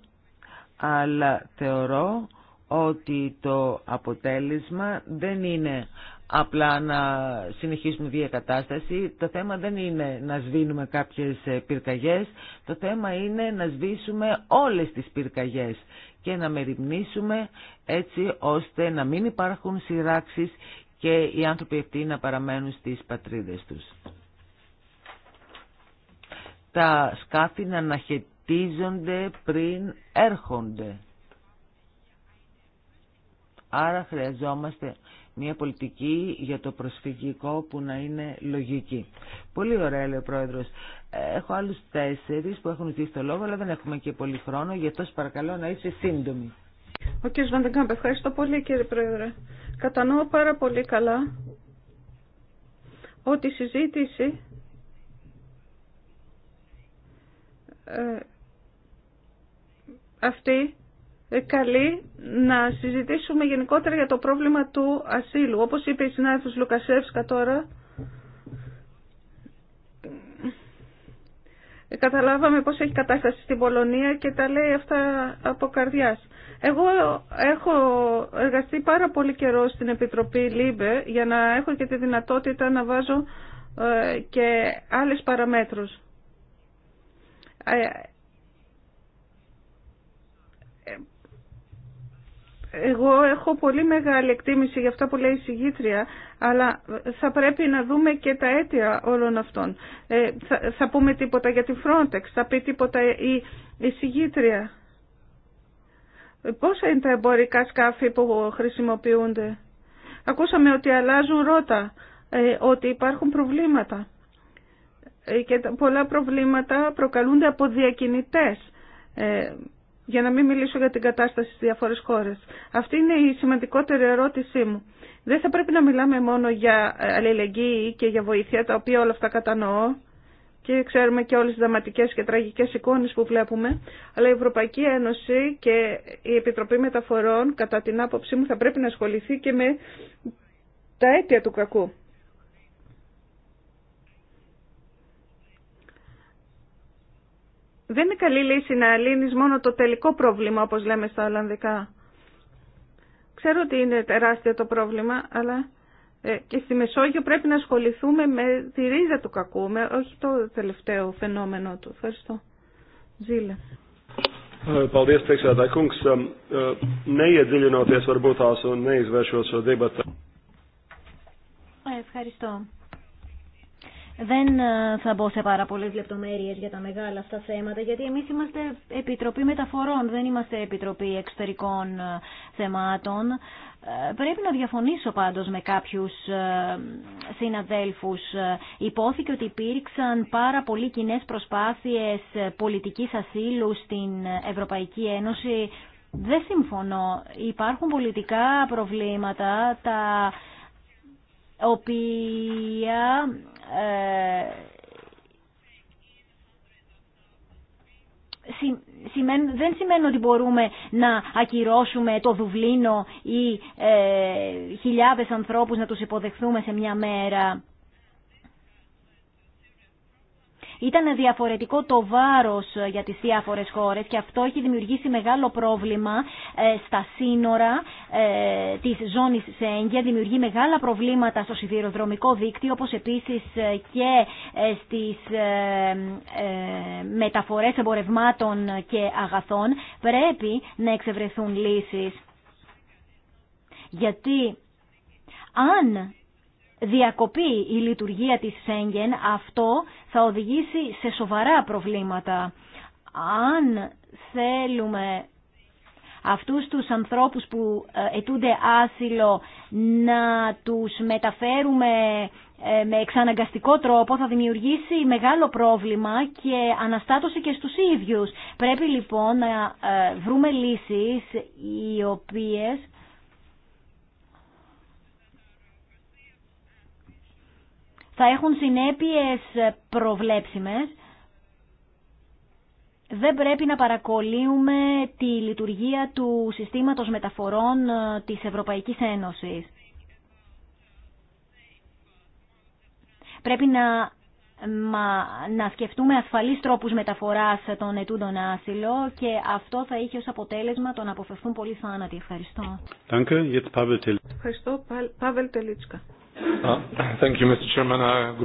αλλά θεωρώ ότι το αποτέλεσμα δεν είναι απλά να συνεχίσουμε διακατάσταση. Το θέμα δεν είναι να σβήνουμε κάποιες ε, πυρκαγιές, το θέμα είναι να σβήσουμε όλες τις πυρκαγιές και να μεριμνήσουμε έτσι ώστε να μην υπάρχουν σειράξεις και οι άνθρωποι αυτοί να παραμένουν στις πατρίδες τους. Τα σκάφη να αναχαιτίζονται πριν έρχονται. Άρα χρειαζόμαστε μια πολιτική για το προσφυγικό που να είναι λογική. Πολύ ωραία λέει ο Πρόεδρος. Έχω άλλους τέσσερις που έχουν ζήσει το λόγο αλλά δεν έχουμε και πολύ χρόνο γι' αυτό παρακαλώ να είσαι σύντομη. Ο κ. Βαντεγκάμπ, ευχαριστώ πολύ κύριε Πρόεδρε. Κατανοώ πάρα πολύ καλά ότι η συζήτηση ε, αυτή ε, καλή να συζητήσουμε γενικότερα για το πρόβλημα του ασύλου. Όπως είπε η συνάδελφος Λουκασέφσκα τώρα, ε, καταλάβαμε πώς έχει κατάσταση στην Πολωνία και τα λέει αυτά από καρδιάς. Εγώ έχω εργαστεί πάρα πολύ καιρό στην Επιτροπή ΛΥΜΠΕ για να έχω και τη δυνατότητα να βάζω ε, και άλλες παραμέτρους Εγώ έχω πολύ μεγάλη εκτίμηση για αυτά που λέει η συγγήτρια, αλλά θα πρέπει να δούμε και τα αίτια όλων αυτών. Ε, θα, θα πούμε τίποτα για τη Frontex, θα πει τίποτα η, η συγγήτρια. Ε, πόσα είναι τα εμπορικά σκάφη που χρησιμοποιούνται. Ακούσαμε ότι αλλάζουν ρότα, ε, ότι υπάρχουν προβλήματα. Ε, και πολλά προβλήματα προκαλούνται από διακινητές για να μην μιλήσω για την κατάσταση στις διάφορες χώρες. Αυτή είναι η σημαντικότερη ερώτησή μου. Δεν θα πρέπει να μιλάμε μόνο για ε, αλληλεγγύη και για βοήθεια, τα οποία όλα αυτά κατανοώ και ξέρουμε και όλες τις δραματικές και τραγικές εικόνες που βλέπουμε, αλλά η Ευρωπαϊκή Ένωση και η Επιτροπή Μεταφορών, κατά την άποψή μου, θα πρέπει να ασχοληθεί και με τα αίτια του κακού. Δεν είναι καλή λύση να λύνεις μόνο το τελικό πρόβλημα, όπως λέμε στα Ολλανδικά. Ξέρω ότι είναι τεράστιο το πρόβλημα, αλλά ε, και στη Μεσόγειο πρέπει να ασχοληθούμε με τη ρίζα του κακού, με, όχι το τελευταίο φαινόμενο του. Ευχαριστώ. Ζήλε. Ε, ε, ναι, ευχαριστώ. Δεν ε, θα μπω σε πάρα πολλές λεπτομέρειες για τα μεγάλα αυτά θέματα, γιατί εμείς είμαστε Επιτροπή Μεταφορών, δεν είμαστε Επιτροπή Εξωτερικών ε, Θεμάτων. Ε, πρέπει να διαφωνήσω πάντως με κάποιους συναδέλφους. Υπόθηκε ότι υπήρξαν πάρα πολλοί κοινέ προσπάθειες πολιτικής ασύλου στην Ευρωπαϊκή Ένωση. Δεν συμφωνώ. Υπάρχουν πολιτικά προβλήματα, τα οποία ε, δεν σημαίνει ότι μπορούμε να ακυρώσουμε το Δουβλίνο ή ε, χιλιάδες ανθρώπους να τους υποδεχθούμε σε μια μέρα. Ήταν διαφορετικό το βάρος ε, για τις διάφορες χώρες και αυτό έχει δημιουργήσει μεγάλο πρόβλημα ε, στα σύνορα ε, της ζώνης Σέγγεν, δημιουργεί μεγάλα προβλήματα στο σιδηροδρομικό δίκτυο, όπως επίσης και στις μεταφορές εμπορευμάτων και αγαθών. Πρέπει να εξευρεθούν λύσεις. Γιατί αν διακοπεί η λειτουργία της Σέγγεν, αυτό θα οδηγήσει σε σοβαρά προβλήματα. Αν θέλουμε αυτούς τους ανθρώπους που ετούνται άσυλο να τους μεταφέρουμε ε, με εξαναγκαστικό τρόπο θα δημιουργήσει μεγάλο πρόβλημα και αναστάτωση και στους ίδιους. Πρέπει λοιπόν να ε, βρούμε λύσεις οι οποίες θα έχουν συνέπειες προβλέψιμες. Δεν πρέπει να παρακολύουμε τη λειτουργία του συστήματος μεταφορών ε, της Ευρωπαϊκής Ένωσης. Πρέπει να, να σκεφτούμε ασφαλείς τρόπους μεταφοράς των ετούντων άσυλο και αυτό θα είχε ως αποτέλεσμα το να αποφευθούν πολλοί θάνατοι. Ευχαριστώ. Ευχαριστώ, Παύλ Τελίτσκα. Thank you, Mr. Chairman.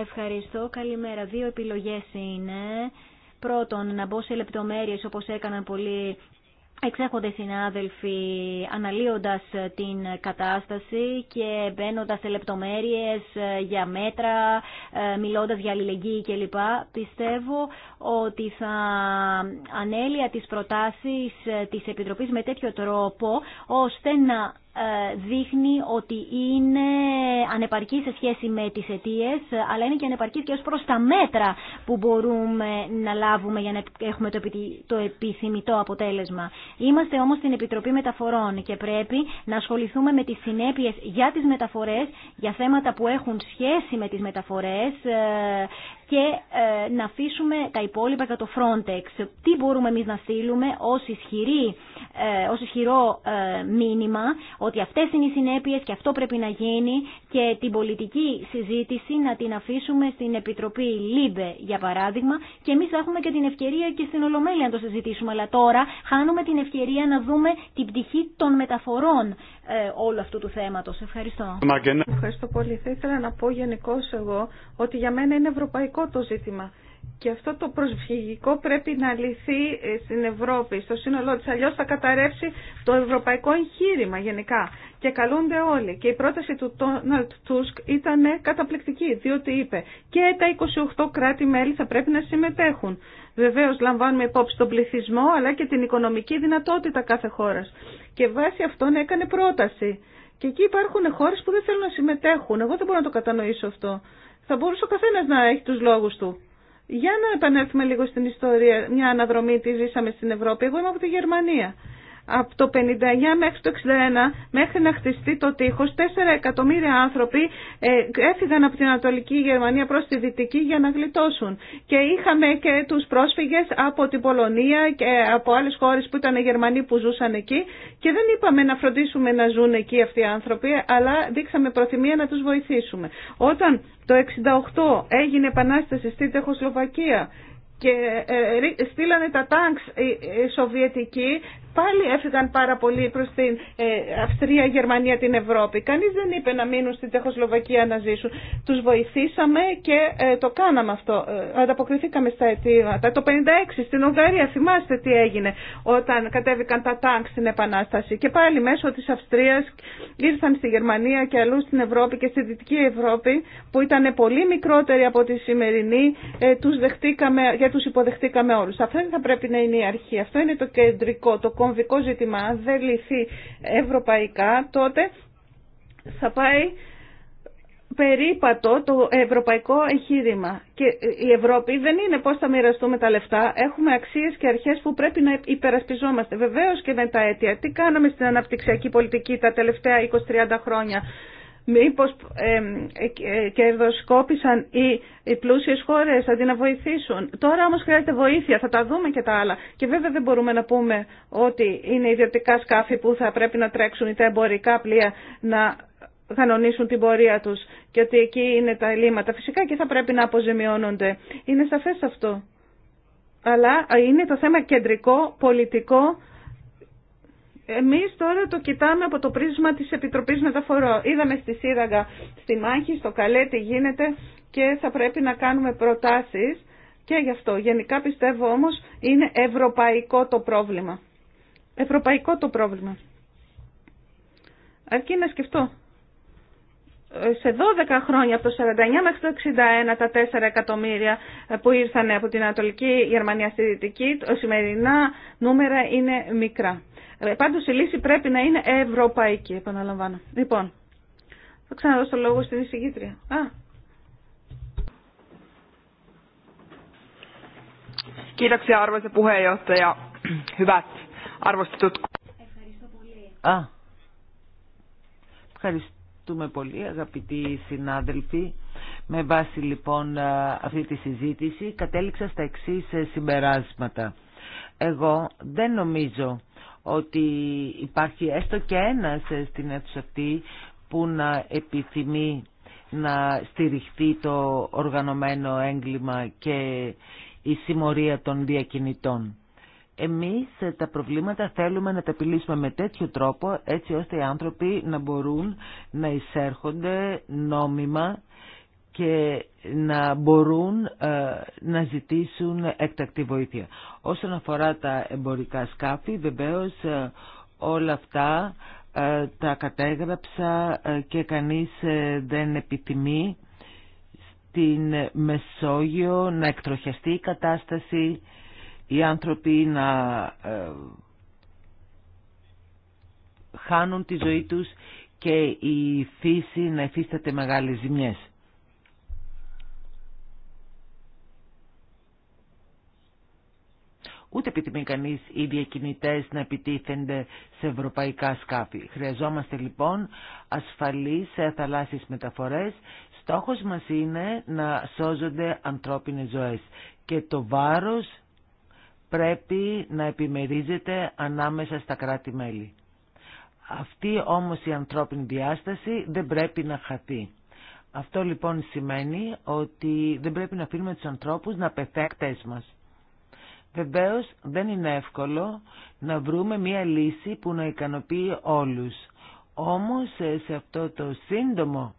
Ευχαριστώ. Καλημέρα. Δύο επιλογές είναι. Πρώτον, να μπω σε λεπτομέρειες όπως έκαναν πολλοί εξέχονται συνάδελφοι αναλύοντας την κατάσταση και μπαίνοντα σε λεπτομέρειες ε, για μέτρα, ε, μιλώντας για αλληλεγγύη κλπ. Πιστεύω ότι θα ανέλεια τις προτάσεις ε, της Επιτροπής με τέτοιο τρόπο ώστε να ε, δείχνει ότι είναι ανεπαρκή σε σχέση με τις αιτίε, αλλά είναι και ανεπαρκή και ως προς τα μέτρα που μπορούμε να λάβουμε για να έχουμε το επιθυμητό αποτέλεσμα. Είμαστε όμως στην Επιτροπή Μεταφορών και πρέπει να ασχοληθούμε με τις συνέπειες για τις μεταφορές, για θέματα που έχουν σχέση με τις μεταφορές ε, και ε, να αφήσουμε τα υπόλοιπα για το Frontex. Τι μπορούμε εμείς να στείλουμε ως, ισχυρή, ε, ως ισχυρό ε, μήνυμα ότι αυτές είναι οι συνέπειες και αυτό πρέπει να γίνει και την πολιτική συζήτηση να την αφήσουμε στην Επιτροπή ΛΥΜΠΕ για παράδειγμα και εμείς θα έχουμε και την ευκαιρία και στην Ολομέλεια να το συζητήσουμε αλλά τώρα χάνουμε την ευκαιρία να δούμε την πτυχή των μεταφορών όλου αυτού του θέματος. Ευχαριστώ. Ευχαριστώ πολύ. Θα ήθελα να πω γενικώ εγώ ότι για μένα είναι ευρωπαϊκό το ζήτημα. Και αυτό το προσφυγικό πρέπει να λυθεί ε, στην Ευρώπη, στο σύνολό της. Αλλιώς θα καταρρεύσει το ευρωπαϊκό εγχείρημα γενικά. Και καλούνται όλοι. Και η πρόταση του Τόναλτ Τούσκ ήταν καταπληκτική, διότι είπε και τα 28 κράτη-μέλη θα πρέπει να συμμετέχουν. Βεβαίω λαμβάνουμε υπόψη τον πληθυσμό, αλλά και την οικονομική δυνατότητα κάθε χώρα. Και βάσει αυτών έκανε πρόταση. Και εκεί υπάρχουν χώρε που δεν θέλουν να συμμετέχουν. Εγώ δεν μπορώ να το κατανοήσω αυτό. Θα μπορούσε ο καθένα να έχει του λόγου του. Για να επανέλθουμε λίγο στην ιστορία, μια αναδρομή τη ζήσαμε στην Ευρώπη. Εγώ είμαι από τη Γερμανία από το 59 μέχρι το 61 μέχρι να χτιστεί το τείχος 4 εκατομμύρια άνθρωποι ε, έφυγαν από την Ανατολική Γερμανία προς τη Δυτική για να γλιτώσουν και είχαμε και τους πρόσφυγες από την Πολωνία και από άλλες χώρες που ήταν Γερμανοί που ζούσαν εκεί και δεν είπαμε να φροντίσουμε να ζουν εκεί αυτοί οι άνθρωποι αλλά δείξαμε προθυμία να τους βοηθήσουμε. Όταν το 68 έγινε επανάσταση στη Τεχοσλοβακία και ε, ε, στείλανε τα τάγκς οι Σοβιετικοί πάλι έφυγαν πάρα πολλοί προς την ε, Αυστρία, Γερμανία, την Ευρώπη. Κανείς δεν είπε να μείνουν στην Τεχοσλοβακία να ζήσουν. Τους βοηθήσαμε και ε, το κάναμε αυτό. Ε, ανταποκριθήκαμε στα αιτήματα. Το 1956 στην Ουγγαρία θυμάστε τι έγινε όταν κατέβηκαν τα τάγκ στην Επανάσταση. Και πάλι μέσω της Αυστρίας ήρθαν στη Γερμανία και αλλού στην Ευρώπη και στη Δυτική Ευρώπη που ήταν πολύ μικρότερη από τη σημερινή. τους δεχτήκαμε, για τους υποδεχτήκαμε όλους. Αυτό δεν θα πρέπει να είναι η αρχή. Αυτό είναι το κεντρικό, το κομβικό ζήτημα δεν λυθεί ευρωπαϊκά, τότε θα πάει περίπατο το ευρωπαϊκό εγχείρημα. Και η Ευρώπη δεν είναι πώς θα μοιραστούμε τα λεφτά. Έχουμε αξίες και αρχές που πρέπει να υπερασπιζόμαστε. Βεβαίως και με τα αίτια. Τι κάναμε στην αναπτυξιακή πολιτική τα τελευταία 20-30 χρόνια. Μήπως ε, ε, κερδοσκόπησαν οι, οι πλούσιες χώρες αντί να βοηθήσουν. Τώρα όμως χρειάζεται βοήθεια, θα τα δούμε και τα άλλα. Και βέβαια δεν μπορούμε να πούμε ότι είναι ιδιωτικά σκάφη που θα πρέπει να τρέξουν ή τα εμπορικά πλοία να κανονίσουν την πορεία τους και ότι εκεί είναι τα ελλείμματα. Φυσικά και θα πρέπει να αποζημιώνονται. Είναι σαφές αυτό. Αλλά είναι το θέμα κεντρικό, πολιτικό, εμείς τώρα το κοιτάμε από το πρίσμα της Επιτροπής Μεταφορών. Είδαμε στη Σύραγγα, στη Μάχη, στο Καλέ τι γίνεται και θα πρέπει να κάνουμε προτάσεις και γι' αυτό. Γενικά πιστεύω όμως είναι ευρωπαϊκό το πρόβλημα. Ευρωπαϊκό το πρόβλημα. Αρκεί να σκεφτώ. Ε, σε 12 χρόνια, από το 49 μέχρι το 61, τα 4 εκατομμύρια ε, που ήρθαν από την Ανατολική Γερμανία στη Δυτική, σημερινά νούμερα είναι μικρά. Ε, Πάντω η λύση πρέπει να είναι ευρωπαϊκή, επαναλαμβάνω. Λοιπόν, θα ξαναδώσω το λόγο στην εισηγήτρια. Α, puheenjohtaja. Hyvät arvostetut. πολύ. Α, ευχαριστούμε πολύ αγαπητοί συνάδελφοι. Με βάση λοιπόν αυτή τη συζήτηση κατέληξα στα εξής ε, συμπεράσματα. Εγώ δεν νομίζω ότι υπάρχει έστω και ένας ε, στην αίθουσα αυτή που να επιθυμεί να στηριχθεί το οργανωμένο έγκλημα και η συμμορία των διακινητών. Εμείς ε, τα προβλήματα θέλουμε να τα επιλύσουμε με τέτοιο τρόπο έτσι ώστε οι άνθρωποι να μπορούν να εισέρχονται νόμιμα και να μπορούν ε, να ζητήσουν έκτακτη βοήθεια. Όσον αφορά τα εμπορικά σκάφη, βεβαίως ε, όλα αυτά ε, τα κατέγραψα και κανείς δεν επιθυμεί στην Μεσόγειο να εκτροχιαστεί η κατάσταση, οι άνθρωποι να χάνουν τη ζωή τους και η φύση να εφίσταται μεγάλες ζημιές. Ούτε επιθυμεί κανεί οι διακινητέ να επιτίθενται σε ευρωπαϊκά σκάφη. Χρειαζόμαστε λοιπόν ασφαλείς θαλάσσιες μεταφορές. Στόχος μας είναι να σώζονται ανθρώπινες ζωές και το βάρος πρέπει να επιμερίζεται ανάμεσα στα κράτη-μέλη. Αυτή όμως η ανθρώπινη διάσταση δεν πρέπει να χαθεί. Αυτό λοιπόν σημαίνει ότι δεν πρέπει να αφήνουμε τους ανθρώπους να μας. Βεβαίως δεν είναι εύκολο να βρούμε μία λύση που να ικανοποιεί όλους. Όμως ε, σε αυτό το σύντομο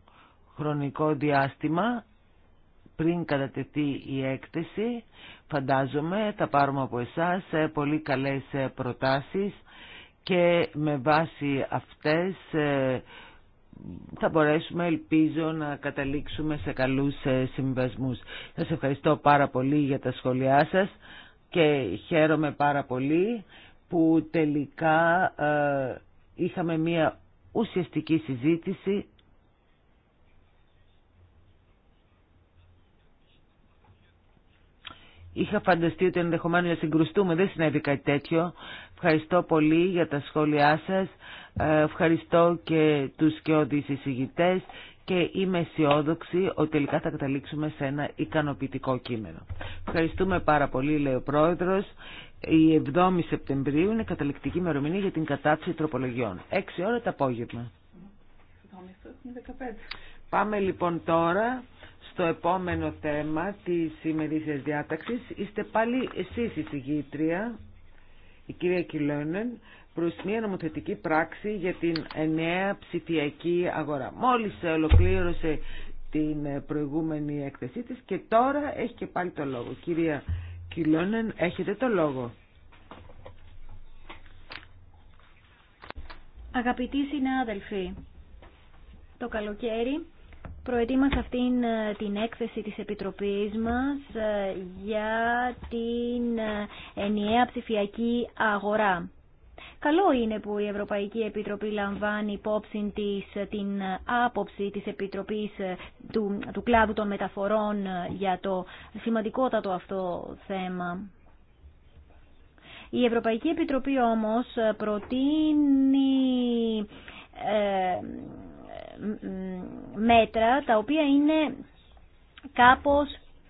χρονικό διάστημα πριν κατατεθεί η έκθεση φαντάζομαι θα πάρουμε από εσάς ε, πολύ καλές ε, προτάσεις και με βάση αυτές θα μπορέσουμε ελπίζω να καταλήξουμε σε καλούς συμβασμούς. Σας ευχαριστώ πάρα πολύ για τα σχόλιά σας και χαίρομαι πάρα πολύ που τελικά ε, είχαμε μία ουσιαστική συζήτηση Είχα φανταστεί ότι ενδεχομένως να συγκρουστούμε, δεν συνέβη κάτι τέτοιο. Ευχαριστώ πολύ για τα σχόλιά σας. Ε, ευχαριστώ και τους και όδης εισηγητές και είμαι αισιόδοξη ότι τελικά θα καταλήξουμε σε ένα ικανοποιητικό κείμενο. Ευχαριστούμε πάρα πολύ, λέει ο Πρόεδρο. Η 7η Σεπτεμβρίου είναι καταληκτική ημερομηνία για την κατάψη τροπολογιών. 6 ώρα το απόγευμα. Πάμε λοιπόν τώρα στο επόμενο θέμα της σημερινής διάταξης. Είστε πάλι εσείς η συγγήτρια, η κυρία Κιλόνεν προς μια νομοθετική πράξη για την νέα ψηφιακή αγορά. Μόλις ολοκλήρωσε την προηγούμενη έκθεσή της και τώρα έχει και πάλι το λόγο. Κυρία Κιλόνεν, έχετε το λόγο. Αγαπητοί συνάδελφοι, το καλοκαίρι προετοίμασα αυτήν ε, την έκθεση της Επιτροπής μας ε, για την ε, ενιαία ψηφιακή αγορά. Καλό είναι που η Ευρωπαϊκή Επιτροπή λαμβάνει υπόψη της την άποψη της Επιτροπής ε, του, του κλάδου των μεταφορών ε, για το σημαντικότατο αυτό θέμα. Η Ευρωπαϊκή Επιτροπή όμως προτείνει ε, μέτρα τα οποία είναι κάπως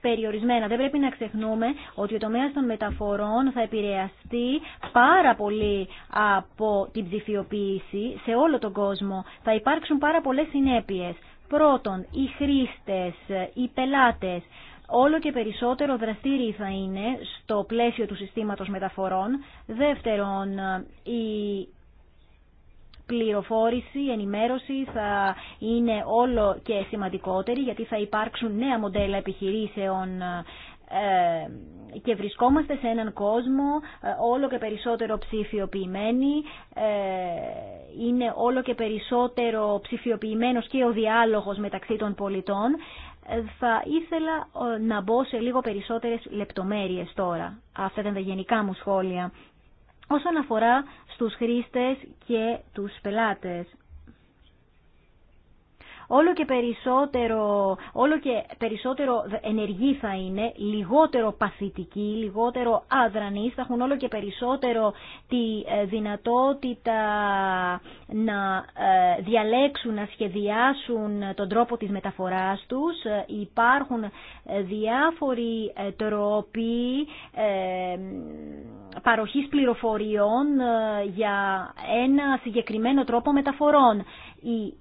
περιορισμένα. Δεν πρέπει να ξεχνούμε ότι ο τομέας των μεταφορών θα επηρεαστεί πάρα πολύ από την ψηφιοποίηση σε όλο τον κόσμο. Θα υπάρξουν πάρα πολλές συνέπειες. Πρώτον, οι χρήστες, οι πελάτες, όλο και περισσότερο δραστήριοι θα είναι στο πλαίσιο του συστήματος μεταφορών. Δεύτερον, οι πληροφόρηση, ενημέρωση θα είναι όλο και σημαντικότερη γιατί θα υπάρξουν νέα μοντέλα επιχειρήσεων ε, και βρισκόμαστε σε έναν κόσμο ε, όλο και περισσότερο ψηφιοποιημένοι, ε, είναι όλο και περισσότερο ψηφιοποιημένος και ο διάλογος μεταξύ των πολιτών. Θα ήθελα να μπω σε λίγο περισσότερες λεπτομέρειες τώρα. Αυτά ήταν τα γενικά μου σχόλια όσον αφορά στους χρήστες και τους πελάτες όλο και περισσότερο, όλο και περισσότερο ενεργοί θα είναι, λιγότερο παθητικοί, λιγότερο άδρανοι, θα έχουν όλο και περισσότερο τη ε, δυνατότητα να ε, διαλέξουν, να σχεδιάσουν τον τρόπο της μεταφοράς τους. Ε, υπάρχουν διάφοροι τρόποι παροχής πληροφοριών για ένα συγκεκριμένο τρόπο μεταφορών. Η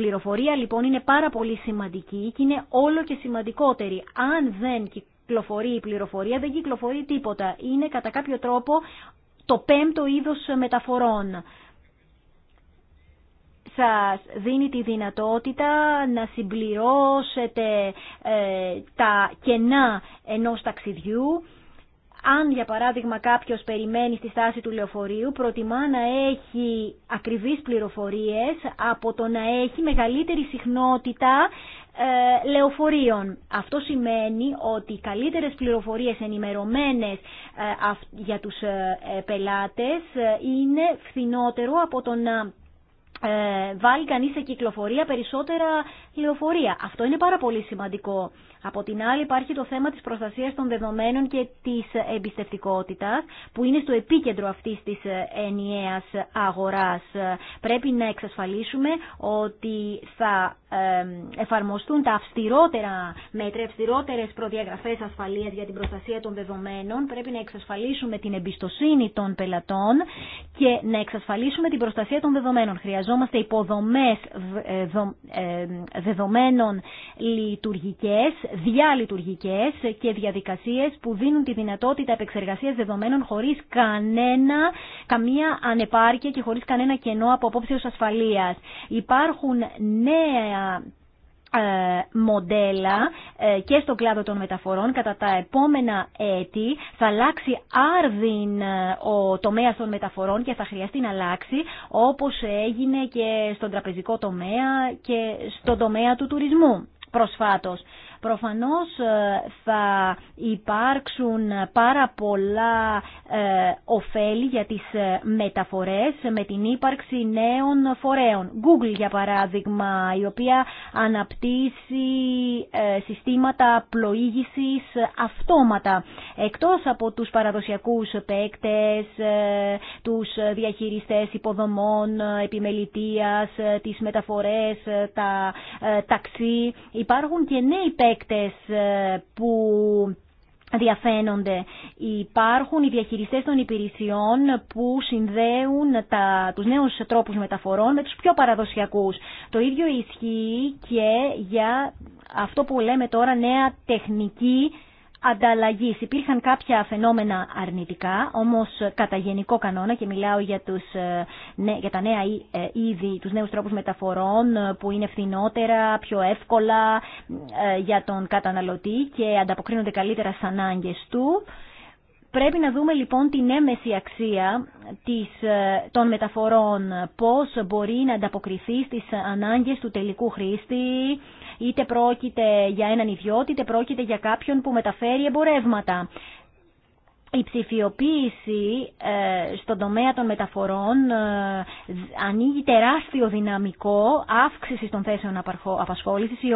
πληροφορία λοιπόν είναι πάρα πολύ σημαντική και είναι όλο και σημαντικότερη. Αν δεν κυκλοφορεί η πληροφορία δεν κυκλοφορεί τίποτα. Είναι κατά κάποιο τρόπο το πέμπτο είδος μεταφορών σας δίνει τη δυνατότητα να συμπληρώσετε ε, τα κενά ενός ταξιδιού αν για παράδειγμα κάποιο περιμένει στη στάση του λεωφορείου, προτιμά να έχει ακριβεί πληροφορίες από το να έχει μεγαλύτερη συχνότητα ε, λεωφορείων. Αυτό σημαίνει ότι οι καλύτερες πληροφορίες ενημερωμένες ε, για τους ε, πελάτες είναι φθηνότερο από το να βάλει κανείς σε κυκλοφορία περισσότερα αυτό είναι πάρα πολύ σημαντικό. Από την άλλη υπάρχει το θέμα της προστασίας των δεδομένων και της εμπιστευτικότητας που είναι στο επίκεντρο αυτής της ε, ενιαίας αγοράς. Πρέπει να εξασφαλίσουμε ότι θα εφαρμοστούν τα αυστηρότερα μέτρα, αυστηρότερες προδιαγραφές ασφαλείας για την προστασία των δεδομένων. Πρέπει να εξασφαλίσουμε την εμπιστοσύνη των πελατών και να εξασφαλίσουμε την προστασία των δεδομένων. Χρειαζόμαστε υποδομές ε, ε, δεδομένων λειτουργικές, διαλειτουργικές και διαδικασίες που δίνουν τη δυνατότητα επεξεργασίας δεδομένων χωρίς κανένα, καμία ανεπάρκεια και χωρίς κανένα κενό από απόψεως ασφαλείας. Υπάρχουν νέα ε, μοντέλα ε, και στον κλάδο των μεταφορών κατά τα επόμενα έτη θα αλλάξει άρδιν ε, ο τομέας των μεταφορών και θα χρειαστεί να αλλάξει όπως έγινε και στον τραπεζικό τομέα και στον τομέα του τουρισμού προσφάτως. Προφανώς ε, θα υπάρξουν πάρα πολλά ε, ωφέλη για τις ε, μεταφορές με την ύπαρξη νέων φορέων. Google για παράδειγμα, η οποία αναπτύσσει συστήματα πλοήγησης αυτόματα. Εκτός από τους παραδοσιακούς παίκτες, τους διαχειριστές υποδομών, επιμελητίας, τις μεταφορές, τα ταξί, υπάρχουν και νέοι παίκτες παίκτες ε, που διαφαίνονται. Υπάρχουν οι διαχειριστές των υπηρεσιών που συνδέουν τα, τους νέους τρόπους μεταφορών με τους πιο παραδοσιακούς. Το ίδιο ισχύει και για αυτό που λέμε τώρα νέα τεχνική ανταλλαγής. Υπήρχαν κάποια φαινόμενα αρνητικά, όμως κατά γενικό κανόνα και μιλάω για, τους, ε, τα νέα ε, είδη, τους νέους τρόπους μεταφορών ε, που είναι φθηνότερα, πιο εύκολα για τον καταναλωτή και ανταποκρίνονται καλύτερα στις ανάγκες του. Πρέπει να δούμε λοιπόν την έμεση αξία της, των μεταφορών, πώς μπορεί να ανταποκριθεί στις ανάγκες του τελικού χρήστη, Είτε πρόκειται για έναν ιδιότητα, είτε πρόκειται για κάποιον που μεταφέρει εμπορεύματα η ψηφιοποίηση ε, στον τομέα των μεταφορών ε, ανοίγει τεράστιο δυναμικό αύξηση των θέσεων απασχόλησης, οι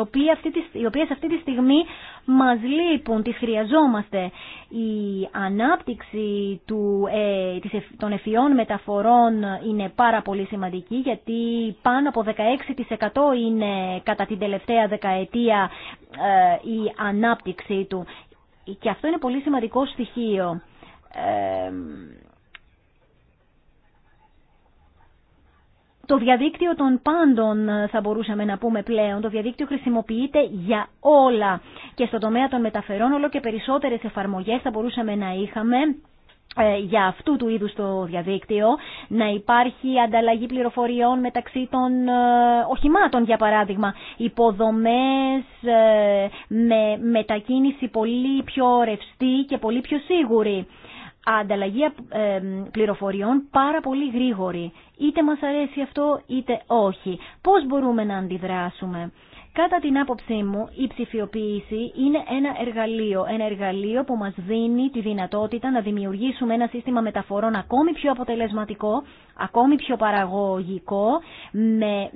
οποίες αυτή τη στιγμή μας λείπουν, τις χρειαζόμαστε. Η ανάπτυξη του, ε, των εφιών μεταφορών είναι πάρα πολύ σημαντική, γιατί πάνω από 16% είναι κατά την τελευταία δεκαετία η ανάπτυξη του και αυτό είναι πολύ σημαντικό στοιχείο. το διαδίκτυο των πάντων ε, θα μπορούσαμε να πούμε πλέον. Το διαδίκτυο χρησιμοποιείται για όλα. Και στο τομέα των μεταφερών όλο και περισσότερες εφαρμογές θα μπορούσαμε να είχαμε ε, για αυτού του είδους το διαδίκτυο να υπάρχει ανταλλαγή πληροφοριών μεταξύ των ε, οχημάτων για παράδειγμα υποδομές ε, με μετακίνηση πολύ πιο ρευστή και πολύ πιο σίγουρη ανταλλαγή πληροφοριών πάρα πολύ γρήγορη είτε μας αρέσει αυτό είτε όχι πώς μπορούμε να αντιδράσουμε Κατά την άποψή μου, η ψηφιοποίηση είναι ένα εργαλείο. Ένα εργαλείο που μας δίνει τη δυνατότητα να δημιουργήσουμε ένα σύστημα μεταφορών ακόμη πιο αποτελεσματικό, ακόμη πιο παραγωγικό, με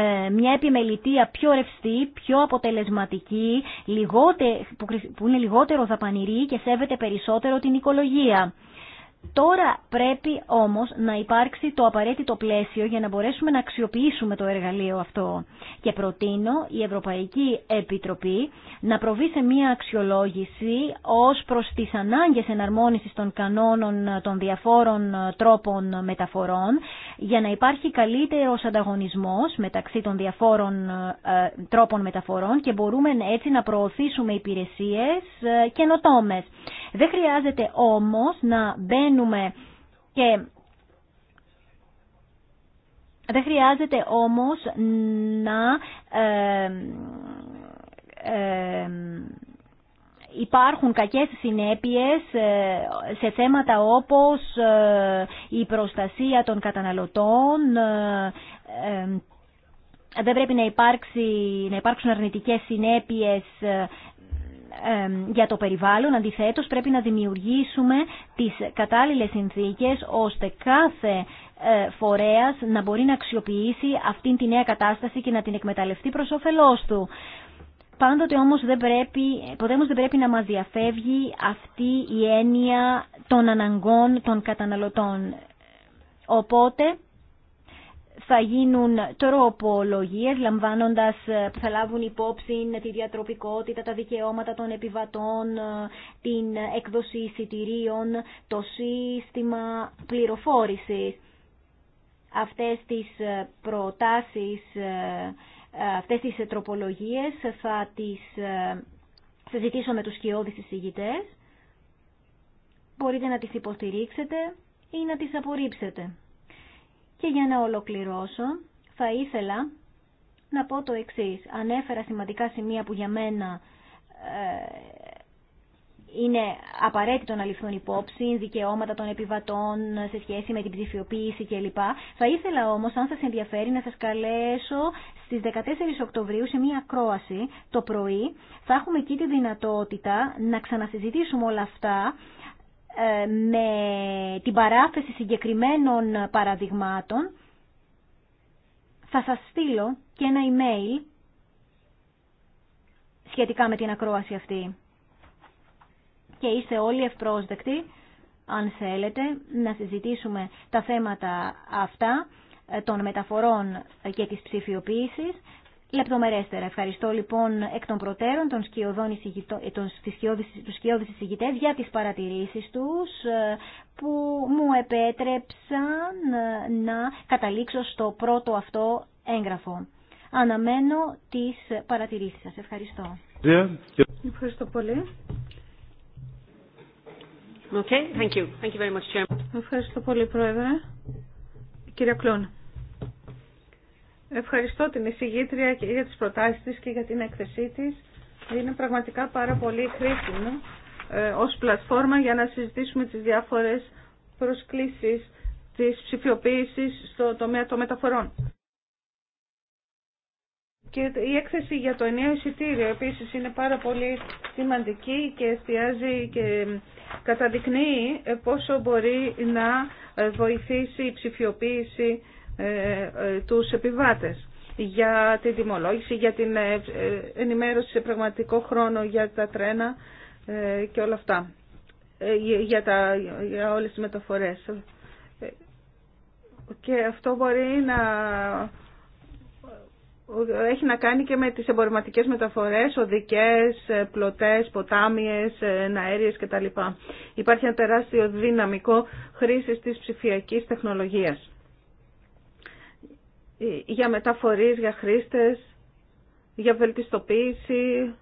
ε, μια επιμελητία πιο ρευστή, πιο αποτελεσματική, λιγότε, που είναι λιγότερο δαπανηρή και σέβεται περισσότερο την οικολογία. Τώρα πρέπει όμως να υπάρξει το απαραίτητο πλαίσιο για να μπορέσουμε να αξιοποιήσουμε το εργαλείο αυτό. Και προτείνω η Ευρωπαϊκή Επιτροπή να προβεί σε μία αξιολόγηση ως προς τις ανάγκες εναρμόνισης των κανόνων των διαφόρων τρόπων μεταφορών για να υπάρχει καλύτερος ανταγωνισμός μεταξύ των διαφόρων ε, τρόπων μεταφορών και μπορούμε έτσι να προωθήσουμε υπηρεσίες ε, καινοτόμες. Δεν χρειάζεται όμως να μπαίνουμε και δεν χρειάζεται όμως να ε, ε, υπάρχουν κακές συνέπειες ε, σε θέματα όπως η προστασία των καταναλωτών, δεν πρέπει να, υπάρξει, να υπάρξουν αρνητικές συνέπειες για το περιβάλλον. Αντιθέτως πρέπει να δημιουργήσουμε τις κατάλληλες συνθήκες ώστε κάθε ε, φορέας να μπορεί να αξιοποιήσει αυτήν τη νέα κατάσταση και να την εκμεταλλευτεί προς όφελός του. Πάντοτε όμως δεν πρέπει, ποτέ όμως δεν πρέπει να μας διαφεύγει αυτή η έννοια των αναγκών των καταναλωτών. Οπότε θα γίνουν τροπολογίες λαμβάνοντας, ε, θα λάβουν υπόψη τη διατροπικότητα, τα δικαιώματα των επιβατών, ε, την έκδοση εισιτηρίων, το σύστημα πληροφόρησης. Αυτές τις ε, προτάσεις, αυτές τις τροπολογίες θα τις συζητήσω με τους σκιώδεις εισηγητές. Μπορείτε να τις υποστηρίξετε ή να τις απορρίψετε. Και για να ολοκληρώσω, θα ήθελα να πω το εξής. Ανέφερα σημαντικά σημεία που για μένα ε, είναι απαραίτητο να ληφθούν υπόψη, δικαιώματα των επιβατών σε σχέση με την ψηφιοποίηση κλπ. Θα ήθελα όμως, αν σας ενδιαφέρει, να σας καλέσω στις 14 Οκτωβρίου σε μία ακρόαση το πρωί. Θα έχουμε εκεί τη δυνατότητα να ξανασυζητήσουμε όλα αυτά ε, με την παράθεση συγκεκριμένων παραδειγμάτων θα σας στείλω και ένα email σχετικά με την ακρόαση αυτή. Και είστε όλοι ευπρόσδεκτοι, αν θέλετε, να συζητήσουμε τα θέματα αυτά ε, των μεταφορών και της ψηφιοποίησης λεπτομερέστερα. Ευχαριστώ λοιπόν εκ των προτέρων των τον, των, ε, σκιώδης για τις παρατηρήσεις τους ε, που μου επέτρεψαν ε, να καταλήξω στο πρώτο αυτό έγγραφο. Αναμένω τις παρατηρήσεις σας. Ευχαριστώ. Ευχαριστώ πολύ. Okay, thank you. Thank you very much, Chairman. Ευχαριστώ πολύ, Πρόεδρε. Κύριε κλον. Ευχαριστώ την εισηγήτρια και για τις προτάσεις της και για την έκθεσή της. Είναι πραγματικά πάρα πολύ χρήσιμο ε, ως πλατφόρμα για να συζητήσουμε τις διάφορες προσκλήσεις της ψηφιοποίησης στο τομέα των μεταφορών. Και η έκθεση για το ενιαίο εισιτήριο επίσης είναι πάρα πολύ σημαντική και εστιάζει και καταδεικνύει πόσο μπορεί να βοηθήσει η ψηφιοποίηση ε, ε, τους επιβάτες για την τιμολόγηση, για την ε, ενημέρωση σε πραγματικό χρόνο για τα τρένα και όλα αυτά, για, τα, για όλες τις μεταφορές. Και αυτό μπορεί να έχει να κάνει και με τις εμπορευματικές μεταφορές, οδικές, πλωτές, ποτάμιες, τα κτλ. Υπάρχει ένα τεράστιο δυναμικό χρήσης της ψηφιακής τεχνολογίας για μεταφορείς, για χρήστες, για βελτιστοποίηση.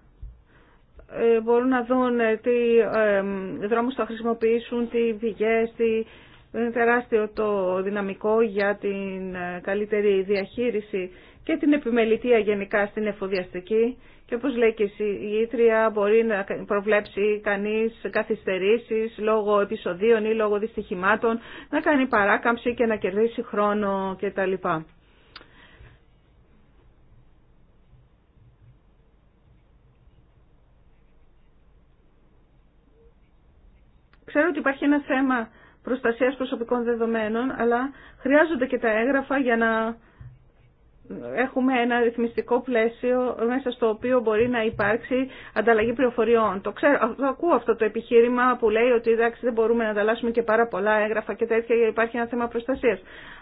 Ε, μπορούν να δουν ε, τι ε, δρόμους θα χρησιμοποιήσουν, τι βιγές, τι... Είναι τεράστιο το δυναμικό για την καλύτερη διαχείριση και την επιμελητία γενικά στην εφοδιαστική και όπως λέει και η ήτρια μπορεί να προβλέψει κανείς καθυστερήσεις λόγω επεισοδίων ή λόγω δυστυχημάτων, να κάνει παράκαμψη και να κερδίσει χρόνο κτλ. Ξέρω ότι υπάρχει ένα θέμα προστασίας προσωπικών δεδομένων, αλλά χρειάζονται και τα έγγραφα για να έχουμε ένα ρυθμιστικό πλαίσιο μέσα στο οποίο μπορεί να υπάρξει ανταλλαγή πληροφοριών. Το ξέρω, το ακούω αυτό το επιχείρημα που λέει ότι εντάξει δεν μπορούμε να ανταλλάσσουμε και πάρα πολλά έγγραφα και τέτοια γιατί υπάρχει ένα θέμα προστασίας.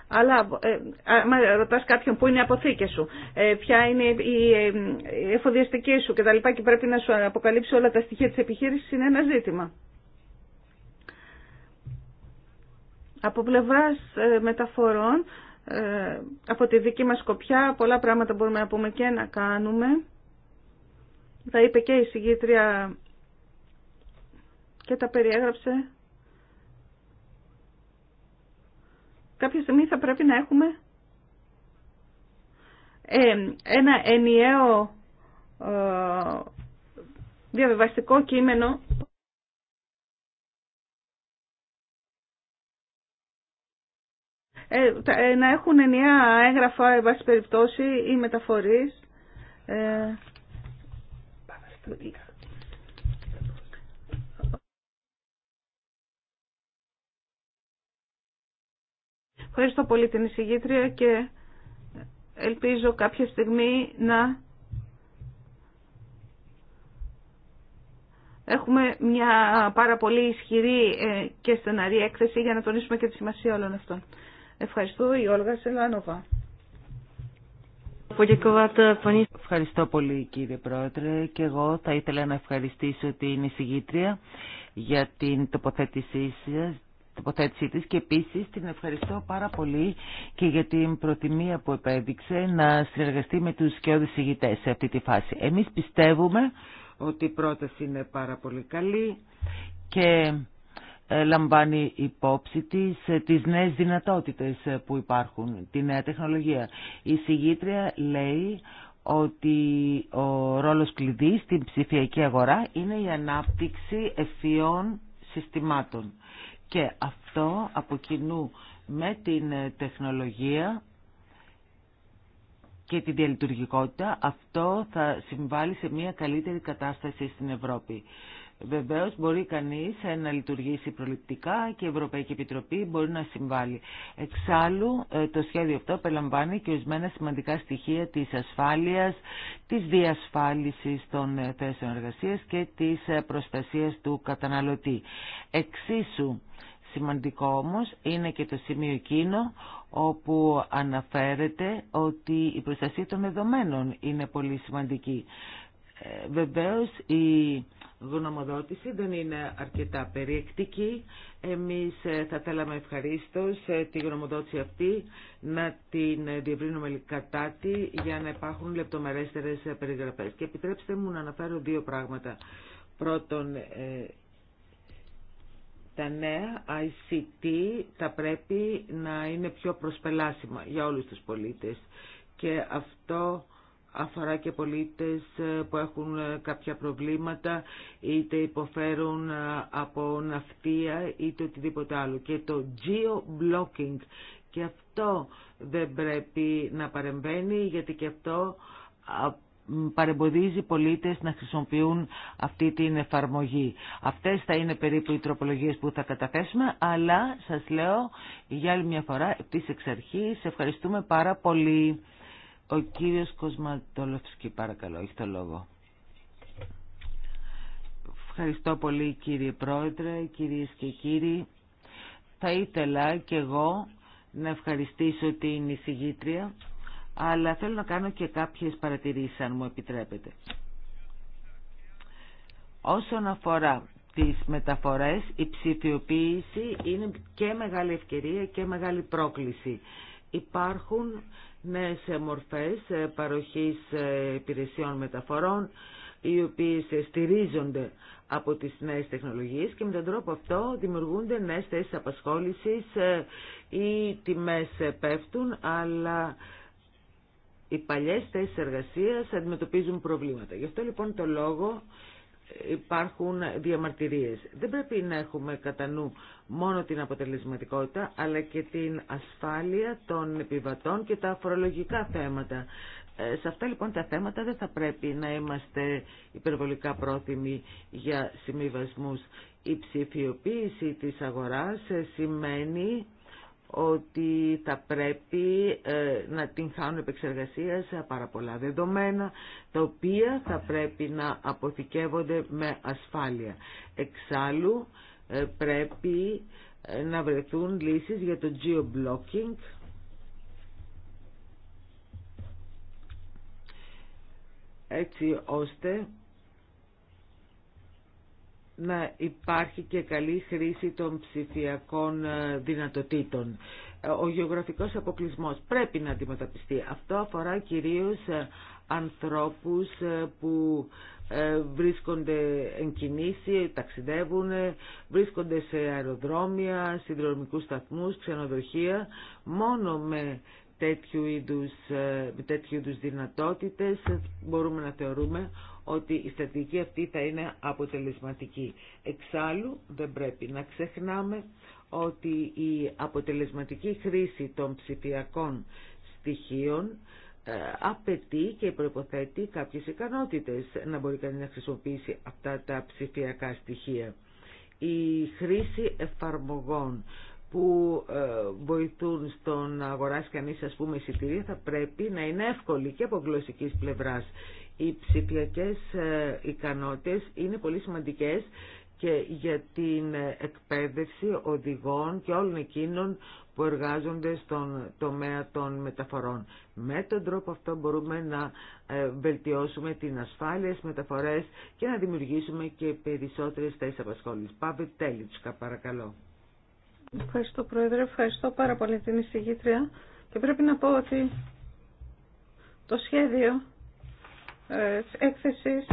Αλλά ε, ε, ρωτάς κάποιον που είναι οι αποθήκη σου, ε, ποια είναι η ε, εφοδιαστική σου κτλ. Και, και πρέπει να σου αποκαλύψει όλα τα στοιχεία της επιχείρηση είναι ένα ζήτημα. Από πλευράς ε, μεταφορών, ε, από τη δική μας σκοπιά, πολλά πράγματα μπορούμε να πούμε και να κάνουμε. Τα είπε και η συγγήτρια και τα περιέγραψε. Κάποια στιγμή θα πρέπει να έχουμε ε, ένα ενιαίο διαβιβαστικό κείμενο Ε, ε, να έχουν ενιαία έγγραφα, εν πάση περιπτώσει, ή μεταφορείς. Ε, Ευχαριστώ πολύ την εισηγήτρια και ελπίζω κάποια στιγμή να έχουμε μια πάρα πολύ ισχυρή και στεναρή έκθεση για να τονίσουμε και τη σημασία όλων αυτών. Ευχαριστώ η Όλγα Σελάνοβα. Ε, ευχαριστώ πολύ κύριε Πρόεδρε και εγώ θα ήθελα να ευχαριστήσω την εισηγήτρια για την τοποθέτησή σας, και επίσης την ευχαριστώ πάρα πολύ και για την προτιμία που επέδειξε να συνεργαστεί με τους και ηγητές σε αυτή τη φάση. Εμείς πιστεύουμε ότι η πρόταση είναι πάρα πολύ καλή και ε, λαμβάνει υπόψη της ε, τις νέες δυνατότητες ε, που υπάρχουν, τη νέα τεχνολογία. Η συγγήτρια λέει ότι ο ρόλος κλειδί στην ψηφιακή αγορά είναι η ανάπτυξη ευφυών συστημάτων. Και αυτό από κοινού με την τεχνολογία και τη διαλειτουργικότητα, αυτό θα συμβάλλει σε μια καλύτερη κατάσταση στην Ευρώπη. Βεβαίω μπορεί κανεί ε, να λειτουργήσει προληπτικά και η Ευρωπαϊκή Επιτροπή μπορεί να συμβάλλει. Εξάλλου ε, το σχέδιο αυτό περιλαμβάνει και ορισμένα σημαντικά στοιχεία της ασφάλειας, της διασφάλισης των ε, θέσεων εργασία και της προστασία του καταναλωτή. Εξίσου σημαντικό όμως είναι και το σημείο εκείνο όπου αναφέρεται ότι η προστασία των δεδομένων είναι πολύ σημαντική. Ε, βεβαίως η γνωμοδότηση δεν είναι αρκετά περιεκτική. Εμείς ε, θα θέλαμε ευχαρίστως ε, τη γνωμοδότηση αυτή να την διευρύνουμε κατά για να υπάρχουν λεπτομερέστερες περιγραφές. Και επιτρέψτε μου να αναφέρω δύο πράγματα. Πρώτον, τα νέα ICT θα πρέπει να είναι πιο προσπελάσιμα για όλους τους πολίτες. Και αυτό αφορά και πολίτες ε, που έχουν ε, κάποια προβλήματα, είτε υποφέρουν ε, από ναυτία, είτε οτιδήποτε άλλο. Και το geo-blocking και αυτό δεν πρέπει να παρεμβαίνει, γιατί και αυτό παρεμποδίζει πολίτες να χρησιμοποιούν αυτή την εφαρμογή. Αυτές θα είναι περίπου οι τροπολογίες που θα καταθέσουμε, αλλά σας λέω για άλλη μια φορά, επίσης εξ αρχής, ευχαριστούμε πάρα πολύ. Ο κύριος Κοσματολοφσκή, παρακαλώ, έχει το λόγο. Ευχαριστώ πολύ κύριε Πρόεδρε, κυρίες και κύριοι. Θα ήθελα και εγώ να ευχαριστήσω την εισηγήτρια, αλλά θέλω να κάνω και κάποιες παρατηρήσεις, αν μου επιτρέπετε. Όσον αφορά τις μεταφορές, η ψηφιοποίηση είναι και μεγάλη ευκαιρία και μεγάλη πρόκληση. Υπάρχουν νέες μορφές ε, παροχής ε, υπηρεσιών μεταφορών οι οποίες στηρίζονται από τις νέες τεχνολογίες και με τον τρόπο αυτό δημιουργούνται νέες θέσεις απασχόλησης ή ε, τιμές πέφτουν αλλά οι παλιές θέσεις εργασίας αντιμετωπίζουν προβλήματα. Γι' αυτό λοιπόν το λόγο υπάρχουν διαμαρτυρίες. Δεν πρέπει να έχουμε κατά νου μόνο την αποτελεσματικότητα, αλλά και την ασφάλεια των επιβατών και τα φορολογικά θέματα. Ε, σε αυτά λοιπόν τα θέματα δεν θα πρέπει να είμαστε υπερβολικά πρόθυμοι για συμβιβασμούς. Η ψηφιοποίηση της αγοράς ε, σημαίνει ότι θα πρέπει ε, να την χάνουν επεξεργασία σε πάρα πολλά δεδομένα, τα οποία θα πρέπει να αποθηκεύονται με ασφάλεια. Εξάλλου ε, πρέπει ε, να βρεθούν λύσεις για το geo-blocking, έτσι ώστε να υπάρχει και καλή χρήση των ψηφιακών ε, δυνατοτήτων. Ε, ο γεωγραφικός αποκλεισμός πρέπει να αντιμετωπιστεί. Αυτό αφορά κυρίως ε, ανθρώπους που βρίσκονται εν κινήσει, ταξιδεύουν, βρίσκονται σε αεροδρόμια, συνδρομικούς σταθμούς, ξενοδοχεία, μόνο με τέτοιου είδους, με τέτοιου δυνατότητες μπορούμε να θεωρούμε ότι η στρατηγική αυτή θα είναι αποτελεσματική. Εξάλλου δεν πρέπει να ξεχνάμε ότι η αποτελεσματική χρήση των ψηφιακών στοιχείων ε, απαιτεί και προποθέτει κάποιες ικανότητες να μπορεί κανείς να χρησιμοποιήσει αυτά τα ψηφιακά στοιχεία. Η χρήση εφαρμογών που ε, βοηθούν στο να αγοράσει κανείς ας πούμε εισιτήρια θα πρέπει να είναι εύκολη και από γλωσσικής πλευράς οι ψηφιακές ε, ικανότητες είναι πολύ σημαντικές και για την εκπαίδευση οδηγών και όλων εκείνων που εργάζονται στον τομέα των μεταφορών. Με τον τρόπο αυτό μπορούμε να ε, βελτιώσουμε την ασφάλεια στις μεταφορές και να δημιουργήσουμε και περισσότερες θέσεις απασχόλησης. Πάμε τέλειτσκα παρακαλώ. Ευχαριστώ Πρόεδρε, ευχαριστώ πάρα πολύ την εισηγήτρια και πρέπει να πω ότι το σχέδιο ε, έκθεσης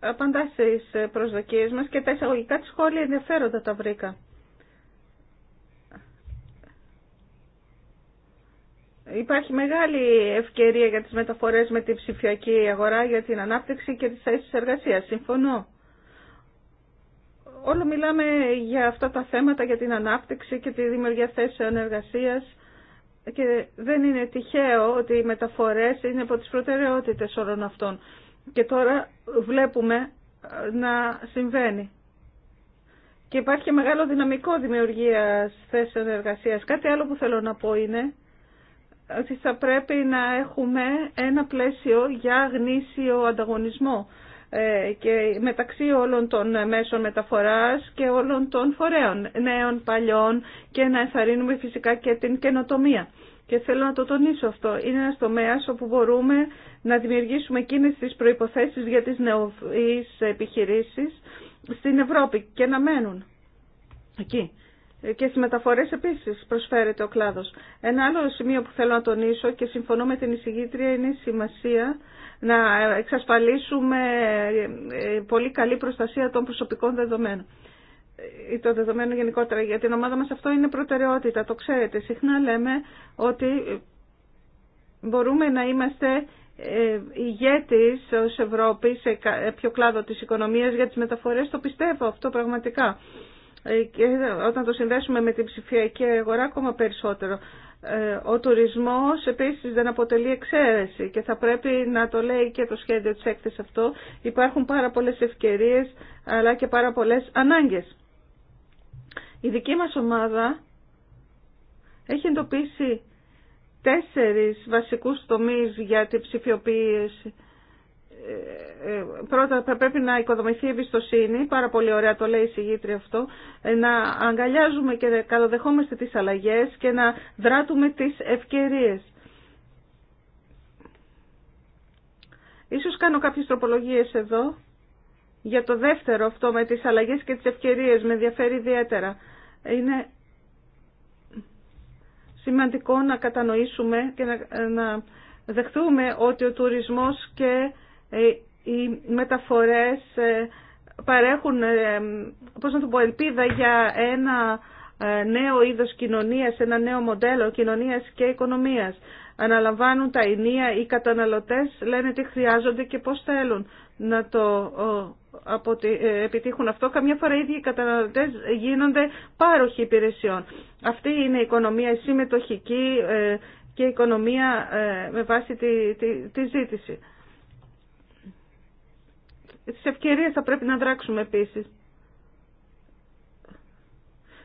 απαντά στι ε, προσδοκίες μας και τα εισαγωγικά της σχόλια ενδιαφέροντα τα βρήκα. Υπάρχει μεγάλη ευκαιρία για τις μεταφορές με την ψηφιακή αγορά για την ανάπτυξη και τις θέσεις εργασίας. Συμφωνώ. Όλο μιλάμε για αυτά τα θέματα, για την ανάπτυξη και τη δημιουργία θέσεων εργασίας και δεν είναι τυχαίο ότι οι μεταφορές είναι από τις προτεραιότητες όλων αυτών. Και τώρα βλέπουμε ε, να συμβαίνει. Και υπάρχει μεγάλο δυναμικό δημιουργίας θέσεων εργασίας. Κάτι άλλο που θέλω να πω είναι ότι θα πρέπει να έχουμε ένα πλαίσιο για γνήσιο ανταγωνισμό. Ε, και μεταξύ όλων των μέσων μεταφοράς και όλων των φορέων, νέων, παλιών και να ενθαρρύνουμε φυσικά και την καινοτομία. Και θέλω να το τονίσω αυτό. Είναι ένας τομέας όπου μπορούμε να δημιουργήσουμε εκείνες τις προϋποθέσεις για τις νεοφυείς επιχειρήσεις στην Ευρώπη και να μένουν εκεί και στις μεταφορές επίσης προσφέρεται ο κλάδος. Ένα άλλο σημείο που θέλω να τονίσω και συμφωνώ με την εισηγήτρια είναι η σημασία να εξασφαλίσουμε ε, ε, πολύ καλή προστασία των προσωπικών δεδομένων ή ε, το δεδομένων γενικότερα. Για την ομάδα μας αυτό είναι προτεραιότητα, το ξέρετε. Συχνά λέμε ότι μπορούμε να είμαστε ηγέτης ως Ευρώπη σε πιο κλάδο της οικονομίας για τις μεταφορές. Το πιστεύω αυτό πραγματικά. Ε, και όταν το συνδέσουμε με την ψηφιακή αγορά ακόμα περισσότερο. Ε, ο τουρισμός επίσης δεν αποτελεί εξαίρεση και θα πρέπει να το λέει και το σχέδιο της έκθεση αυτό. Υπάρχουν πάρα πολλές ευκαιρίες αλλά και πάρα πολλές ανάγκες. Η δική μας ομάδα έχει εντοπίσει τέσσερις βασικούς τομείς για την ψηφιοποίηση ε, ε, πρώτα θα πρέπει να οικοδομηθεί η εμπιστοσύνη, πάρα πολύ ωραία το λέει η συγγήτρια αυτό, ε, να αγκαλιάζουμε και καλοδεχόμαστε τις αλλαγές και να δράτουμε τις ευκαιρίες. Ίσως κάνω κάποιες τροπολογίες εδώ για το δεύτερο αυτό με τις αλλαγές και τις ευκαιρίες, με ενδιαφέρει ιδιαίτερα. Είναι σημαντικό να κατανοήσουμε και να, να δεχτούμε ότι ο τουρισμός και ε, οι μεταφορές ε, παρέχουν, ε, πώς να το πω, ελπίδα για ένα νέο είδος κοινωνίας, ένα νέο μοντέλο κοινωνίας και οικονομίας. Αναλαμβάνουν τα ενία, οι καταναλωτές λένε τι χρειάζονται και πώς θέλουν να το επιτύχουν αυτό. Καμιά φορά οι ίδιοι οι καταναλωτές γίνονται πάροχοι υπηρεσιών. Αυτή είναι η οικονομία η συμμετοχική και η οικονομία με βάση τη ζήτηση. Στις ευκαιρίες θα πρέπει να δράξουμε επίσης.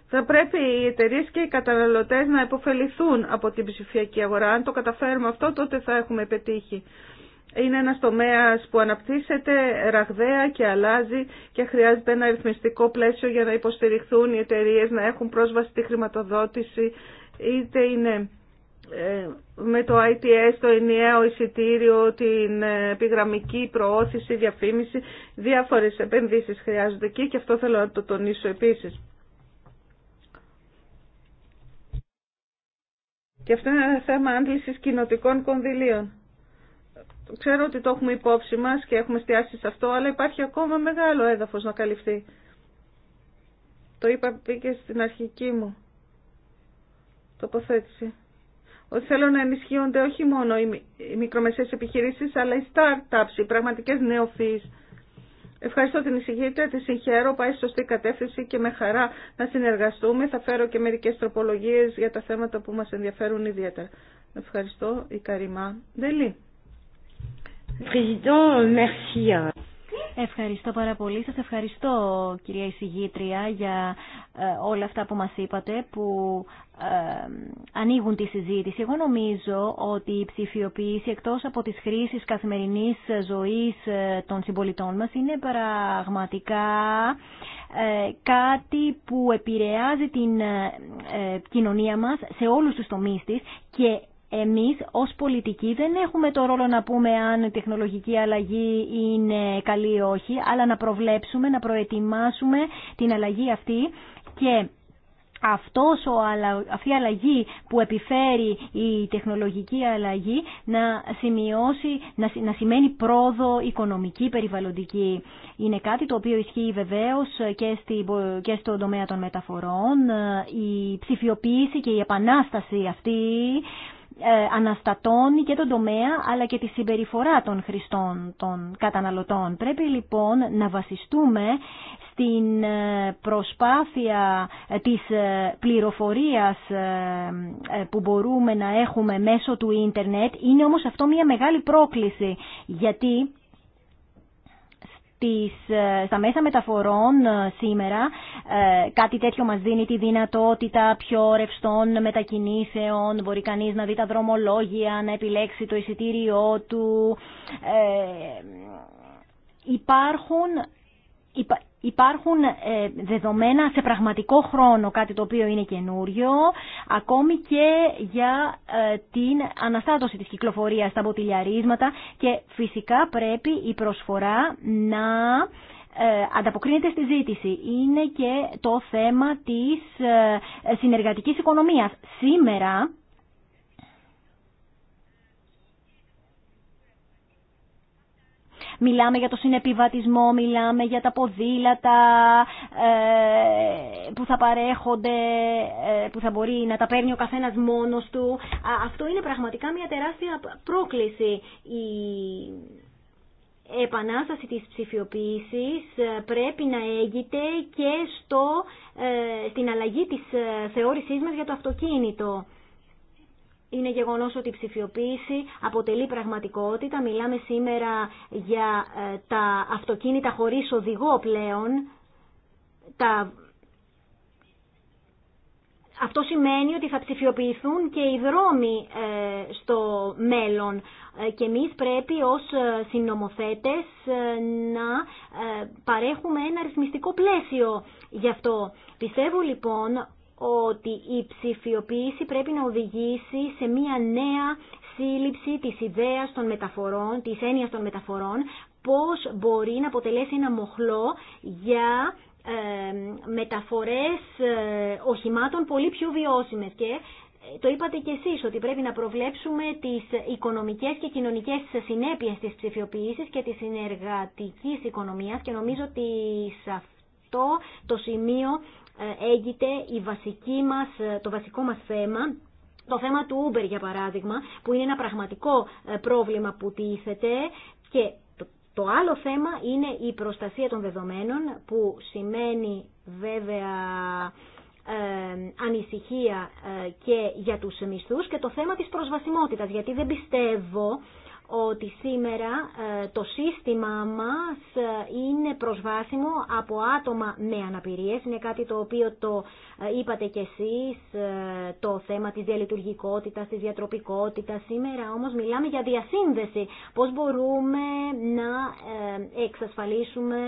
Θα πρέπει οι εταιρείε και οι καταναλωτέ να υποφεληθούν από την ψηφιακή αγορά. Αν το καταφέρουμε αυτό, τότε θα έχουμε πετύχει. Είναι ένα τομέα που αναπτύσσεται ραγδαία και αλλάζει και χρειάζεται ένα αριθμιστικό πλαίσιο για να υποστηριχθούν οι εταιρείε να έχουν πρόσβαση στη χρηματοδότηση, είτε είναι ε, με το ITS, το ενιαίο εισιτήριο, την ε, επιγραμμική προώθηση, διαφήμιση, διάφορες επενδύσεις χρειάζονται εκεί και αυτό θέλω να το τονίσω επίσης. Και αυτό είναι ένα θέμα άντλησης κοινοτικών κονδυλίων. Ξέρω ότι το έχουμε υπόψη μας και έχουμε εστιάσει σε αυτό, αλλά υπάρχει ακόμα μεγάλο έδαφος να καλυφθεί. Το είπα και στην αρχική μου τοποθέτηση ότι θέλω να ενισχύονται όχι μόνο οι μικρομεσαίες επιχειρήσεις, αλλά οι startups, οι πραγματικές νεοφύης. Ευχαριστώ την εισηγήτρια, τη συγχαίρω, πάει σωστή κατεύθυνση και με χαρά να συνεργαστούμε. Θα φέρω και μερικές τροπολογίες για τα θέματα που μας ενδιαφέρουν ιδιαίτερα. Ευχαριστώ, η Ευχαριστώ πάρα πολύ. Σας ευχαριστώ κυρία εισηγήτρια για ε, όλα αυτά που μας είπατε που ε, ανοίγουν τη συζήτηση. Εγώ νομίζω ότι η ψηφιοποίηση εκτός από τις χρήσεις καθημερινής ζωής ε, των συμπολιτών μας είναι πραγματικά κάτι που επηρεάζει την κοινωνία μας σε όλους τους τομείς της και εμείς ως πολιτικοί δεν έχουμε το ρόλο να πούμε αν η τεχνολογική αλλαγή είναι καλή ή όχι, αλλά να προβλέψουμε, να προετοιμάσουμε την αλλαγή αυτή και αυτός ο, αυτή η αλλαγή που επιφέρει η τεχνολογική αλλαγή να, σημειώσει, να, να σημαίνει πρόοδο οικονομική, περιβαλλοντική. Είναι κάτι το οποίο ισχύει βεβαίως και, στη, και στον τομέα των μεταφορών. Η ψηφιοποίηση και η επανάσταση αυτή ε, αναστατώνει και τον τομέα αλλά και τη συμπεριφορά των χρηστών, των καταναλωτών. Πρέπει λοιπόν να βασιστούμε στην ε, προσπάθεια ε, της πληροφορίας που μπορούμε να έχουμε μέσω του ίντερνετ. Είναι όμως αυτό μια μεγάλη πρόκληση γιατί ε, στα μέσα μεταφορών ε, σήμερα. Ε, κάτι τέτοιο μας δίνει τη δυνατότητα πιο ρευστών μετακινήσεων. Μπορεί κανείς να δει τα δρομολόγια, να επιλέξει το εισιτήριό του. Ε, υπάρχουν υπάρχουν ε, δεδομένα σε πραγματικό χρόνο, κάτι το οποίο είναι καινούριο, ακόμη και για ε, την αναστάτωση της κυκλοφορίας στα ποτηλιαρίσματα και φυσικά πρέπει η προσφορά να ε, ανταποκρίνεται στη ζήτηση. Είναι και το θέμα της συνεργατικής οικονομίας. Σήμερα Μιλάμε για το συνεπιβατισμό, μιλάμε για τα ποδήλατα ε, που θα παρέχονται, ε, που θα μπορεί να τα παίρνει ο καθένας μόνος του. Αυτό είναι πραγματικά μια τεράστια πρόκληση. Η επανάσταση της ψηφιοποίησης ε, πρέπει να έγινε και στο, στην αλλαγή της θεώρησής μας για το αυτοκίνητο είναι γεγονός ότι η ψηφιοποίηση αποτελεί πραγματικότητα. Μιλάμε σήμερα για ε, τα αυτοκίνητα χωρίς οδηγό πλέον. Τα... Αυτό σημαίνει ότι θα ψηφιοποιηθούν και οι δρόμοι ε, στο μέλλον. Ε, και εμείς πρέπει ως συνομοθέτες να παρέχουμε ένα αριθμιστικό πλαίσιο γι' αυτό. Πιστεύω λοιπόν ότι η ψηφιοποίηση πρέπει να οδηγήσει σε μια νέα σύλληψη της ιδέας των μεταφορών, της έννοιας των μεταφορών, πώς μπορεί να αποτελέσει ένα μοχλό για ε, μεταφορές ε, οχημάτων πολύ πιο βιώσιμες και ε, το είπατε κι εσείς ότι πρέπει να προβλέψουμε τις οικονομικές και κοινωνικές συνέπειες της ψηφιοποίησης και της συνεργατικής οικονομίας και νομίζω ότι σε αυτό το σημείο ε, έγινε η βασική μας, ε, το βασικό μας θέμα το θέμα του Uber για παράδειγμα, που είναι ένα πραγματικό ε, πρόβλημα που τίθεται και το άλλο θέμα είναι η προστασία των δεδομένων που σημαίνει βέβαια ε, ανησυχία και για τους μισθούς και το θέμα της προσβασιμότητας γιατί δεν πιστεύω ότι σήμερα ε, το σύστημα μας ε, είναι προσβάσιμο από άτομα με αναπηρίες. Είναι κάτι το οποίο το ε, είπατε κι εσείς, το θέμα της διαλειτουργικότητας, της διατροπικότητας. Σήμερα όμως μιλάμε για διασύνδεση. Πώς μπορούμε να εξασφαλίσουμε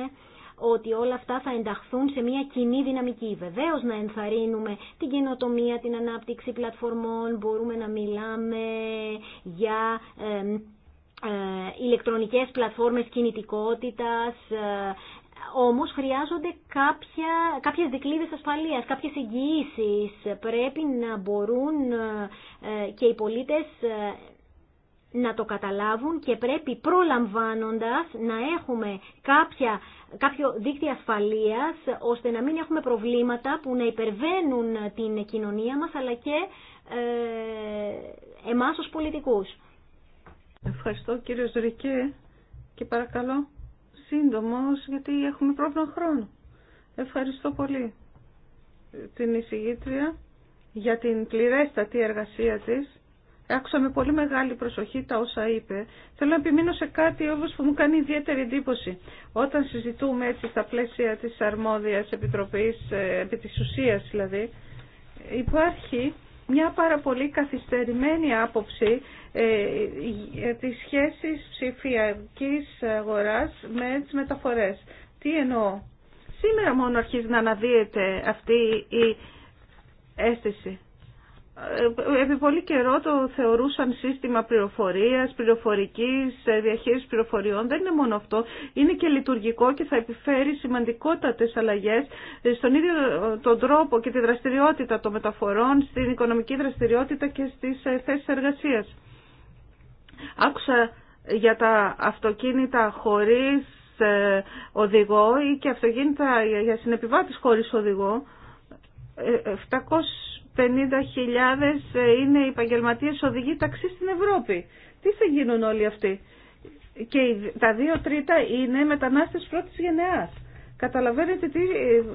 ότι όλα αυτά θα ενταχθούν σε μια κοινή δυναμική. Βεβαίως να ενθαρρύνουμε την καινοτομία, την ανάπτυξη πλατφορμών, μπορούμε να μιλάμε για ε, ηλεκτρονικές πλατφόρμες κινητικότητας, ε, όμως χρειάζονται κάποια, κάποιες δικλίδες ασφαλείας, κάποιες εγγυήσεις. Πρέπει να μπορούν ε, και οι πολίτες να το καταλάβουν και πρέπει προλαμβάνοντας να έχουμε κάποια, κάποιο δίκτυο ασφαλείας ώστε να μην έχουμε προβλήματα που να υπερβαίνουν την κοινωνία μας αλλά και ε, εμάς ως πολιτικούς. Ευχαριστώ κύριο Ρικέ και παρακαλώ σύντομο γιατί έχουμε πρόβλημα χρόνου. Ευχαριστώ πολύ ε, την εισηγήτρια για την πληρέστατη εργασία της. Άκουσα με πολύ μεγάλη προσοχή τα όσα είπε. Θέλω να επιμείνω σε κάτι όμως που μου κάνει ιδιαίτερη εντύπωση. Όταν συζητούμε έτσι στα πλαίσια της αρμόδιας επιτροπής, ε, επί της ουσίας δηλαδή, υπάρχει μια πάρα πολύ καθυστερημένη άποψη ε, ε, τις σχέσεις ψηφιακής αγοράς με τις μεταφορές. Τι εννοώ. Σήμερα μόνο αρχίζει να αναδύεται αυτή η αίσθηση. Ε, επί πολύ καιρό το θεωρούσαν σύστημα πληροφορίας, πληροφορικής, διαχείρισης πληροφοριών. Δεν είναι μόνο αυτό. Είναι και λειτουργικό και θα επιφέρει σημαντικότατες αλλαγές στον ίδιο τον τρόπο και τη δραστηριότητα των μεταφορών, στην οικονομική δραστηριότητα και στις θέσεις εργασίας. Άκουσα για τα αυτοκίνητα χωρίς ε, οδηγό ή και αυτοκίνητα για συνεπιβάτες χωρίς οδηγό. 750.000 ε, ε, είναι οι επαγγελματίες οδηγοί ταξί στην Ευρώπη. Τι θα γίνουν όλοι αυτοί. Και τα δύο τρίτα είναι μετανάστες πρώτης γενεάς. Καταλαβαίνετε τι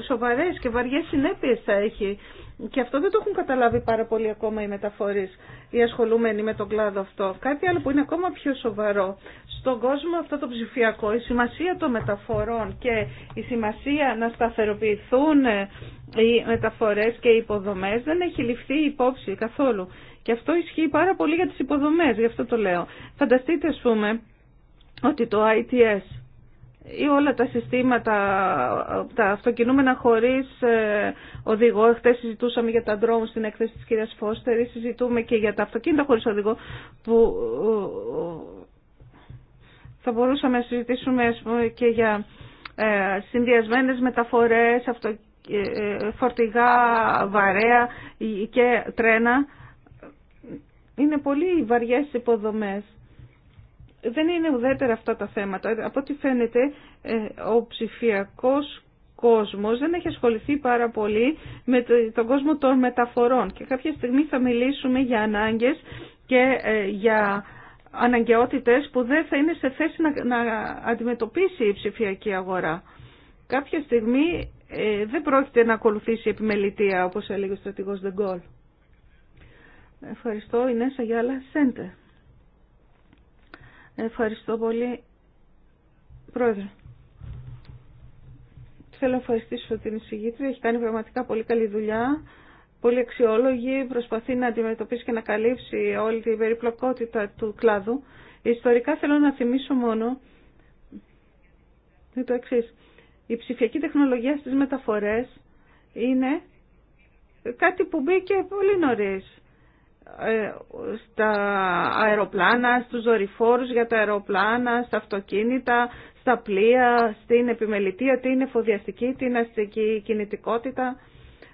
σοβαρές και βαριές συνέπειες θα έχει και αυτό δεν το έχουν καταλάβει πάρα πολύ ακόμα οι μεταφορείς, οι ασχολούμενοι με τον κλάδο αυτό. Κάτι άλλο που είναι ακόμα πιο σοβαρό. Στον κόσμο αυτό το ψηφιακό, η σημασία των μεταφορών και η σημασία να σταθεροποιηθούν ε, οι μεταφορές και οι υποδομές δεν έχει ληφθεί υπόψη καθόλου. Και αυτό ισχύει πάρα πολύ για τις υποδομές, γι' αυτό το λέω. Φανταστείτε, ας πούμε, ότι το ITS ή όλα τα συστήματα, τα αυτοκινούμενα χωρίς ε, οδηγό. Χθε συζητούσαμε για τα ντρόμου στην έκθεση της κυρίας Φώστερη, συζητούμε και για τα αυτοκίνητα χωρίς οδηγό που ε, θα μπορούσαμε να συζητήσουμε και για ε, συνδυασμένες μεταφορές, αυτο, ε, φορτηγά, βαρέα και τρένα. Είναι πολύ βαριές υποδομές δεν είναι ουδέτερα αυτά τα θέματα. Από ό,τι φαίνεται, ε, ο ψηφιακός κόσμος δεν έχει ασχοληθεί πάρα πολύ με τον κόσμο των μεταφορών και κάποια στιγμή θα μιλήσουμε για ανάγκες και ε, για αναγκαιότητες που δεν θα είναι σε θέση να αντιμετωπίσει η ψηφιακή αγορά. Κάποια στιγμή ε, δεν πρόκειται να ακολουθήσει η επιμελητία, όπως έλεγε ο στρατηγός Δεγκόλ. Ευχαριστώ, Ινέσα Γιάλα Σέντερ. Ευχαριστώ πολύ, Πρόεδρε. Θέλω να ευχαριστήσω την εισηγήτρια. Έχει κάνει πραγματικά πολύ καλή δουλειά. Πολύ αξιόλογη. Προσπαθεί να αντιμετωπίσει και να καλύψει όλη την περιπλοκότητα του κλάδου. Ιστορικά θέλω να θυμίσω μόνο το εξή. Η ψηφιακή τεχνολογία στις μεταφορές είναι κάτι που μπήκε πολύ νωρίς ε, στα αεροπλάνα, στους δορυφόρους για τα αεροπλάνα, στα αυτοκίνητα, στα πλοία, στην επιμελητία, την εφοδιαστική, την αστική κινητικότητα.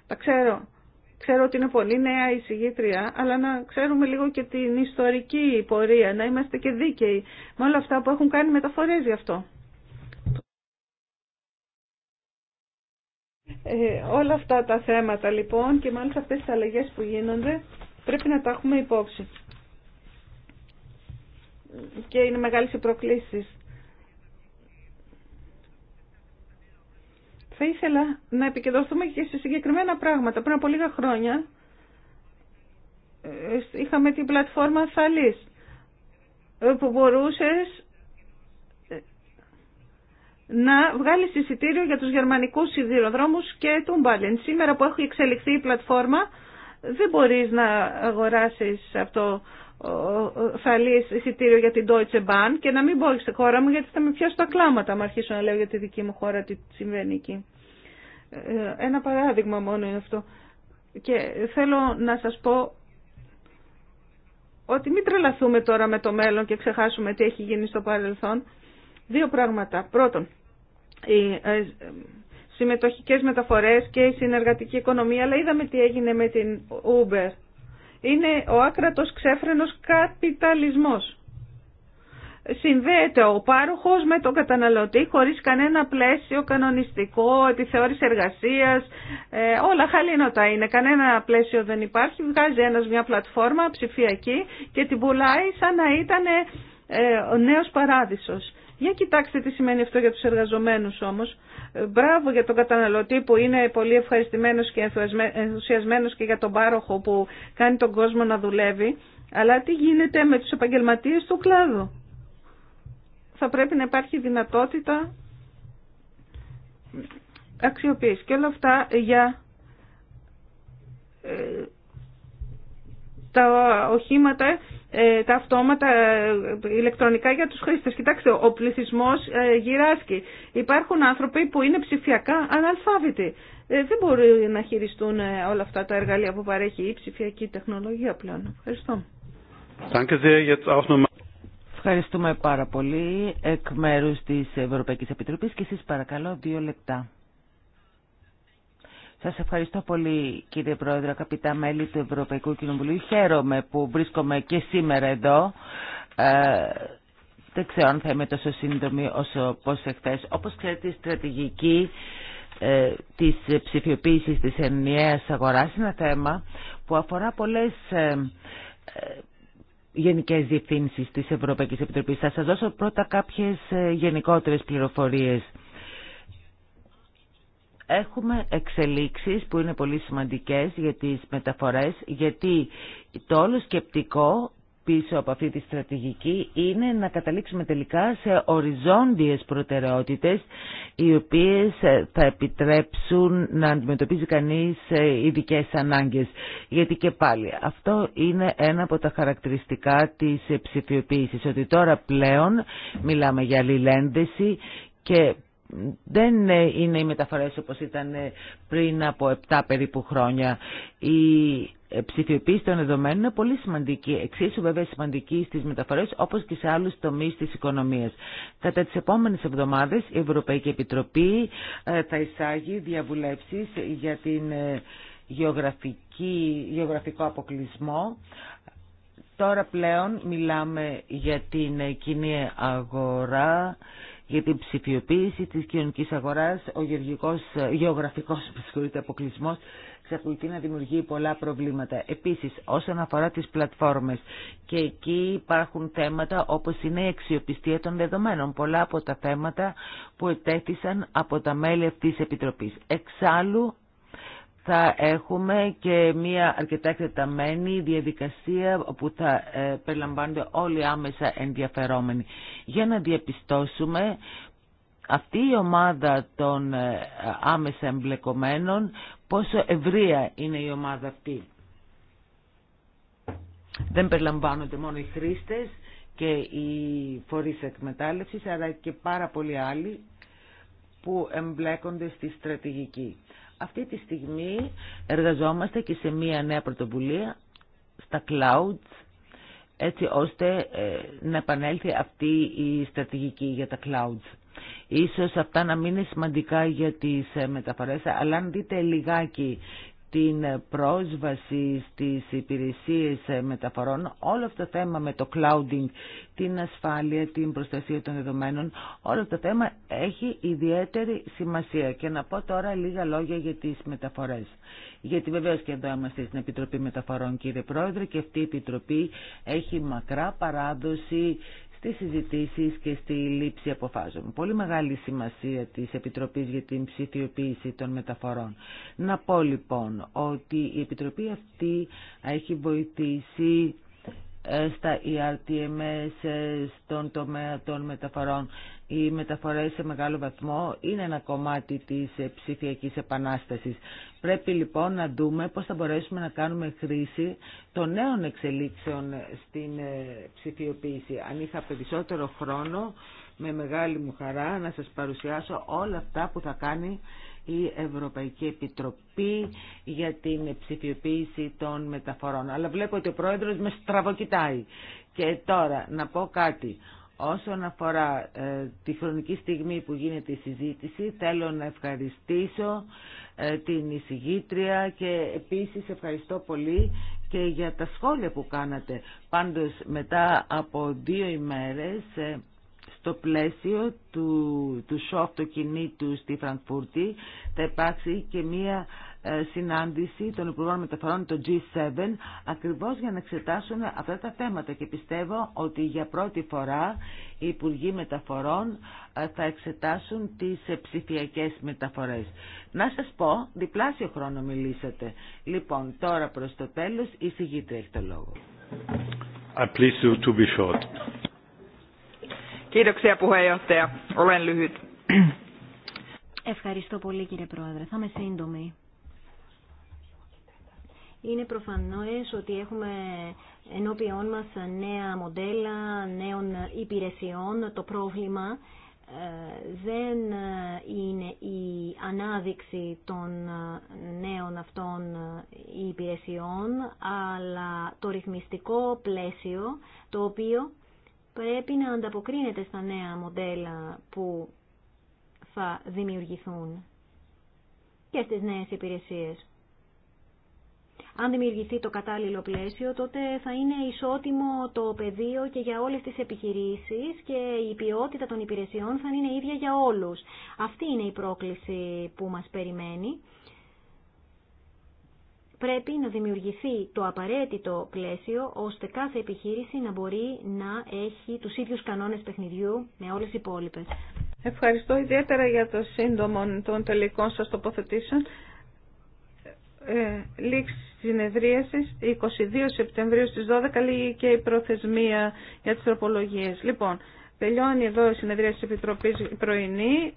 Τα ξέρω. Ξέρω ότι είναι πολύ νέα η συγγήτρια, αλλά να ξέρουμε λίγο και την ιστορική πορεία, να είμαστε και δίκαιοι με όλα αυτά που έχουν κάνει μεταφορές γι' αυτό. Ε, όλα αυτά τα θέματα λοιπόν και μάλιστα αυτές τις αλλαγές που γίνονται Πρέπει να τα έχουμε υπόψη. Και είναι μεγάλες οι προκλήσεις. Θα ήθελα να επικεντρωθούμε και σε συγκεκριμένα πράγματα. Πριν από λίγα χρόνια ε, είχαμε την πλατφόρμα Θαλής που μπορούσες ε, να βγάλει εισιτήριο για τους γερμανικούς σιδηροδρόμους και τούμπαλεν. Σήμερα που έχει εξελιχθεί η πλατφόρμα δεν μπορείς να αγοράσεις αυτό θαλή εισιτήριο για την Deutsche Bahn και να μην μπορείς στη χώρα μου γιατί θα με πιάσουν τα κλάματα αν αρχίσω να λέω για τη δική μου χώρα τι συμβαίνει εκεί. Ε, ένα παράδειγμα μόνο είναι αυτό. Και θέλω να σας πω ότι μην τρελαθούμε τώρα με το μέλλον και ξεχάσουμε τι έχει γίνει στο παρελθόν. Δύο πράγματα. Πρώτον, η ε, συμμετοχικές μεταφορές και η συνεργατική οικονομία, αλλά είδαμε τι έγινε με την Uber. Είναι ο άκρατος ξέφρενος καπιταλισμός. Συνδέεται ο πάροχος με τον καταναλωτή χωρίς κανένα πλαίσιο κανονιστικό, επιθεώρηση εργασίας, ε, όλα χαλήνοτα είναι, κανένα πλαίσιο δεν υπάρχει. Βγάζει ένας μια πλατφόρμα ψηφιακή και την πουλάει σαν να ήταν ε, ο νέος παράδεισος. Για κοιτάξτε τι σημαίνει αυτό για τους εργαζομένους όμως. Ε, μπράβο για τον καταναλωτή που είναι πολύ ευχαριστημένος και ενθουσιασμένος και για τον πάροχο που κάνει τον κόσμο να δουλεύει. Αλλά τι γίνεται με τους επαγγελματίες του κλάδου. Θα πρέπει να υπάρχει δυνατότητα αξιοποίηση. Και όλα αυτά για ε, τα οχήματα ε, τα αυτόματα ε, ηλεκτρονικά για τους χρήστες. Κοιτάξτε, ο πληθυσμός ε, γυράσκει. Υπάρχουν άνθρωποι που είναι ψηφιακά αναλφάβητοι. Δεν μπορούν να χειριστούν όλα αυτά τα εργαλεία που παρέχει η ψηφιακή τεχνολογία πλέον. Ευχαριστώ. Ευχαριστούμε πάρα πολύ εκ μέρους της Ευρωπαϊκής Επιτροπής. και εσείς παρακαλώ δύο λεπτά. Σας ευχαριστώ πολύ κύριε Πρόεδρε, αγαπητά μέλη του Ευρωπαϊκού Κοινοβουλίου. Χαίρομαι που βρίσκομαι και σήμερα εδώ. Ε, δεν ξέρω αν θα είμαι τόσο σύντομη όσο πώς εχθές. Όπως ξέρετε η στρατηγική ε, της ψηφιοποίησης της ενιαίας αγοράς είναι ένα θέμα που αφορά πολλές ε, ε γενικές διευθύνσεις της Ευρωπαϊκής Επιτροπής. Θα σας δώσω πρώτα κάποιες ε, γενικότερες πληροφορίες έχουμε εξελίξεις που είναι πολύ σημαντικές για τις μεταφορές, γιατί το όλο σκεπτικό πίσω από αυτή τη στρατηγική είναι να καταλήξουμε τελικά σε οριζόντιες προτεραιότητες οι οποίες θα επιτρέψουν να αντιμετωπίζει κανείς ειδικέ ανάγκες. Γιατί και πάλι αυτό είναι ένα από τα χαρακτηριστικά της ψηφιοποίησης ότι τώρα πλέον μιλάμε για αλληλένδεση και δεν είναι οι μεταφορές όπως ήταν πριν από 7 περίπου χρόνια. Η ψηφιοποίηση των δεδομένων είναι πολύ σημαντική, εξίσου βέβαια σημαντική στις μεταφορές όπως και σε άλλους τομείς της οικονομίας. Κατά τις επόμενες εβδομάδες η Ευρωπαϊκή Επιτροπή ε, θα εισάγει διαβουλεύσεις για την ε, γεωγραφική, γεωγραφικό αποκλεισμό. Τώρα πλέον μιλάμε για την ε, κοινή αγορά, για την ψηφιοποίηση της κοινωνικής αγοράς, ο γεωγραφικός αποκλεισμό εξακολουθεί να δημιουργεί πολλά προβλήματα. Επίσης, όσον αφορά τις πλατφόρμες και εκεί υπάρχουν θέματα όπως είναι η αξιοπιστία των δεδομένων. Πολλά από τα θέματα που ετέθησαν από τα μέλη αυτής της Επιτροπής. Εξάλλου, θα έχουμε και μια αρκετά εκτεταμένη διαδικασία όπου θα ε, περιλαμβάνονται όλοι άμεσα ενδιαφερόμενοι για να διαπιστώσουμε αυτή η ομάδα των ε, άμεσα εμπλεκομένων πόσο ευρεία είναι η ομάδα αυτή. Δεν περιλαμβάνονται μόνο οι χρήστες και οι φορείς εκμετάλλευσης αλλά και πάρα πολλοί άλλοι που εμπλέκονται στη στρατηγική. Αυτή τη στιγμή εργαζόμαστε και σε μία νέα πρωτοβουλία στα clouds έτσι ώστε ε, να επανέλθει αυτή η στρατηγική για τα clouds. Ίσως αυτά να μην είναι σημαντικά για τις ε, μεταφορές, αλλά αν δείτε λιγάκι την πρόσβαση στις υπηρεσίες μεταφορών, όλο αυτό το θέμα με το clouding, την ασφάλεια, την προστασία των δεδομένων, όλο αυτό το θέμα έχει ιδιαίτερη σημασία. Και να πω τώρα λίγα λόγια για τις μεταφορές. Γιατί βεβαίω και εδώ είμαστε στην Επιτροπή Μεταφορών, κύριε Πρόεδρε, και αυτή η Επιτροπή έχει μακρά παράδοση στις συζητήσεις και στη λήψη αποφάσεων. Πολύ μεγάλη σημασία της επιτροπή για την ψηφιοποίηση των μεταφορών. Να πω λοιπόν ότι η Επιτροπή αυτή έχει βοηθήσει ε, στα ERTMS, ε, στον τομέα των μεταφορών. Οι μεταφορές σε μεγάλο βαθμό είναι ένα κομμάτι της ε, ψηφιακής επανάστασης. Πρέπει λοιπόν να δούμε πώς θα μπορέσουμε να κάνουμε χρήση των νέων εξελίξεων στην ψηφιοποίηση. Αν είχα περισσότερο χρόνο, με μεγάλη μου χαρά να σας παρουσιάσω όλα αυτά που θα κάνει η Ευρωπαϊκή Επιτροπή για την ψηφιοποίηση των μεταφορών. Αλλά βλέπω ότι ο Πρόεδρος με στραβοκοιτάει. Και τώρα να πω κάτι. Όσον αφορά ε, τη χρονική στιγμή που γίνεται η συζήτηση, θέλω να ευχαριστήσω ε, την εισηγήτρια και επίσης ευχαριστώ πολύ και για τα σχόλια που κάνατε. Πάντως μετά από δύο ημέρες... Ε, στο πλαίσιο του, του κινήτου στη Φραγκφούρτη θα υπάρξει και μία ε, συνάντηση των Υπουργών Μεταφορών, το G7, ακριβώς για να εξετάσουν αυτά τα θέματα και πιστεύω ότι για πρώτη φορά οι Υπουργοί Μεταφορών ε, θα εξετάσουν τις ε, ψηφιακές μεταφορές. Να σας πω, διπλάσιο χρόνο μιλήσατε. Λοιπόν, τώρα προς το τέλος η συγγήτρια έχει το λόγο. to Κύριε που Ευχαριστώ πολύ κύριε Πρόεδρε. Θα είμαι σύντομη. Είναι προφανές ότι έχουμε ενώπιόν μας νέα μοντέλα, νέων υπηρεσιών. Το πρόβλημα ε, δεν είναι η ανάδειξη των νέων αυτών υπηρεσιών, αλλά το ρυθμιστικό πλαίσιο το οποίο πρέπει να ανταποκρίνεται στα νέα μοντέλα που θα δημιουργηθούν και στις νέες υπηρεσίες. Αν δημιουργηθεί το κατάλληλο πλαίσιο, τότε θα είναι ισότιμο το πεδίο και για όλες τις επιχειρήσεις και η ποιότητα των υπηρεσιών θα είναι ίδια για όλους. Αυτή είναι η πρόκληση που μας περιμένει πρέπει να δημιουργηθεί το απαραίτητο πλαίσιο ώστε κάθε επιχείρηση να μπορεί να έχει τους ίδιους κανόνες παιχνιδιού με όλες οι υπόλοιπες. Ευχαριστώ ιδιαίτερα για το σύντομο των τελικών σας τοποθετήσεων. Ε, λήξη συνεδρίασης 22 Σεπτεμβρίου στις 12 λίγη και η προθεσμία για τις τροπολογίες. Λοιπόν, τελειώνει εδώ η συνεδρία της Επιτροπής πρωινή.